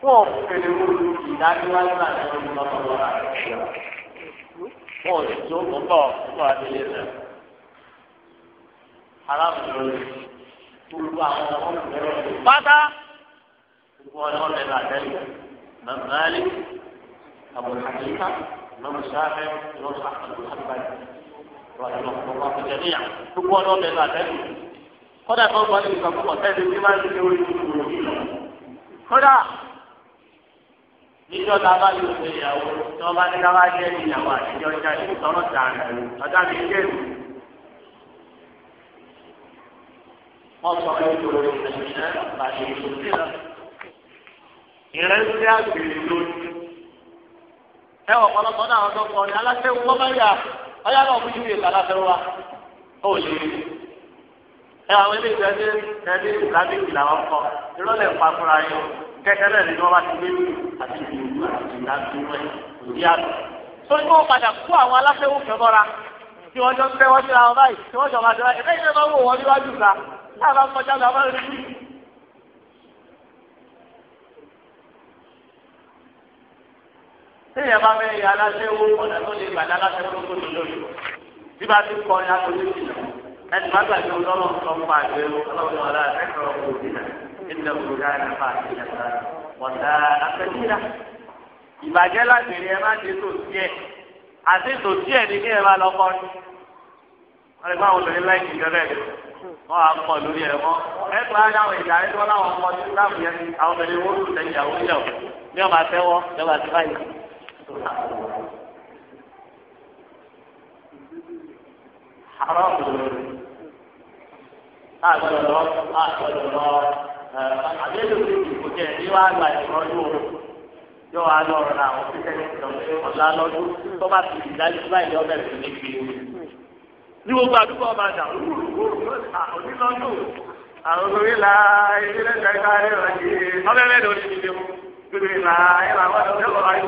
fún ọ̀fẹ́lẹ̀ wọlé ìdájúwájú àti ọdún ọdún ọ̀la wọn ò sì tó kó bọ̀ fún adìyẹ rẹ arábìnrin gbogbo àwọn ọmọ ìgbẹ́rọ̀ pátá gbogbo ọlọ́wọ́ lẹ́nu àtẹ́lẹ̀ mọ̀mọ́lẹ́ àbùkàtìkà mọ̀mọ́sáfẹ́ lọ́sàkàtà rọ̀jùlọ̀ ọ̀pọ̀ àtẹ̀jẹ̀níyà gbogbo ọdún ọ̀bẹ náà tẹ́lẹ̀. kódà tó gbọ́ ní ìgbà púpọ̀ tẹ́lẹ̀ tí máa ń ṣe orí ìgbòho yìí. kódà níjọ́ ta bá yóò ṣe ìyàwó tí bá ní ká bá ìyàwó ìjà ní tààrà mi sọ pé àgbèrè ẹ náà ọyá náà fún yíyí ìkàlà fẹ́ wá ó lè rí ẹ àwọn ilé ìgbẹ́ ní ẹni ìkàbíyì làwọn kọ ìrọ̀lẹ́ ìpàkúra yẹn kẹ́kẹ́ náà ni wọ́n bá ti gbé àti ìlú àti ìlànà ìlú ẹ̀ tó ní wọ́n padà kó àwọn aláfẹ́wò fẹ́ tí wọ́n jọ ń fẹ́ wọ́n síra báyìí tí wọ́n jọ máa dọ́ra ẹ̀fẹ́ ìṣẹ́ wò wọ́n níwájú ká láàbá kọjá làwọn rí téèyàn bá fẹ́ yà aláṣẹ́wó ọ̀nà tó lè gbàdá aláṣẹ́wó ló gbódò lórí bí bá ti kọ́ ya tó lè jìnnà ẹni má gbàgbé ọlọ́run tó ń pa àgbẹ̀ ọlọ́run ọ̀la ẹ̀kọ́ òdìnà ẹ̀dá òdìnà ẹ̀fà ìjàmbá ọ̀tá afẹ́síra ìbàjẹ́ láti rí ẹ má ti tò díẹ̀ àti tò díẹ̀ ni kí ẹ má lọ kọ́ ni wọ́n lè bá àwọn obìnrin láì kìí gẹ́gẹ́ rẹ̀ wọ́n á kọ́ lórí ẹ̀ mọ́ ẹ tó á dáhùn ìjà ẹ tó láwọn ọmọ tó láwùjẹ àwọn obìnrin wọ́n lù lẹ́yìn àwọn ìyàwó ní ọmọ àfẹ́wọ́ ní ọmọ àti حرام àgbọ̀dọ̀ lọ àgbọ̀dọ̀ lọ àgbẹ̀dọ̀ kò jẹ́ ní wàá gba ìrọ́jú o pèrè láàyè ti sọ ìyàwó alájọ tó hàjí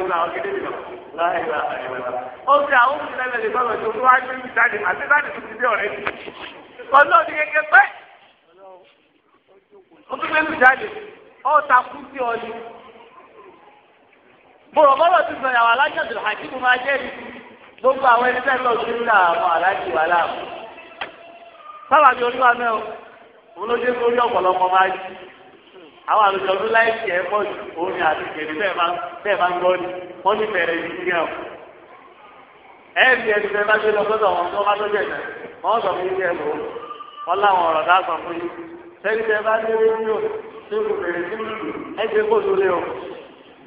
mo máa jẹ́ ibi. gbogbo àwọn ẹni tẹ́lẹ̀ lọ sí ní àwọn láàmú. sábàbí òun ló àwọn àlùjọ ọdún láì tiẹ̀ pọ̀ jù orin àti ìkèrè bẹ́ẹ̀ máa ń gbọ́ ni wọ́n ní bẹ̀rẹ̀ ìdílé ọ̀ ẹ̀ẹ́dì ẹni bẹ́ẹ̀ bá gbé lọ sọ́dọ̀ wọn tó bá tó jẹ̀ náà wọ́n sọ fún yíyẹ lò wọ́n láwọn ọ̀rọ̀ dá sọ fún yín sẹ́yìn tẹ bá dé rédíò tó lù bèrè sí lù ẹ ṣe kó lulẹ o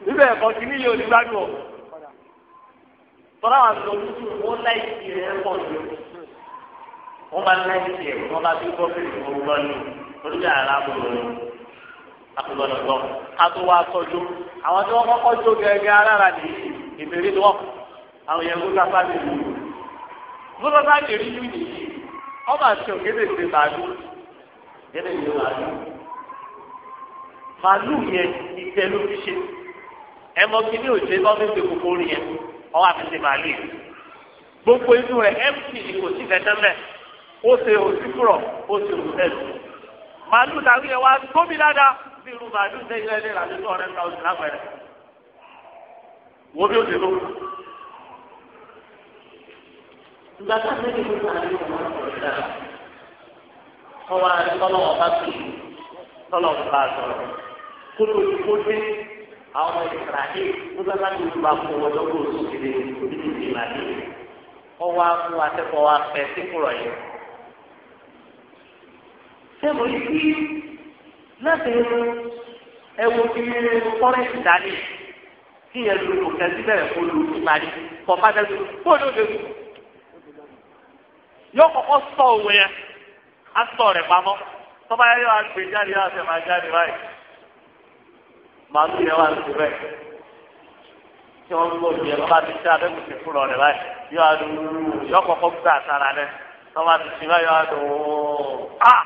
níbẹ̀ ẹ̀kọ́ ti ní yóò ní gbádùn o tọ́lá àkùgbọ́dọ̀ gbọ́ ká tó wá tọ́jú àwọn tí wọ́n kọ́kọ́ jó gẹ́gẹ́ alára ní ìbèrè ni wọ́n àwọn yẹn gbọ́dọ̀ bá lè lù ú gbọ́dọ̀ bá lè rí yú nìyí wọ́n máa ṣe ògèdè ṣe màálù gẹ́gẹ́ bí màálù màálù yẹn ìtẹ́ ló fi ṣe ẹmọ kìíní òṣè bá fi ṣe kókó rí yẹn ọwọ́ àfi ṣe gbogbo inú rẹ̀ ẹ́mpì ni kò sí fẹ́tẹ́ mẹ́ ó ṣe òsíkúrọ̀ ó ṣe òṣèlú màálù làwọn yẹn wá tóbi dáadáa bí irú màálù ń tẹ́jú ẹni rà nínú ọ̀rẹ́ ta oṣù lápẹ̀rẹ̀ wo bí ó ti lò. ìgbà tá a fẹ́ ní ìlú àárín ọ̀rọ̀ ọ̀rẹ́ rà wọ́n wá rí tọ́lọ́wọ́ bá tù tọ́lọ́wọ́ bá sọ̀rọ̀ kó ló ti kó dé àwọn ìsirahí ló bá bá ti lù bá fún wọn lọ́gbọ̀n oṣù kìíní ojú ti di màálù ọwọ́ afún akẹ́kọ̀ọ́ wa fẹ́ síkùrọ̀ yìí. sẹ́mo yìí láti ẹwọ kí fọrẹsì dání kí yẹn lu òkèsí bẹ̀rẹ̀ kó lu ìparí kọ fásitì kó ló lè yọ kọ́kọ́ sọ òwe yẹn á sọ rẹ pamọ́ tọba yẹn yọ àgbè jáde yọ àfẹ máa jáde báyìí màálù yẹn wà lóṣù bẹ́ẹ̀ tí wọn gbọ́ òbí yẹn bá ti ṣe abẹ́kùsì fún ọ báyìí yọ àdúrú yọ kọ́kọ́ rẹ tọba ti ṣe báyìí yọ àdúrú ah.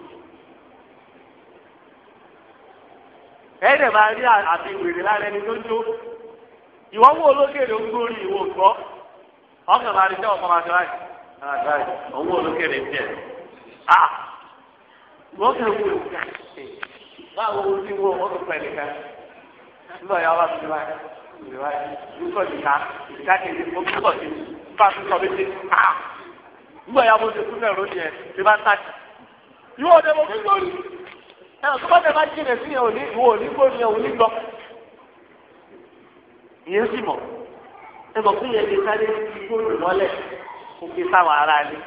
ẹ̀ẹ́dẹ̀ máa rí àti wèrè lára ẹni tó jó ìwọ wo olókèrè ń gbórí ìwò gbọ́ ọkàn máa rí sẹ́wọ̀n kọ́ máa dráì máa dráì olókèrè ń bẹ̀ à wọ́n kẹ́ wo báwo wo ti wo wọ́n kọ́ pẹ̀lú ká nígbà yà wà sí wáyé sí wáyé nígbà ìka kejì kí kọ̀ sí bá sọ méjì mo ti kú náà ẹ tó bá tẹ bá jìnà sí yẹn òní wò ní gbòòrò yẹn òní gbọ́ ìyẹn sì mọ̀ ẹ mọ̀ fún yẹn lè sáré gbòòrò mọ́lẹ̀ kó ké sáwọn ará ni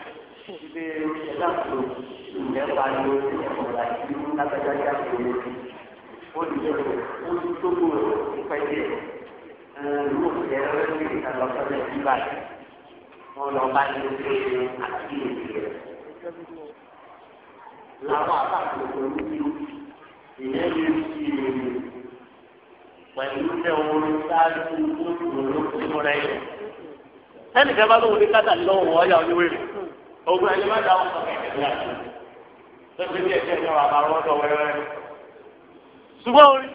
ìdílé ẹ̀dá kúrò ìyẹn bá yọ ẹ̀kọ́ láti lágbàjá yá kúrò ó ní yẹ ó ní tó kúrò nípa ilé ìlú òkè ẹ̀rọ ní ìtàlọ́sọ́lẹ̀ ìbàdàn wọn lọ bá ní ilé àti ìlú rẹ̀ làwọn àtàkùnkùn olùdí ìyẹn lè fi èrè pẹ̀lú tẹ orin sáájú tó dòrò nínú rẹ̀ yẹn. ẹnìkan bá lóun ní kátà lọ́wọ́ ọ̀yà oníwèrè ogun ẹni má dáhùn sọ kẹ̀kẹ́ ní àjò tó fi díẹ̀ díẹ̀ yọrọ àbá rọ́dọ̀ wẹ́rẹ́. ṣùgbọ́n orí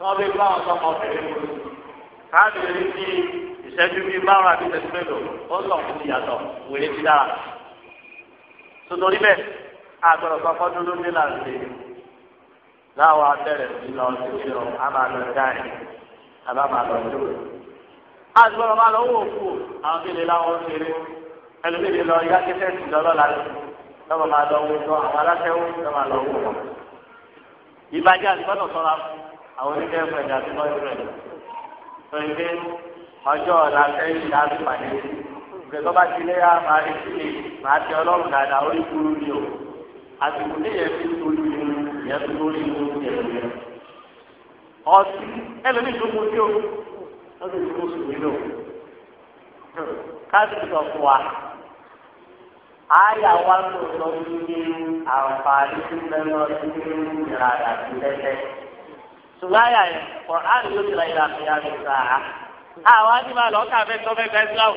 wọ́n fi bá àwọn ọmọ ọ̀fẹ́ mi. káàdì rẹ̀ ní ìṣẹ́jú bíi márùn-ún àti tẹ̀síwẹ́lò ó lọ fún ìyàtọ̀ wèrè ti dára sotori bẹ́ẹ̀ àgbẹ̀rọ̀ sọ́kọ́ dúró ní làǹdè láwọn abẹ́rẹ́ sí lọ sí kí lọ a máa lọ dáì a bá máa lọ dúró. àgbẹ̀rọ̀ máa lọ wò kú àwọn kéde láwọn kéré ẹlòmíì lọ yá kẹsẹ̀ sí lọ́lọ́ la lọ́wọ́ máa lọ wò lọ àwọn aláṣẹ́wó lọ́ máa lọ wò wọn. ìbàjẹ́ àtibọ́dọ̀ sọ́ra àwọn oníkẹ́ fẹ̀dà àtibọ́dọ̀ rẹ̀ lọ́yìn pé ọjọ́ ọ̀la fẹ́ẹ́ yí bẹ̀rẹ̀ bá ti léyà máa rí sílẹ̀ máa tẹ ọlọ́run dáadáa orí kúrú ni o àsìkò níyẹn fi lórí inú yẹn fi lórí inú yẹn fi yẹn. ọtí ẹlẹ́ni tó mú sí o lọ́sẹ̀ tó mú sùn nínú. káàdì sọ fún wa àyà wa ń ní àǹfààní tó mẹ́rin ọdún ní ìrànlá sí lẹ́sẹ̀. ṣùgbọ́n àyà yẹn kọ̀ á ti ra ìlànà ìyá mi sáà. àwa ti máa lọ́ọ́ kà fẹ́ tọ́ fẹ́ fẹ́ síláwù.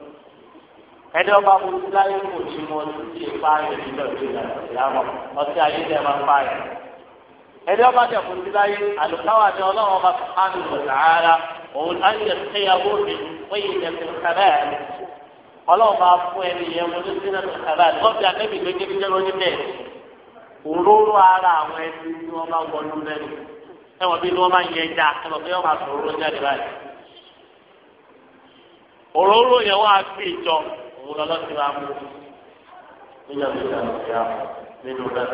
ẹni ọba kò sí láyé kò ní mọ ọdún tí ipa yẹn nílò tó yà ọtí ayé tẹ máa ń pa yẹn ẹni ọba tẹ kò sí láyé àlùkáwà ni ọlọ́run ọba sùpánù ọ̀sàárà òun ayé ṣéyàwó mi wọ́n yìí ọlọ́run fún ẹni yẹn mo ní sínú ẹ̀ jẹ́ bẹ́ẹ̀ òróró ara àwọn ẹni òun lọ́lọ́sìn máa mú nígbà tó yà lọ sí àwọn nínú rẹ̀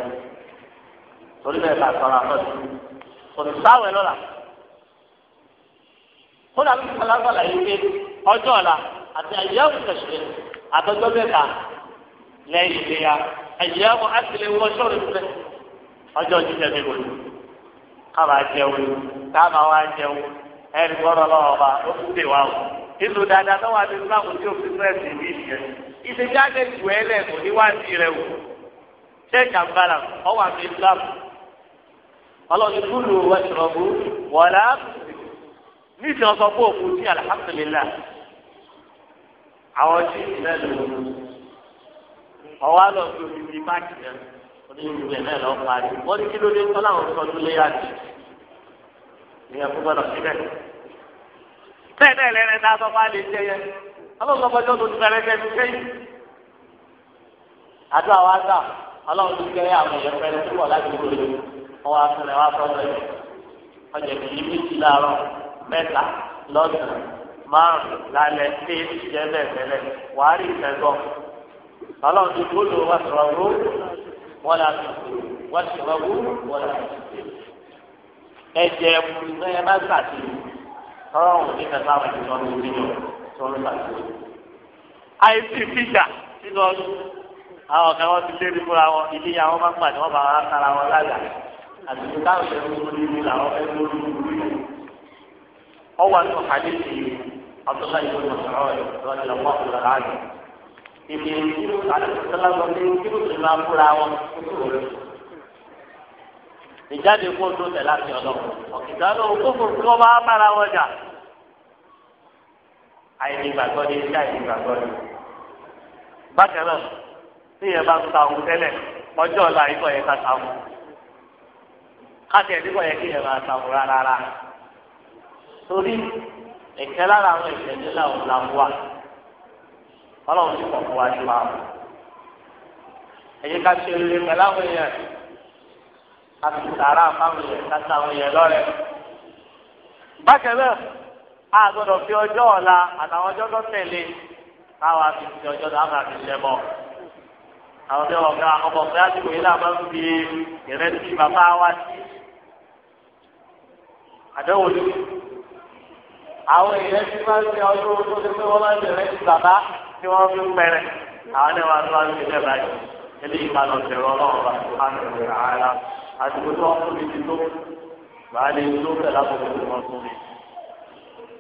torí bẹ́ẹ̀ ká sọ̀rọ̀ àpọ̀jù kò sí sáwẹ̀ lọ́la kódà bí sọlágbàlà yìí pé ọjọ́ ọ̀la àti àyẹ̀wò tẹ̀sílẹ̀ àtọ́jọ́ mẹ́ta lẹ́yìn ìlera àyẹ̀wò àtìlẹ̀ wọ́ṣọ́ rẹ̀ fẹ́ ọjọ́ jíjẹ mi wòlú káàbà jẹun káàbà wá jẹun ẹ̀rí nínú dáadáa tó wà nínú láwọn tí òfin fẹ́ẹ̀sì ní ìṣẹ́ ìṣèjáde jù ẹ́ lẹ̀ kò ní wáàdì rẹ̀ wò check and balance ọwọ́ àmì islam ọlọ́run kúlù wẹ̀sọ̀rọ̀bù wọ̀lá níṣẹ́ ọ̀sọ̀ fún òkú sí alihamudulilayi àwọn tí ìlẹ̀ lò ọwọ́ àlọ́ fi omi bíi máàkì náà wọ́n ní kí ló dé tọ́lá bẹ́ẹ̀ bẹ́ẹ̀ lẹ́rẹ́ náà sọ fún àlè jẹ yẹn ọlọ́run lọ́mọdé ọdún tó fẹ́rẹ́ fẹ́ẹ́ fẹ́ yìí. àdúrà wa ọlọ́run tó fẹ́rẹ́ àwọn èèyàn fẹ́rẹ́ tó wọ̀ láti gbòòrò wọn wá fẹ́rẹ́ wá sọ́dọ̀ yìí ọjà ìbílí méjì láàárọ̀ mẹ́ta lọ́sàn márùn lálẹ́ tí èyí jẹ́ bẹ́ẹ̀ tẹ́lẹ̀ ọlọ́run tó gbòòrò wá sọ̀rọ̀ wó wọn là wó wọn là ọlọ́run ní kẹta àwọn ìjọba ní orí yọ tó ń bà tó. àìsí fíjà nínú ọdún àwọn ọ̀gá wọn ti lé ní fúnra wọn ilé ya wọn bá gbà ní wọn bá wọn kára wọn lága àtúntò táwọn ìṣẹ̀lẹ̀ ń lórí ní làwọn fẹ́ lórí lórí yẹn. wọ́n wà nínú kàdé sí abdullahi ibn masoud lọ́dún lọ́wọ́ ọ̀gá láàyè. ìgbìyànjú ìjáde kó tó tẹ̀ láti ọlọ́run ọ̀kìtà ló kó kó kó bá bára wọn jà àìdìgbàgbọ́ ni iṣẹ́ àìdìgbàgbọ́ ni. bákan náà tíyẹn bá ń ta òun tẹ́lẹ̀ ọjọ́ ọ̀la ìkọ̀ yẹn ká ta òun káṣí ẹ̀dínkọ̀ yẹn kí yẹn máa ta òun rárá torí ẹ̀kẹ́ lára àwọn ìṣẹ̀lẹ̀ làwọn làwọn wà ọlọ́run ti pọ̀ fún wa ní ká ṣe rere pẹ̀lú àwọn èèyàn. àti fáwọn yẹn kàtà àwọn yẹn bákan náà a gbọ́dọ̀ fi ọjọ́ ọ̀la àtàwọn ọjọ́ tó tẹ̀lé káwa fi fi ọjọ́ tó àbàfi lẹ̀ mọ́. àwọn tí wọn ká ọmọ ọ̀gá àdìgbò yìí ń fi bàbá wa sí. àdéhùn ni àwọn máa ń fi tó ti pé máa ń bàbá tí fi ń pẹrẹ àwọn ẹni tó àsìkò tó wọn tóbi ti tó màá lè tó pẹ̀lú àkókò tó wọn tóbi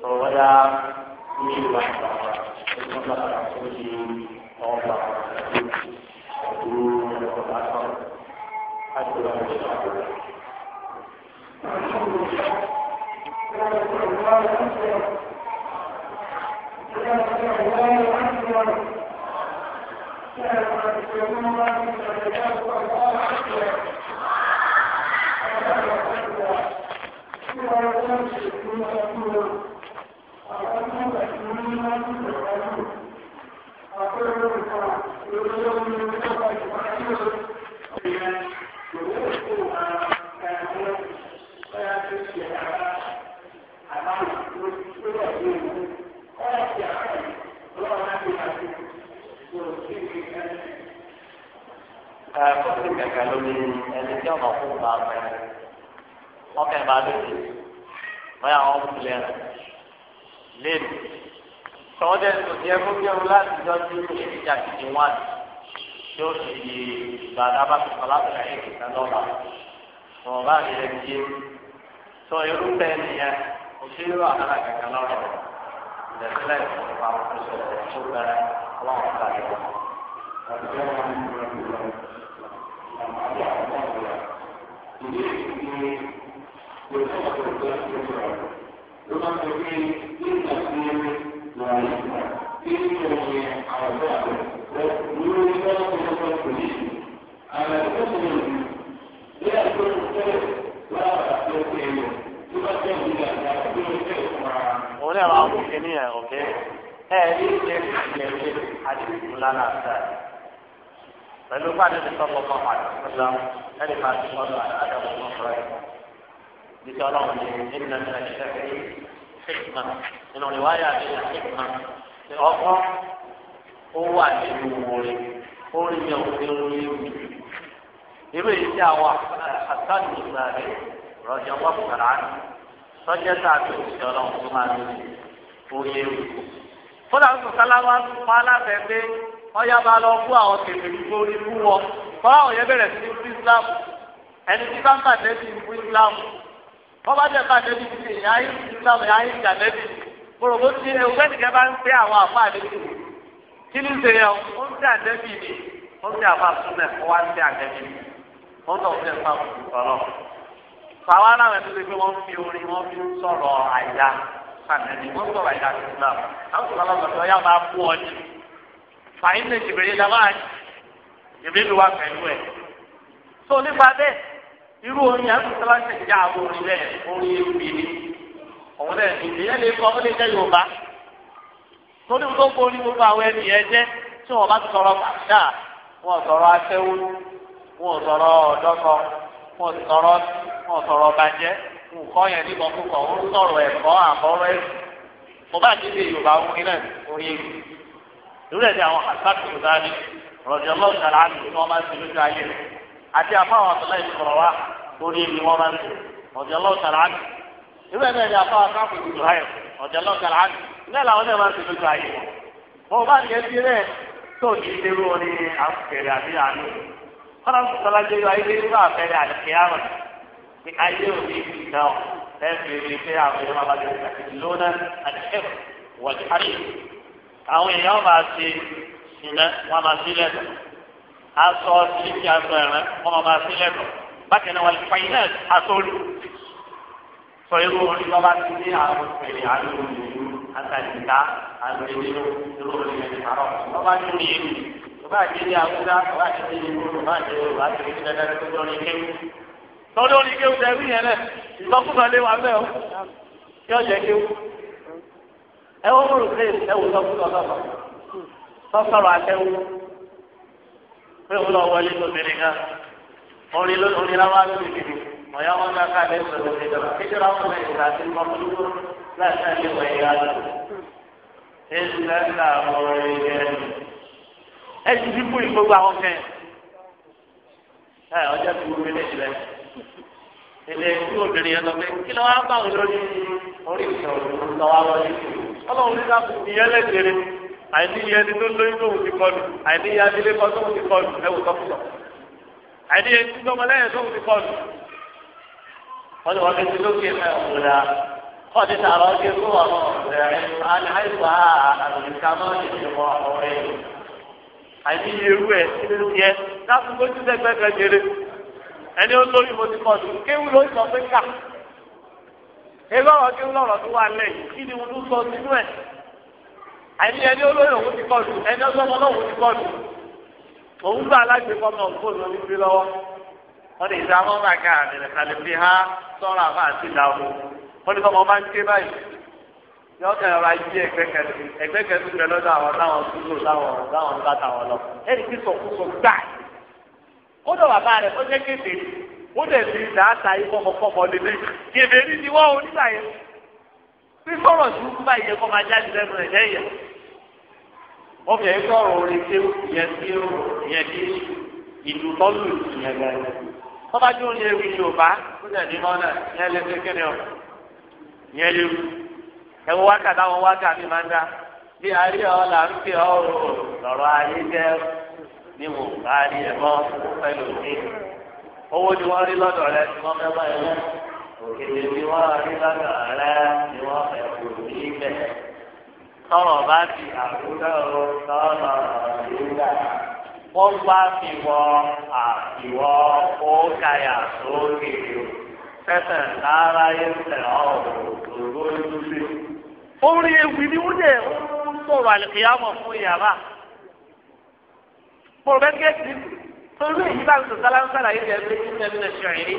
ọ̀rọ̀ wọn yá ní ìlú àgbà ẹ̀gbọ́n bá a kó di ọgbà ọdún ọgbà tó àti ọgbà tó ṣàkóso. Thank you. ẹ kò sí kẹkẹ lórí ẹni tí ọmọ fún bá fẹ wọn kẹ máa lóde wọn yà wọn kulẹ rẹ lẹnu tọwọ dẹ tó tiẹ fún bí láti jọ sí èyí jà kìkì wọn tí ó sì di ìgbà dábà tó láti rà yìí lọ́la wọn bá rí ẹni yé sọ irúfẹ́ nìyẹn òṣèré wà lára kẹkẹ lọ́rọ̀ lẹ́sílẹ̀ ìfowópamọ́ tó ṣẹlẹ̀ tó bẹ̀rẹ̀ ọlọ́run ká àbájá àbájá ìdí èyí ló ń sọ̀rọ̀ tó ń sọ̀rọ̀ ló máa ń sọ pé nígbà tí wọ́n ń gbà kí ní òye àwọn ọ̀dọ́ àbẹ̀ lórí ìgbà tó ń sọ̀rọ̀ kò ní ìlú àwọn ẹ̀kọ́ tó ń lò bí àgbo ń tẹ̀lé lára tó ń tẹ̀lé tó bá tẹ̀ ní ìgbà tó ń tẹ̀lé fún wa. òun náà máa ń kí ní ẹ̀ ọ̀kẹ́ ẹ̀ ní ìṣẹ́ ìṣẹ́ àti ìṣúná náà sáà pẹ̀lú pàdé ti sọ́kọ̀ mọ́ àdúgbò ẹni máa ti kọ́ lọ àdàbò mọ́ fúra ẹ̀. Bísí ọlọ́run ní nínú ẹ̀ka ìṣẹ́ fi hikma nínú ìwáyà mi ní hikma ní ọkọ́ ó wà nínú orí orí yẹn ò ní orí mi. Irú èyí tí àwọn àtàn ìgbà rẹ̀ rọ̀jọ̀ wọ́n kàrà á sọ́jẹ́ sáàtì òṣìṣẹ́ ọlọ́run tó máa ń lò ó yẹ ọyá bá lọ fún àwọn kèfèrí gbórí fún wọn kọ́lá àwọn yẹn sí fún islam ẹni tí bá ń fún islam wọ́n bá jẹ́ pàdé sí ní ìyá ayé fún islam ìyá ayé ìjàdé bí gbòrògbó tí ewu ẹnìkẹ́ bá ń pẹ́ àwọn àfa àdébí kí ni ṣe yẹn ó ń tẹ àdébí ni ó ń tẹ àfa súnmẹ̀ ó wá ń tẹ àdébí ni ó ń tọ̀ fún ẹ̀fà ọ̀rọ̀ fàwa aláwọ̀ ẹ̀dúgbò pé wọ́n fi orin wọ́n fi ń sọ̀rọ̀ àyà sànẹ́ni fàyín lè jìbìrì làwọn jìbìrì wà pẹ̀lú ẹ̀. tó nípa bẹ́ẹ̀ irú orin yẹn kò sábà ń tẹ̀sí ààbò orin bẹ́ẹ̀ orin ebì ni òun náà ìdíyẹn lè kọ́ ó lè jẹ́ yorùbá torí tó kó orin gbogbo àwọn ẹni yẹn jẹ́ tí wọ́n bá ti sọ̀rọ̀ bàtà wọ́n sọ̀rọ̀ aṣẹ́wó wọ́n sọ̀rọ̀ ọ̀dọ́kọ wọ́n sọ̀rọ̀ wọ́n sọ̀rọ̀ bàjẹ́ nǹkan yẹn níbọn púpọ̀ wọ́n sọ̀rọ̀ ẹ̀kọ́ àbọ̀rọ̀ ìwúrẹ́ ti àwọn àgbàtì ìdáni rọ̀jò lọ́sàn án na wọ́n máa ń tẹ̀lé ojú ayé rẹ̀ àti àfáwọn àtọ́lá ìsọ̀rọ̀ wa lórí ni wọ́n máa ń tẹ̀ rọ̀jò lọ́sàn án ni ni àfáwọn káfíń ìlú ayé rọ̀jò lọ́sàn án ilé làwọn náà máa ń ayé bá rẹ̀ tó ní irú ni àfẹ̀rẹ̀ àti àánú ayé àwọn èèyàn máa ṣe ìná wọn máa sí lẹ́tọ̀ aṣọ sílíkì aṣọ ẹ̀rẹ́ wọn máa sí lẹ́tọ̀ bákan náà wọn lè fàyín náà aṣọ́lù sọ irú orin wọn bá ti ní àwọn ìpele àlùkò ìlú àtàlìkà àlùkò irú orin ẹni àárọ̀ wọn bá ní ìlú bàbá àti ilé àwùjá bàbá àti ilé ìlú bàbá àti ilé ìlú àti ilé ìlú àti ilé ìlú tọ́lú orin kéwù tẹ̀wé yẹn náà ìgbọ́kúnlọ́lé wa bẹ́ẹ̀ o yóò kéwù ẹ wọ́n múlò pé ẹ wò lọ fún pé òun lọ wọlé lóbìnrin náà orin ló láwọn àgbègbè bìbì ọ̀yá wọn ká ká lẹ́sìn ọ̀dọ̀ ìjọba kíjọba wọn bẹ̀rẹ̀ ìgbà tí wọ́n láti náà lé wọ̀nyí lálẹ́ èsì láti àwọn orin yẹn ẹ ti fi fún ìgbógbó àwọn kẹ ẹ ọjọ́ ti wúwo ilé ìlẹ̀ ilé tí obìnrin yẹn lọ pé kí ló wá bá òun lórí orí ìṣòro lọ́wọ́ wọlé kìí ọlọ́run ní ká fún ìyẹn lẹ́sẹ̀rẹ̀ àìní iye ẹni tó lóyún tóun ti kọlù àìní iye adílé kan tóun ti kọlù ẹwù tọ́kùtọ̀ àìní iye tí tọ́mọ lẹ́yìn tóun ti kọlù. wọ́n ní wọ́n fi ti lókè ẹ̀ ọ̀la kọ́ ti tààrọ̀ ọdún fún ọ̀rọ̀ ẹ̀rín aláìsà àlùkà náà ti ti mọ ọ̀rẹ́ àìní iye irú ẹ̀ kí ló ti yẹ láti lójú sẹ́gbẹ́ kẹjẹrẹ ẹni ó lóyún mo ti kọlù kéwù ló sọ pé ká ẹgbẹ́ ọ̀rọ̀ kí lọ́rọ̀ tó wà lẹ́yìn kí ni wọn ló sọ sínú ẹ̀ àìní ẹni olóyè òun ti kọ́ lu ẹni ọlọ́mọ náà òun ti kọ́ òun gbà láti kọ́ mọ fóònù onígbé lọ́wọ́ wọn lè dá wọn bàgà àdìrẹ kàlẹ́ fi há sọ́ra àbá àti ìdààmú wọn ní kọ́mọ bá ń ké báyìí yọ kẹ ọ̀rọ̀ ayé ẹgbẹ́ kẹtù ẹgbẹ́ kẹtù rẹ lọ́dọ̀ àwọn táwọn kúrò táwọn táwọn bá táwọn lọ ẹni tí sọkúsọ gbà kódò bàbá rẹ ó jẹ́ kéde ó dẹ̀ fi dàáta yìí kọ́mọkọ́mọ lélẹ̀ yèmẹ̀ rí ni wọ́n onígbà yẹn bí sọ̀rọ̀ sí kúbà yẹ kọ́ máa jáde lẹ́nu rẹ̀ lẹ́yìn wọ́n fi ẹ̀yìn sọ̀rọ̀ orin tí yẹn tí yẹn tí ìlú tọ́lù ìyẹn gan yẹn wọ́n bá dún yẹn wí Yorùbá ó dẹ̀ ní mọ́nà yẹn lé kékeré ọ̀ yẹn lé ẹ̀wọ̀n máa ń dá bí ọ owó ni wọ́n rí lọ́dọ̀ rẹ ni wọ́n fẹ́ báyìí wọ́n òkèlè ni wọ́n rí lọ́dọ̀ rẹ ni wọ́n fẹ́ kò ní bẹ̀. tọrọ bá ti àbúrò tọrọ ìlúgà wọ́n gbá fi wọ àfiwọ́ ó sókè o fẹ́fẹ́ lára yẹn tẹ̀ ọ́ òdòdó orí ewì ni ó ń sọ̀rọ̀ àlùkìyàmọ̀ fún ìyàrá. mo rẹ́ gẹ́gẹ́ torí èyí bá sọ sálánsálà yìí lẹ́nu ní sẹ́mi náà ṣe ìrí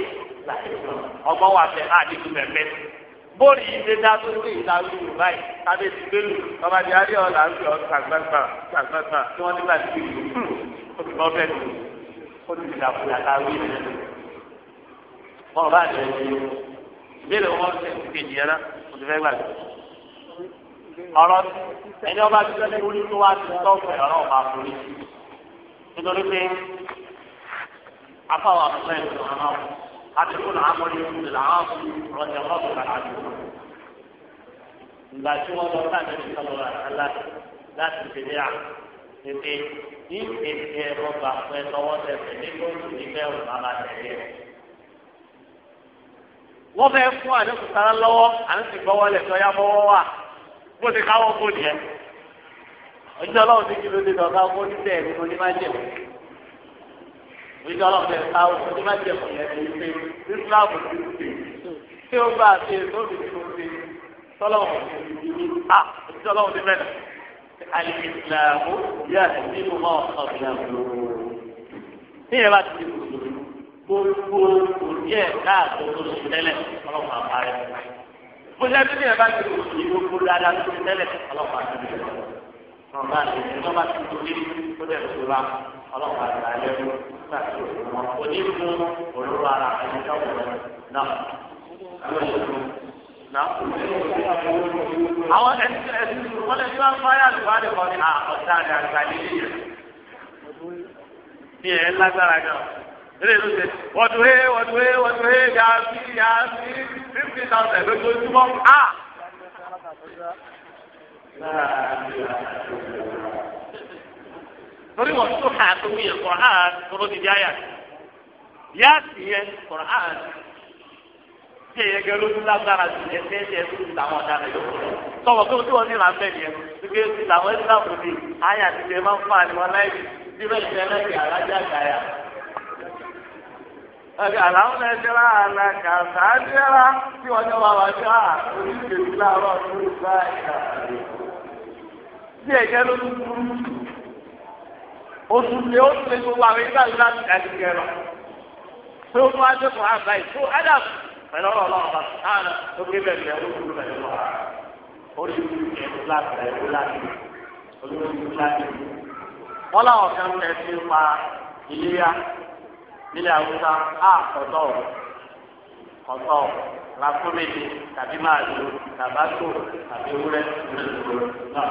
ọgbọ́n wà fẹ́ àdínkù mẹ́fẹ́ bóòlù yìí ṣe dá tó ní ìlà lùlù báyìí tàbí ti gbélù ọba di adé ọ̀la ń fi ọ̀ sàgbàgbà sàgbàgbà tí wọ́n nígbà tí ó ti bọ́ bẹ́ẹ̀ ni ó ti dà fún yàrá wí ni wọ́n bá jẹ ìbéèrè wọn ṣe ti kejì yẹn náà ó ti fẹ́ gbàgbé ọ̀rọ̀ ẹni ọba ti fẹ́ lórí tó wá ti tọ́ afáwọn àbúrò ẹ̀ lọ́wọ́ àwọn àtẹ̀kùn àmọ́lé ìlú làwọn rọ̀jẹ̀ rọ̀bù làwọn. ìgbà tí wọ́n lọ sáà nẹ́bí sọ̀rọ̀ àlá láti tẹ̀lé à tètè ní ètè ẹ̀rọ gbà pẹ́ lọ́wọ́ tẹ̀sẹ̀ ní kóòtù ní bẹ́ẹ̀rù bàbá tẹ̀lé. wọ́n fẹ́ fún àdéhùn sára lọ́wọ́ àdéhùn ti gbọ́wọ́ lẹ̀ tọ́yá bọ́wọ́ wà bó ti káwọ́ bó nìyẹn. ọjọ́ ọlọ́run ti kí ló dé lọ́ọ́ ìjọ ọlọ́pàá ẹ̀ka ọ̀hún tó bá jẹ fún ní pé islam ti ń pè tí ó bá ṣe lórí tí ó ṣe tọ́lọ́wọ̀n ti ní à ìjọ ọlọ́wọ̀n ti mẹ́ta alìsìláàmù yà nínú máa ọ̀sán ìyá lóru. níyẹn bá ti di kùsùn gbogbo òní káàtó tó ṣe tẹ́lẹ̀ ọlọ́pàá parẹ́. bó bí níyẹn bá ti di kùsùn gbogbo dáadáa tó ṣe tẹ́lẹ̀ ọlọ́pàá parẹ́ ọba àti ọba ti tóbi ó dẹ̀ tó ra ọlọ́pàá àti alẹ́ mú nígbà tí wọn kò ní mú olóró ara ẹni tó wọ̀ náà àwọn ìṣòro náà. àwọn ẹsìn ẹsìn wọn lè fi wá fáyà lùbáàdì kan ní ọ̀tá rẹ̀ àgbà nílé yẹn. ní ẹ̀ lágbára gan ilé ìlú ṣe wọ́dúwé wọ́dúwé wọ́dúwé yàá fi yàá fi fifty thousand lójoojúmọ́ torí wọn tún ha tó wúyẹ kọ̀ọ̀hán tóró ti di àyà yá sí yẹ kọ̀ọ̀hán tí èyẹ gẹ lójú lágbára sí yẹ tí ẹsẹ tó ti tàwọn ọ̀daràn yòókù lọ tọwọ pé tí wọn ní ìlànà bẹ́ẹ̀ nìyẹn wípé ti tàwọn ẹsẹ àpò ní àyà ti tẹ máa ń fà ní wọn láì bí bẹ́ẹ̀ tẹ lẹ́yìn alájà àgbáyà. Àlàó lẹ jẹ́ra àlà kàtà jẹ́ra tí wọ́n jọba wá jẹ́ra oríṣiríṣi láàárọ̀ tó ń tí ẹ̀jẹ̀ ló tún burú oṣù lé oṣù lé gbogbo àwọn ìgbà ńlá láti jẹ lọ pé ó tún wá dé fún àgbà yìí tó adam pẹ̀lú ọ̀rọ̀ ọlọ́run bá sàn ó gbé bẹ̀rẹ̀ lẹ̀ ó dúró bẹ̀rẹ̀ lọ ó lè fi ẹ̀kú láti ẹ̀kú láti olórí láti wọ́n láwọn kan fẹ́ fi pa ìléyà nílẹ̀ àwùjọ á kọ̀tọ̀ kọ̀tọ̀ làkúmẹ̀dì tàbí màálù tàbátò tàbí ewúrẹ́ nílẹ̀ ìgboro náà.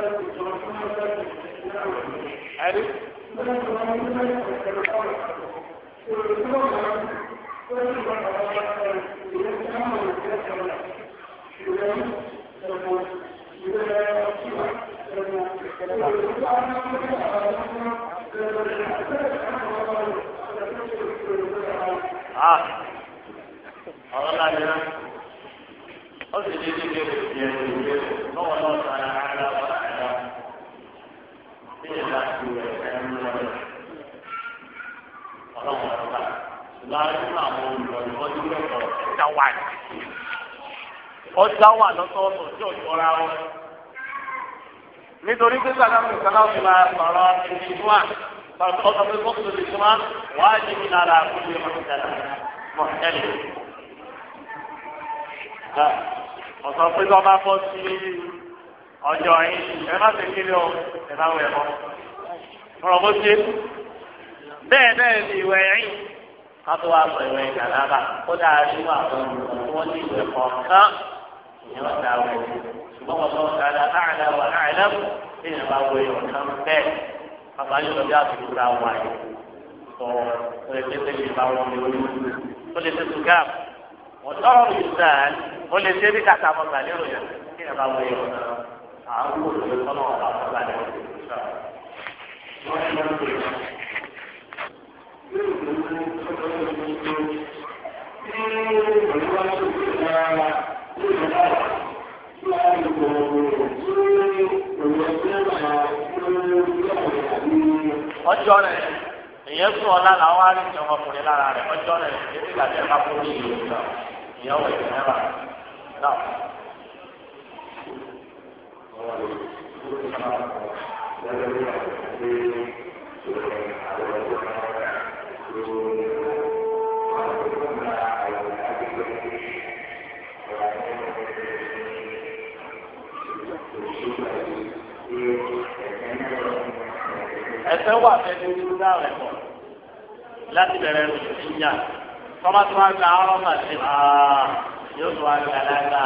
ẹni. Ah, ọ̀rọ̀ náà ni náà ó sì ní kíkẹ́ ìyẹn ìwé lọ́wọ́ náà sara ara wà ara níyẹn láti rẹ̀ ẹ̀rú lọ́wọ́ ọlọ́wọ́ ọ̀la láàrin àwọn olùdarí ọdún lẹ́kọ̀ọ́ ẹ̀dá wà ní. ọjà wà lọ́sọ̀ọ̀sọ̀ tí ò jọra wọn. nítorí pé sàdámù sàdámù máa sọ̀rọ̀ ìṣúná ọ̀sọ̀ pé kókò lè ṣúná wàá ní kí lára àkúndé mọ̀tẹ́lẹ̀ mọ̀tẹ́lẹ̀ ọ̀sán pé tó bá bọ́ sí ọjọ́ yín ẹ má ṣe kéré o ẹ bá wẹ̀ mọ́. ọ̀rọ̀ bó ṣe bẹ́ẹ̀ bẹ́ẹ̀ ni ìwẹ̀ yín ká tó wá sọ ìwẹ̀ ìjàlábà ó dáa sí wà fún wọn ní ìwẹ̀ kọ̀ọ̀kan ìyẹn wọ́n dáa wẹ̀ ṣùgbọ́n wọn bọ́ dáadáa láàrín àwọn àìlẹ́ bí ìyẹn bá wẹ̀ ọ̀kan bẹ́ẹ̀ bàbá yóò lọ bí àtúntò ra wà sọ ó tẹ́tẹ́ ọ̀dọ́rọ̀ ìsàn ó lè ṣe bí kàtà àmọ́ gbàlẹ́ òyà kí ẹ bá wọ ẹ̀ ọ̀nà àwọn olùdókòwò tọ́lọ̀ ọ̀dà àmọ́ gbàlẹ́ ọjọ́ rẹ̀. èyàn sùn ọ̀la làwọn arìnrìn ọmọkùnrin lára rẹ̀ ọjọ́ rẹ̀ ètò ìgbà tí ẹ bá kó ní ìlú náà ìyẹn wọ̀ ìdí mẹ́fà náà. Thank you. ẹsẹ̀ wà fẹ́ẹ́ ní ojú dáhùn ẹ̀kọ́ láti bẹ̀rẹ̀ rẹ̀ ìyá tọ́ba tó wá gba ọ̀rọ̀ náà sí i yóò tó wá gba lágbà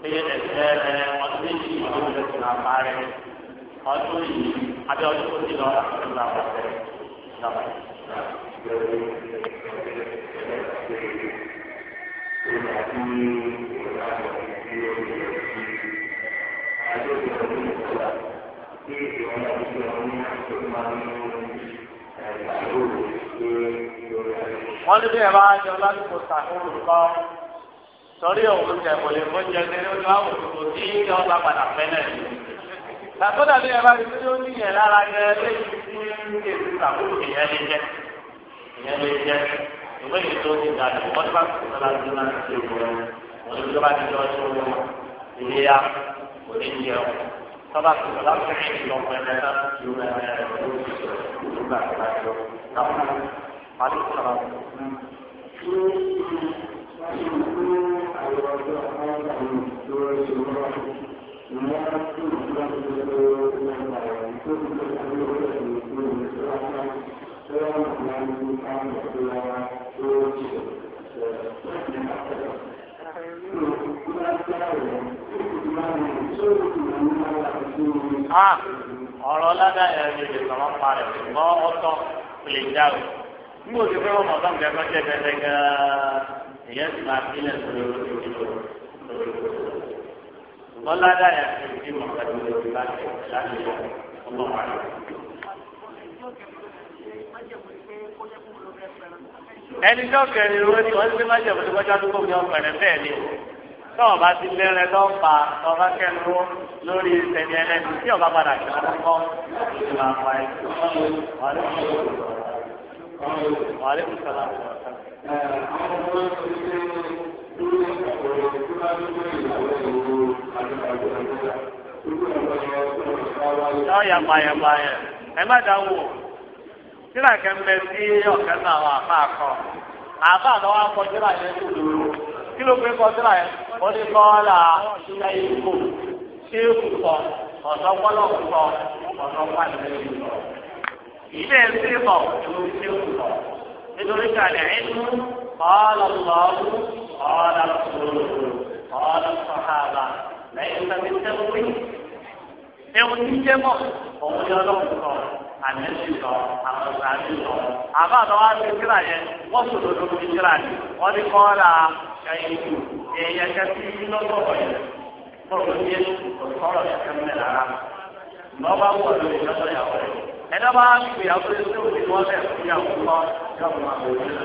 pé ẹsẹ̀ rẹ̀ ọdún méjì ìlú rẹ̀ tó náà bá rẹ̀ ọdún yìí abẹ́ ọdún tó ti lọ láti lọ bá rẹ̀ lọ́wọ́. Thank you tí ìwọ̀n náà ti fi ọ̀hún ní àti tó máa ń lo ìgbàlódé lórí ayé. wọ́n ní bí ẹ bá jọ lásìkò sàkóòrò kọ́ sọrí òun tẹ̀ kò lè fún jẹ nínú ìlú àwọn òṣèlú tí ìjọ bá padà fẹ́lẹ̀. sàkóòrò bí ẹ bá ti tó ní yẹn lára gẹ lẹ́yìn tí èsì lè jẹ ìwé ètò ìdàgbàsókè wọ́n ti bá kùsùn lọ́dún náà ṣe òun ìjọba ti lọ́ọ́ tó ìléyà òní jẹun tọ́ba Thank you. Ah, ọ̀rọ̀ ládà ẹ̀rí lè sọ̀rọ̀ parẹ̀ ṣùgbọ́n ọ̀tọ̀ lè já o. Nígbà tí fẹ́ wọ́n mọ̀ sọ́mù kẹ́kọ́ jẹ́ tẹ́tẹ́ gan-an, èyẹ́ sì máa fi ilẹ̀ sọ̀rọ̀ lórí ìlú. Ṣùgbọ́n ládà ẹ̀rí ti mọ̀ pẹ̀lú ìlú láti láti yọ ọmọ parẹ̀. Ẹni tó kẹrin ló ní wọ́n ti máa jẹ̀bù tó kọjá tó kọ̀ tọ́wọ́ bá ti lẹ́rẹ̀ lọ́pa tọ́ba kẹ́nu lórí ìsẹ̀mí ẹlẹ́ni tí ọba padà kí wọ́n kọ́ ìgbà pa ẹ̀. wàhálẹ́kùn sọ̀rọ̀ àwọn ọ̀yà payẹ̀payẹ̀ ẹ má dá wò sílà kẹ́mbẹ́ sí ọ̀kẹ́ náà àwọn àfa kọ àfa àtọwọ́ akọ sílà yẹn tó lòlò kí ló pé kọsíra yẹn ó ní kọ́lá ṣẹ́yìnkù ṣéèkù sọ ọ̀sán pọ́lọ́kù sọ ọ̀sán pàṣẹ ilé ẹsẹ̀ bọ̀ ló ń ṣéèkù sọ nítorí kàlẹ́ ẹnu kọ́lá lọ́wọ́ kọ́lá lọ́wọ́ kọ́lá sọ̀hábà lẹ́yìn tàbí tẹ́wọ́ pé ẹ̀wọ̀n ti jẹ́ mọ́ òun ni ọlọ́run sọ̀rọ̀ àmẹ́sì lọ lọ. àbá àtàwọn akékeré yẹn wọ́n sọ lọ́dọ̀ ní kíra wọ́n ní kọ́ ra ṣẹ́yìn èèyàn kẹsí lọ́sọ̀rọ̀ yẹn lọ́sọ̀rọ̀ yẹn lọ́sọ̀rọ̀ yẹn kẹ́mẹ́ lára lọ́wọ́ wọ̀ lórí lọ́sọ̀ yàwó rẹ̀. ẹ̀dá bá gbìyàwó rẹ̀ tó ti wọ́n bẹ̀ fún yàwó lọ yàwó máa bọ̀ wọlé lọ.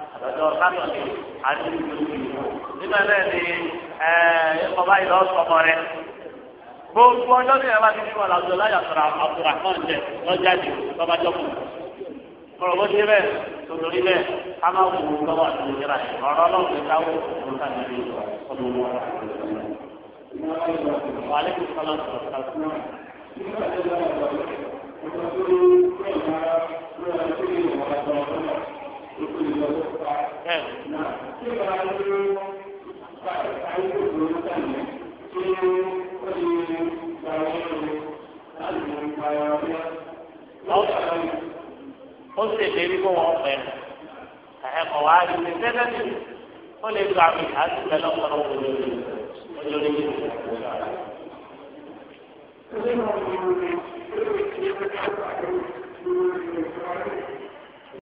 lọ́dọ̀ kámọ̀tì àti ìgbòho nígbà náà ni ọba yìí lọ́ọ́ sọmọ rẹ. gbogbo ọjọ́ ní ẹ̀rọ àti ìwà làwùjọ láyà sọ̀rọ̀ àbúrà náà jẹ lọ́jà jù lọ́ba jọ́kù. kọ̀rọ̀ bó ṣe bẹ́ẹ̀ tòlórí bẹ́ẹ̀ ká má wù ú lọ́wọ́ àti ìjọba ọ̀rọ̀ ọlọ́run ká wọ́n ó sì lérí kó wọn pẹ ẹ̀kọ́ wa rí i tẹ́lẹ̀ tí ó lè gba mi àti pẹ̀lú ọ̀pọ̀lọpọ̀ olórí olórí yìí. Thank you.